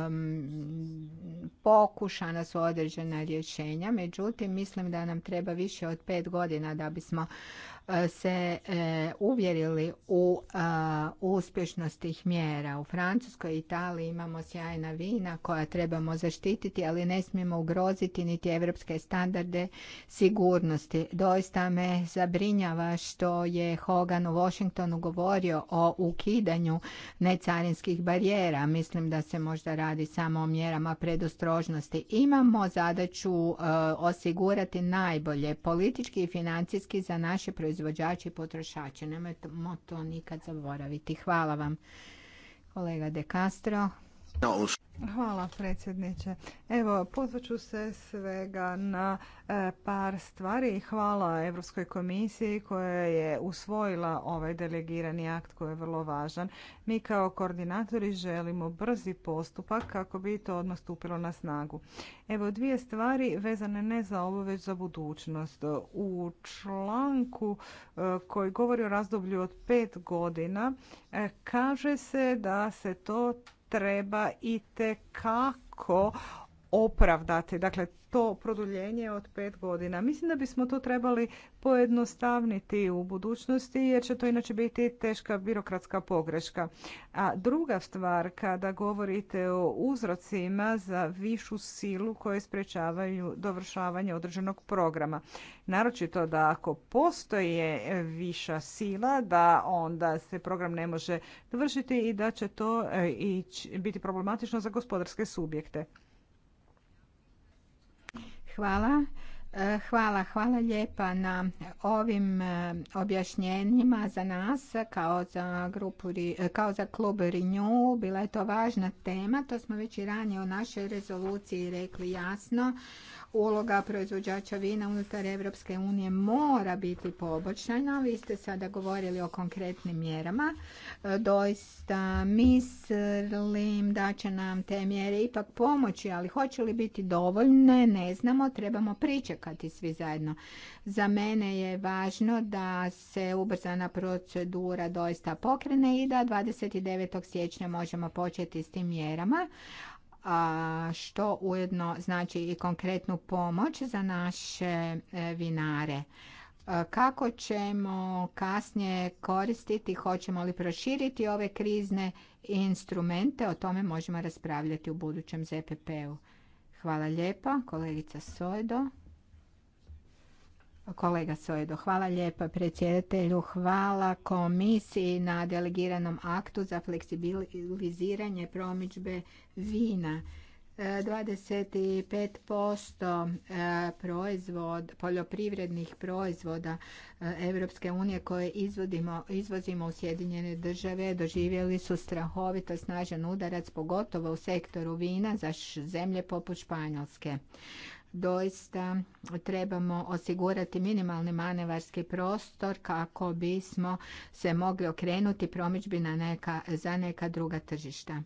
pokušana su određena rješenja, međutim mislim da nam treba više od pet godina da bismo se e, uvjerili u uspješnost tih mjera. U Francuskoj i Italiji imamo sjajna vina koja trebamo zaštititi, ali ne smijemo ugroziti niti evropske standarde sigurnosti. Doista me zabrinjava što je Hogan u Washingtonu govorio o ukidanju necarinskih barijera. Mislim da se možda radi samo o mjerama predostrožnosti. Imamo zadaću e, osigurati najbolje politički i financijski za naše proizvodnje proizvođači i potrošači. Nemojmo to nikad zaboraviti. Hvala vam kolega De Castro. Hvala predsjedniče. Evo, pozvaću se svega na e, par stvari i hvala Europskoj komisiji koja je usvojila ovaj delegirani akt koji je vrlo važan. Mi kao koordinatori želimo brzi postupak kako bi to odmah stupilo na snagu. Evo, dvije stvari vezane ne za ovo, već za budućnost. U članku e, koji govori o razdoblju od pet godina e, kaže se da se to treba i te kako opravdati. Dakle, to produljenje od pet godina. Mislim da bismo to trebali pojednostavniti u budućnosti jer će to inače biti teška birokratska pogreška. A druga stvar, kada govorite o uzrocima za višu silu koje sprečavaju dovršavanje određenog programa. Naročito da ako postoje viša sila, da onda se program ne može dovršiti i da će to e, biti problematično za gospodarske subjekte. Hvala. E, hvala, hvala lijepa na ovim e, objašnjenjima za nas kao za, grupu, e, kao za klub Renew. Bila je to važna tema, to smo već i ranije u našoj rezoluciji rekli jasno uloga proizvođača vina unutar Europske unije mora biti poboljšana. Vi ste sada govorili o konkretnim mjerama. E, doista mislim da će nam te mjere ipak pomoći, ali hoće li biti dovoljne, ne znamo, trebamo pričekati svi zajedno. Za mene je važno da se ubrzana procedura doista pokrene i da 29. siječnja možemo početi s tim mjerama, što ujedno znači i konkretnu pomoć za naše e, vinare e, kako ćemo kasnije koristiti, hoćemo li proširiti ove krizne instrumente, o tome možemo raspravljati u budućem ZPP-u. Hvala lijepa, kolegica Sojdo. Kolega Sojedo, hvala lijepa predsjedatelju, hvala komisiji na delegiranom aktu za fleksibiliziranje promičbe vina. 25% e, e, proizvod, poljoprivrednih proizvoda Europske unije koje izvozimo u Sjedinjene države doživjeli su strahovito snažan udarac, pogotovo u sektoru vina za zemlje poput Španjolske doista trebamo osigurati minimalni manevarski prostor kako bismo se mogli okrenuti promidžbi za neka druga tržišta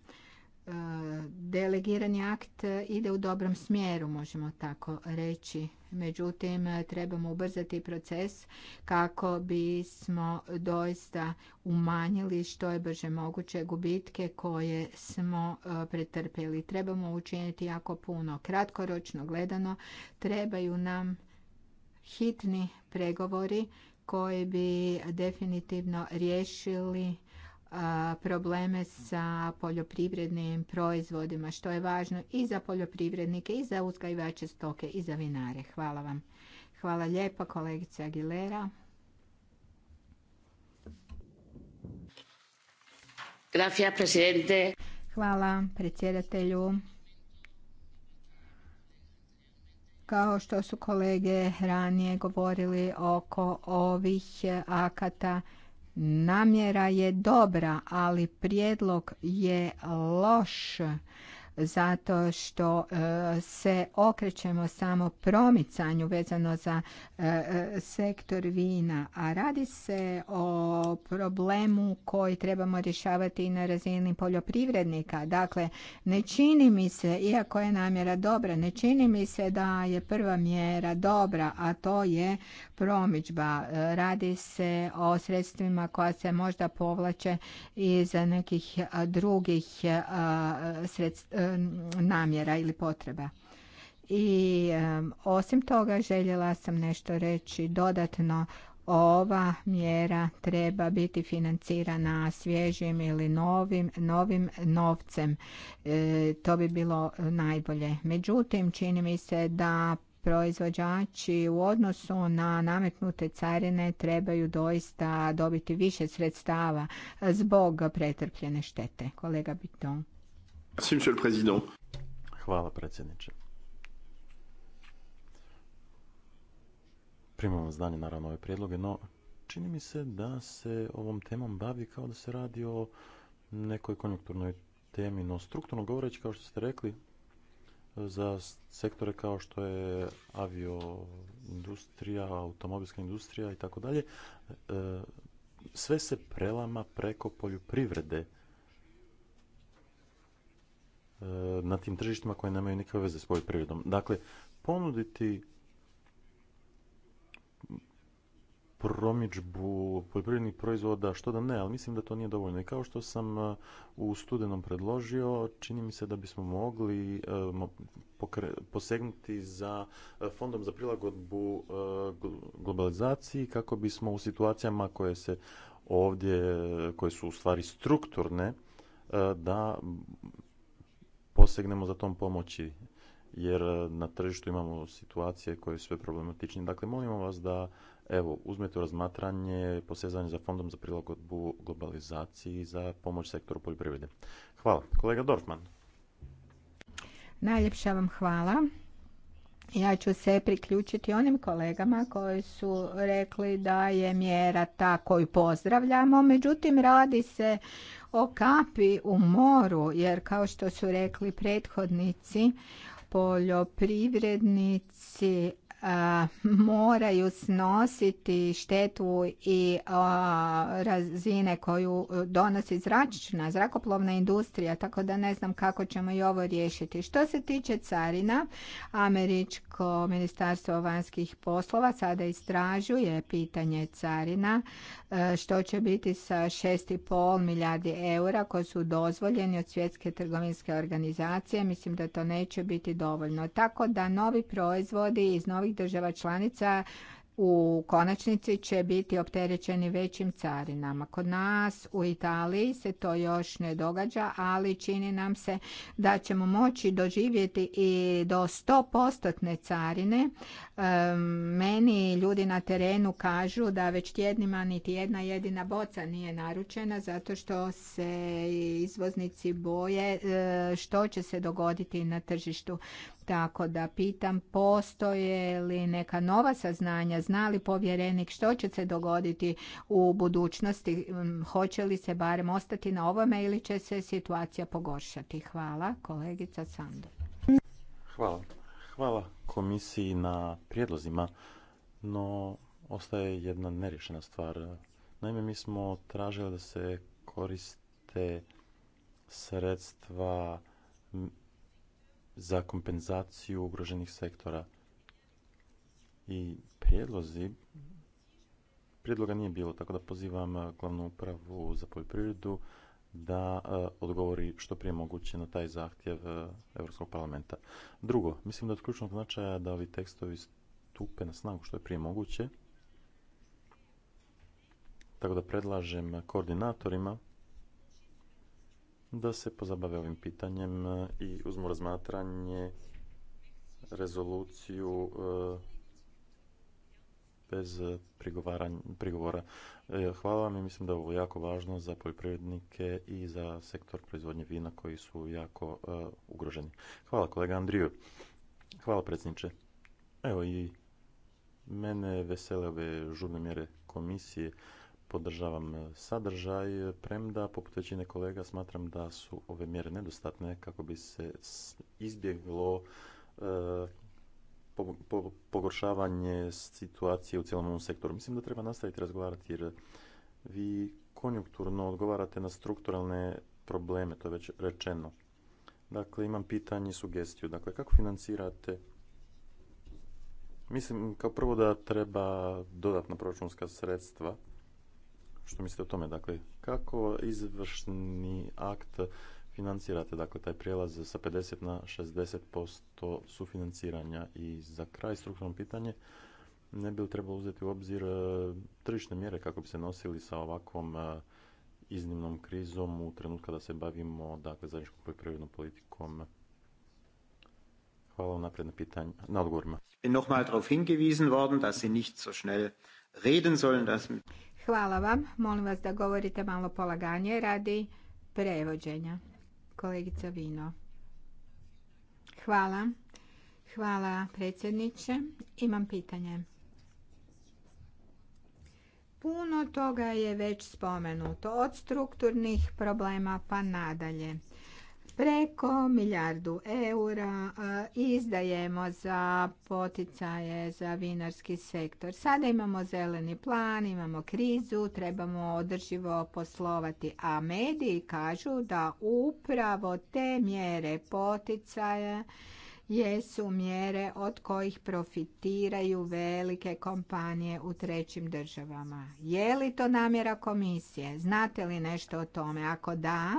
delegirani akt ide u dobrom smjeru, možemo tako reći. Međutim, trebamo ubrzati proces kako bismo doista umanjili što je brže moguće gubitke koje smo e, pretrpjeli. Trebamo učiniti jako puno. Kratkoročno gledano, trebaju nam hitni pregovori koji bi definitivno riješili probleme sa poljoprivrednim proizvodima, što je važno i za poljoprivrednike, i za uzgajivače stoke, i za vinare. Hvala vam. Hvala lijepa kolegice Aguilera. Hvala predsjedatelju. Kao što su kolege ranije govorili oko ovih akata, Namjera je dobra, ali prijedlog je loš zato što e, se okrećemo samo promicanju vezano za e, e, sektor vina, a radi se o problemu koji trebamo rješavati i na razini poljoprivrednika. Dakle, ne čini mi se, iako je namjera dobra, ne čini mi se da je prva mjera dobra, a to je promičba. Radi se o sredstvima koja se možda povlače iz nekih drugih sredstava namjera ili potreba. I osim toga željela sam nešto reći dodatno ova mjera treba biti financirana svježim ili novim, novim novcem. E, to bi bilo najbolje. Međutim, čini mi se da proizvođači u odnosu na nametnute carine trebaju doista dobiti više sredstava zbog pretrpljene štete. Kolega Biton. Hvala predsjedniče. Primamo znanje naravno ove prijedloge, no čini mi se da se ovom temom bavi kao da se radi o nekoj konjunkturnoj temi, no strukturno govoreći kao što ste rekli, za sektore kao što je avioindustrija, automobilska industrija i tako dalje, e, sve se prelama preko poljoprivrede E, na tim tržištima koje nemaju nikakve veze s poljoprivredom. Dakle, ponuditi promičbu poljoprivrednih proizvoda, što da ne, ali mislim da to nije dovoljno. I kao što sam e, u studenom predložio, čini mi se da bismo mogli e, posegnuti za fondom za prilagodbu globalizaciji kako bismo u situacijama koje se ovdje, koje su u stvari strukturne, da posegnemo za tom pomoći, jer e, na tržištu imamo situacije koje su sve problematične. Dakle, molimo vas da evo, uzmete u razmatranje posezanje za fondom za prilagodbu globalizaciji za pomoć sektoru poljoprivrede. Hvala. Kolega Dorfman. Najljepša vam hvala. Ja ću se priključiti onim kolegama koji su rekli da je mjera ta koju pozdravljamo, međutim radi se o kapi u moru, jer kao što su rekli prethodnici, poljoprivrednici moraju snositi štetu i razine koju donosi zračna, zrakoplovna industrija, tako da ne znam kako ćemo i ovo riješiti. Što se tiče carina, Američko ministarstvo vanjskih poslova sada istražuje pitanje carina, e, što će biti sa 6,5 milijardi eura koji su dozvoljeni od svjetske trgovinske organizacije. Mislim da to neće biti dovoljno. Tako da novi proizvodi iz novih država članica u konačnici će biti opterećeni većim carinama. Kod nas u Italiji se to još ne događa, ali čini nam se da ćemo moći doživjeti i do 100% carine. Meni ljudi na terenu kažu da već tjednima niti jedna jedina boca nije naručena zato što se izvoznici boje e, što će se dogoditi na tržištu. Tako da pitam postoje li neka nova saznanja, zna li povjerenik što će se dogoditi u budućnosti, mm, hoće li se barem ostati na ovome ili će se situacija pogoršati. Hvala, kolegica Sandu. Hvala. Hvala komisiji na prijedlozima, no ostaje jedna nerješena stvar. Naime, mi smo tražili da se koriste sredstva za kompenzaciju ugroženih sektora. I prijedlozi, prijedloga nije bilo, tako da pozivam glavnu upravu za poljoprivredu da odgovori što prije moguće na taj zahtjev Europskog parlamenta. Drugo, mislim da je od ključnog značaja da ovi tekstovi stupe na snagu što je prije moguće. Tako da predlažem koordinatorima da se pozabave ovim pitanjem e, i uzmu razmatranje rezoluciju e, bez prigovora. E, hvala vam i mislim da je ovo jako važno za poljoprivrednike i za sektor proizvodnje vina koji su jako ugroženi. Hvala kolega Andriju. Hvala predsjedniče. Evo i mene vesele ove žurne mjere komisije podržavam e, sadržaj, e, premda poput većine kolega smatram da su ove mjere nedostatne kako bi se izbjeglo e, pogoršavanje situacije u cijelom sektoru. Mislim da treba nastaviti razgovarati jer vi konjunkturno odgovarate na strukturalne probleme, to je već rečeno. Dakle, imam pitanje i sugestiju. Dakle, kako financirate Mislim kao prvo da treba dodatna proračunska sredstva što mislite o tome? Dakle, kako izvršni akt financirate, dakle, taj prijelaz sa 50 na 60% sufinanciranja i za kraj strukturno pitanje, ne bi trebalo uzeti u obzir e, tržišne mjere kako bi se nosili sa ovakvom e, iznimnom krizom u trenutku kada se bavimo dakle, zajedničkom poljoprivrednom politikom. Hvala vam naprijed na, pitanje, na odgovorima. nochmal hingewiesen worden, dass Sie nicht so schnell reden sollen, dass Hvala vam. Molim vas da govorite malo polaganje radi prevođenja. Kolegica Vino. Hvala. Hvala predsjedniče. Imam pitanje. Puno toga je već spomenuto, od strukturnih problema pa nadalje. Preko milijardu eura izdajemo za poticaje za vinarski sektor. Sada imamo zeleni plan, imamo krizu, trebamo održivo poslovati, a mediji kažu da upravo te mjere poticaje jesu mjere od kojih profitiraju velike kompanije u trećim državama. Je li to namjera komisije? Znate li nešto o tome? Ako da,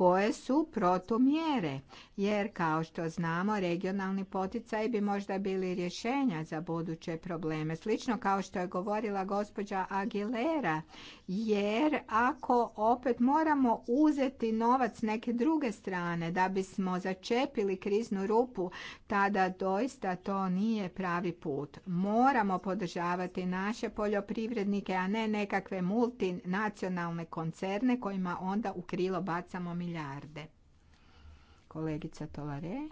koje su protumjere. Jer kao što znamo, regionalni poticaj bi možda bili rješenja za buduće probleme. Slično kao što je govorila gospođa Aguilera. Jer ako opet moramo uzeti novac neke druge strane da bismo začepili kriznu rupu, tada doista to nije pravi put. Moramo podržavati naše poljoprivrednike, a ne nekakve multinacionalne koncerne kojima onda u krilo bacamo milijuna milijarde. Kolegica Tolare.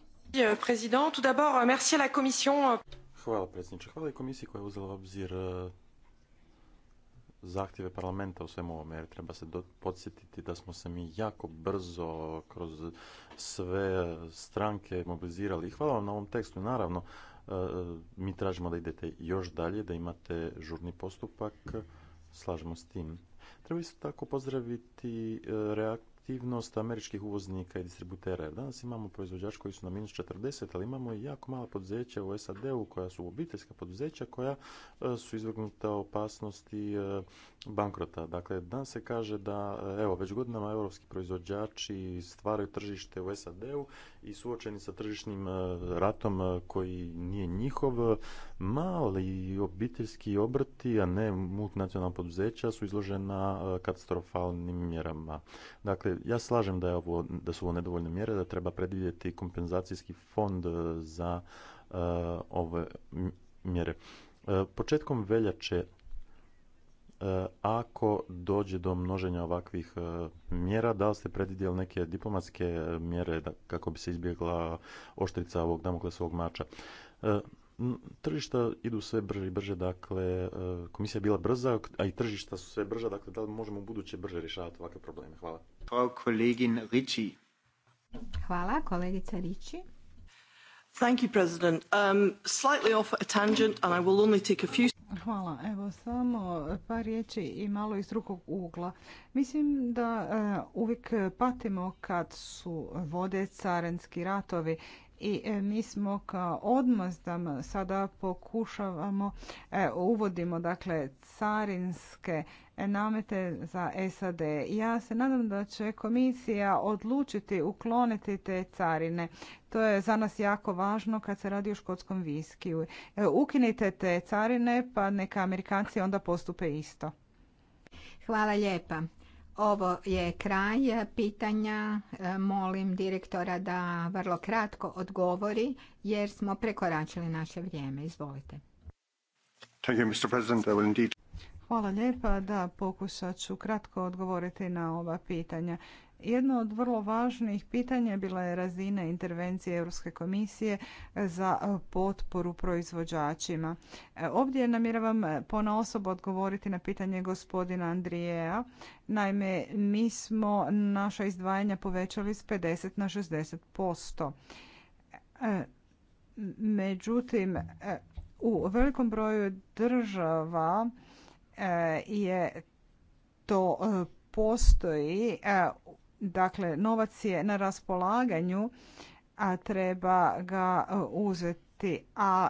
Hvala predsjedniče. Hvala i komisiji koja je uzela u obzir e, zahtjeve parlamenta u svemu ovome, jer treba se podsjetiti da smo se mi jako brzo kroz sve stranke mobilizirali. hvala vam na ovom tekstu. Naravno, e, mi tražimo da idete još dalje, da imate žurni postupak. Slažemo s tim. Treba isto tako pozdraviti e, reakciju aktivnost američkih uvoznika i distributera. Jer danas imamo proizvođače koji su na minus 40, ali imamo i jako mala poduzeća u SAD-u koja su obiteljska poduzeća koja e, su izvrgnuta opasnosti e, bankrota. Dakle, danas se kaže da, e, evo, već godinama europski proizvođači stvaraju tržište u SAD-u i suočeni sa tržišnim e, ratom e, koji nije njihov, mali obiteljski obrti, a ne multinacionalna poduzeća, su izložena e, katastrofalnim mjerama. Dakle, ja slažem da, je ovo, da su ovo nedovoljne mjere, da treba predvidjeti kompenzacijski fond za ove mjere. početkom veljače E, ako dođe do množenja ovakvih e, mjera, da li ste predvidjeli neke diplomatske e, mjere kako bi se izbjegla oštrica ovog damoklesovog mača? Tržišta idu sve brže i brže, dakle, komisija je bila brza, a i tržišta su sve brža, dakle, da li možemo u buduće brže rješavati ovakve probleme? Hvala. Frau kolegin Ricci. Hvala, kolegica Ricci. Thank you, President. Um, slightly off a tangent, and I will only take a few... Hvala. Evo samo par riječi i malo iz drugog ugla. Mislim da e, uvijek patimo kad su vode carinski ratovi i e, mi smo kao odmazdam sada pokušavamo, e, uvodimo dakle carinske namete za SAD. Ja se nadam da će komisija odlučiti ukloniti te carine to je za nas jako važno kad se radi o škotskom viskiju. E, ukinite te carine pa neka Amerikanci onda postupe isto. Hvala lijepa. Ovo je kraj pitanja. E, molim direktora da vrlo kratko odgovori jer smo prekoračili naše vrijeme. Izvolite. Hvala lijepa. Da, pokušat ću kratko odgovoriti na ova pitanja. Jedno od vrlo važnih pitanja bila je razina intervencije Europske komisije za e, potporu proizvođačima. E, ovdje namjeravam e, pona osoba odgovoriti na pitanje gospodina Andrijeja. Naime, mi smo naša izdvajanja povećali s 50 na 60%. Međutim, u velikom broju država je to postoji Dakle, novac je na raspolaganju, a treba ga e, uzeti. A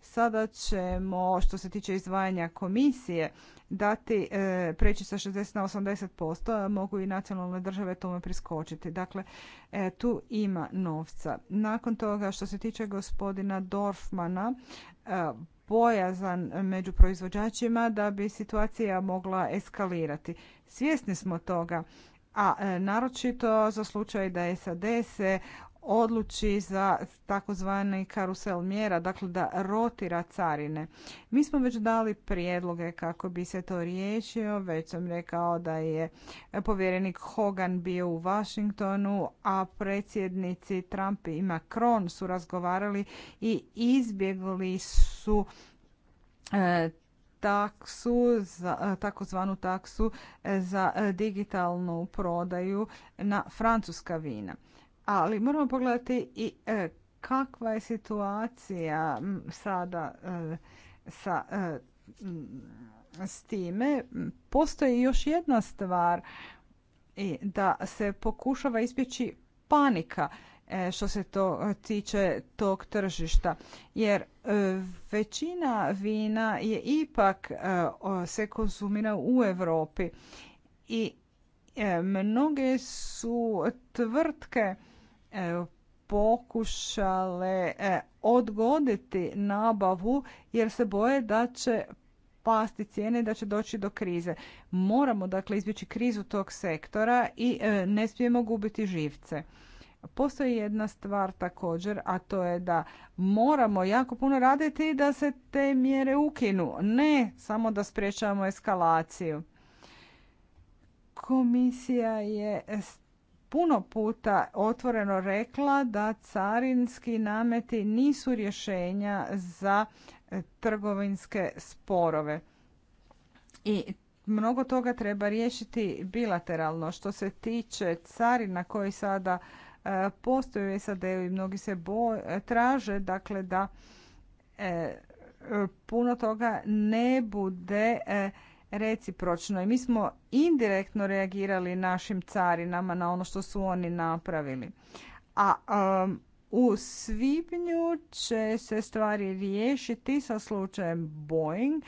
sada ćemo, što se tiče izdvajanja komisije, dati e, preći sa 60 na 80%, mogu i nacionalne države tome priskočiti. Dakle, e, tu ima novca. Nakon toga, što se tiče gospodina Dorfmana, pojazan među proizvođačima da bi situacija mogla eskalirati. Svjesni smo toga, a e, naročito za slučaj da SAD se odluči za takozvani karusel mjera, dakle da rotira carine. Mi smo već dali prijedloge kako bi se to riješio, već sam rekao da je povjerenik Hogan bio u Washingtonu, a predsjednici Trump i Macron su razgovarali i izbjegli su e, taksu, za, e, taksu e, za e, digitalnu prodaju na francuska vina. Ali moramo pogledati i kakva je situacija sada sa s time. Postoji još jedna stvar da se pokušava izbjeći panika E, što se to e, tiče tog tržišta. Jer e, većina vina je ipak se konzumira u Europi i mnoge su tvrtke pokušale odgoditi nabavu jer se boje da će pasti cijene da će doći do krize. Moramo dakle izbjeći krizu tog sektora i ne smijemo gubiti živce. Postoji jedna stvar također, a to je da moramo jako puno raditi da se te mjere ukinu, ne samo da spriječavamo eskalaciju. Komisija je puno puta otvoreno rekla da carinski nameti nisu rješenja za e, trgovinske sporove. I mnogo toga treba riješiti bilateralno. Što se tiče carina koji sada postoje u sad i mnogi se traže dakle da e, puno toga ne bude e, recipročno. I mi smo indirektno reagirali našim carinama na ono što su oni napravili. A um, u svibnju će se stvari riješiti sa slučajem Boeing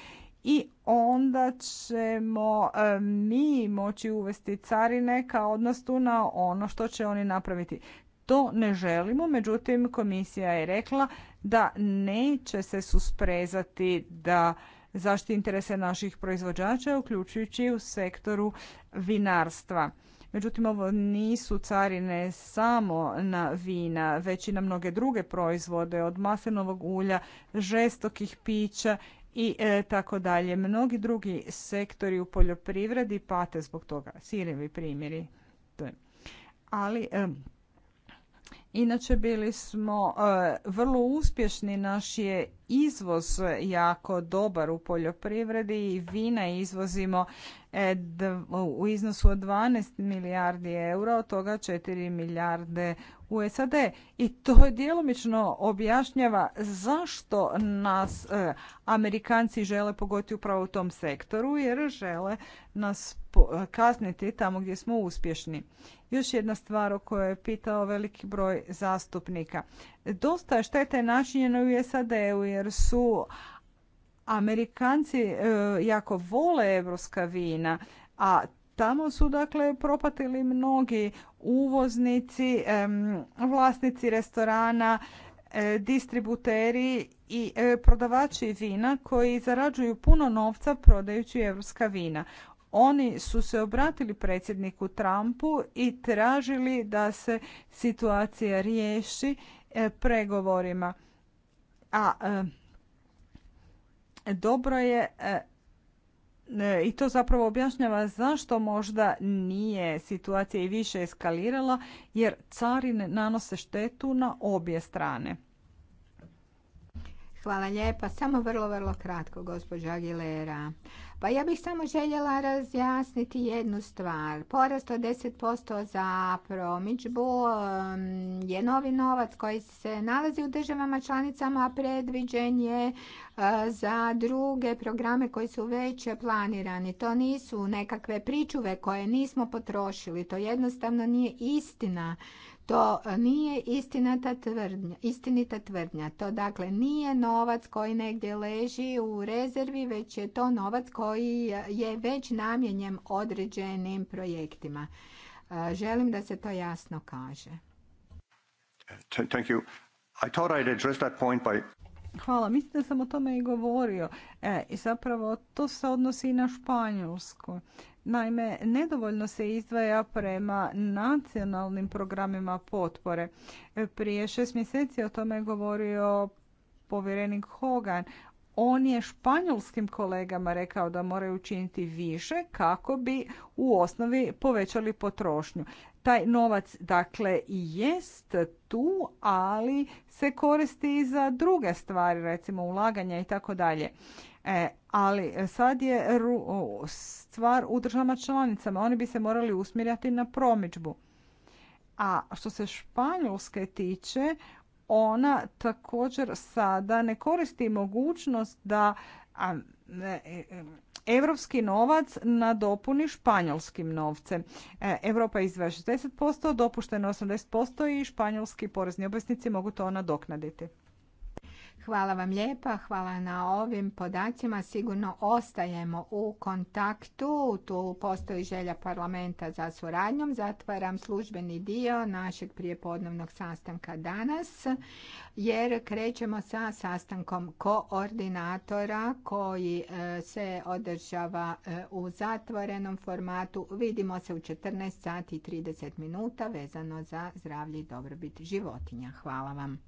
i onda ćemo e, mi moći uvesti carine kao tu na ono što će oni napraviti. To ne želimo, međutim komisija je rekla da neće se susprezati da zaštiti interese naših proizvođača, uključujući u sektoru vinarstva. Međutim, ovo nisu carine samo na vina, već i na mnoge druge proizvode, od maslinovog ulja, žestokih pića i e, tako dalje. Mnogi drugi sektori u poljoprivredi pate zbog toga. Sirevi primjeri. Ali Inače bili smo e, vrlo uspješni, naš je izvoz jako dobar u poljoprivredi i vina izvozimo e, u iznosu od 12 milijardi eura, od toga 4 milijarde u SAD. I to djelomično objašnjava zašto nas e, Amerikanci žele pogoditi upravo u tom sektoru, jer žele nas kazniti tamo gdje smo uspješni. Još jedna stvar o kojoj je pitao veliki broj zastupnika. Dosta je štete načinjeno u SAD-u jer su Amerikanci e, jako vole evropska vina, a tamo su dakle propatili mnogi uvoznici, vlasnici restorana, e, distributeri i e, prodavači vina koji zarađuju puno novca prodajući evropska vina. Oni su se obratili predsjedniku Trumpu i tražili da se situacija riješi e, pregovorima. A e, dobro je e, i to zapravo objašnjava zašto možda nije situacija i više eskalirala jer carine nanose štetu na obje strane. Hvala lijepa. Samo vrlo, vrlo kratko, gospođa Aguilera. Pa ja bih samo željela razjasniti jednu stvar. Porast od 10% za promičbu je novi novac koji se nalazi u državama članicama, a predviđen je e, za druge programe koji su već planirani. To nisu nekakve pričuve koje nismo potrošili. To jednostavno nije istina. To nije istinata tvrdnja, istinita tvrdnja. To dakle nije novac koji negdje leži u rezervi, već je to novac koji je već namjenjem određenim projektima. E, želim da se to jasno kaže. Thank you. I thought I'd address that point by... Hvala. Mislim da sam o tome i govorio. E, I zapravo to se odnosi i na Španjolsku. Naime, nedovoljno se izdvaja prema nacionalnim programima potpore. E, prije šest mjeseci o tome govorio povjerenik Hogan. On je španjolskim kolegama rekao da moraju učiniti više kako bi u osnovi povećali potrošnju. Taj novac dakle i jest tu, ali se koristi i za druge stvari, recimo ulaganja i tako dalje. E, ali sad je stvar u državama članicama. Oni bi se morali usmjerjati na promičbu. A što se Španjolske tiče, ona također sada ne koristi mogućnost da e, europski novac nadopuni španjolskim novcem. Europa izdvaja 60%, dopušteno 80% i španjolski porezni obveznici mogu to nadoknaditi. Hvala vam lijepa, hvala na ovim podacima. Sigurno ostajemo u kontaktu, tu postoji želja parlamenta za suradnjom. Zatvaram službeni dio našeg prijepodnevnog sastanka danas, jer krećemo sa sastankom koordinatora koji e, se održava e, u zatvorenom formatu. Vidimo se u 14.30 minuta vezano za zdravlje i dobrobit životinja. Hvala vam.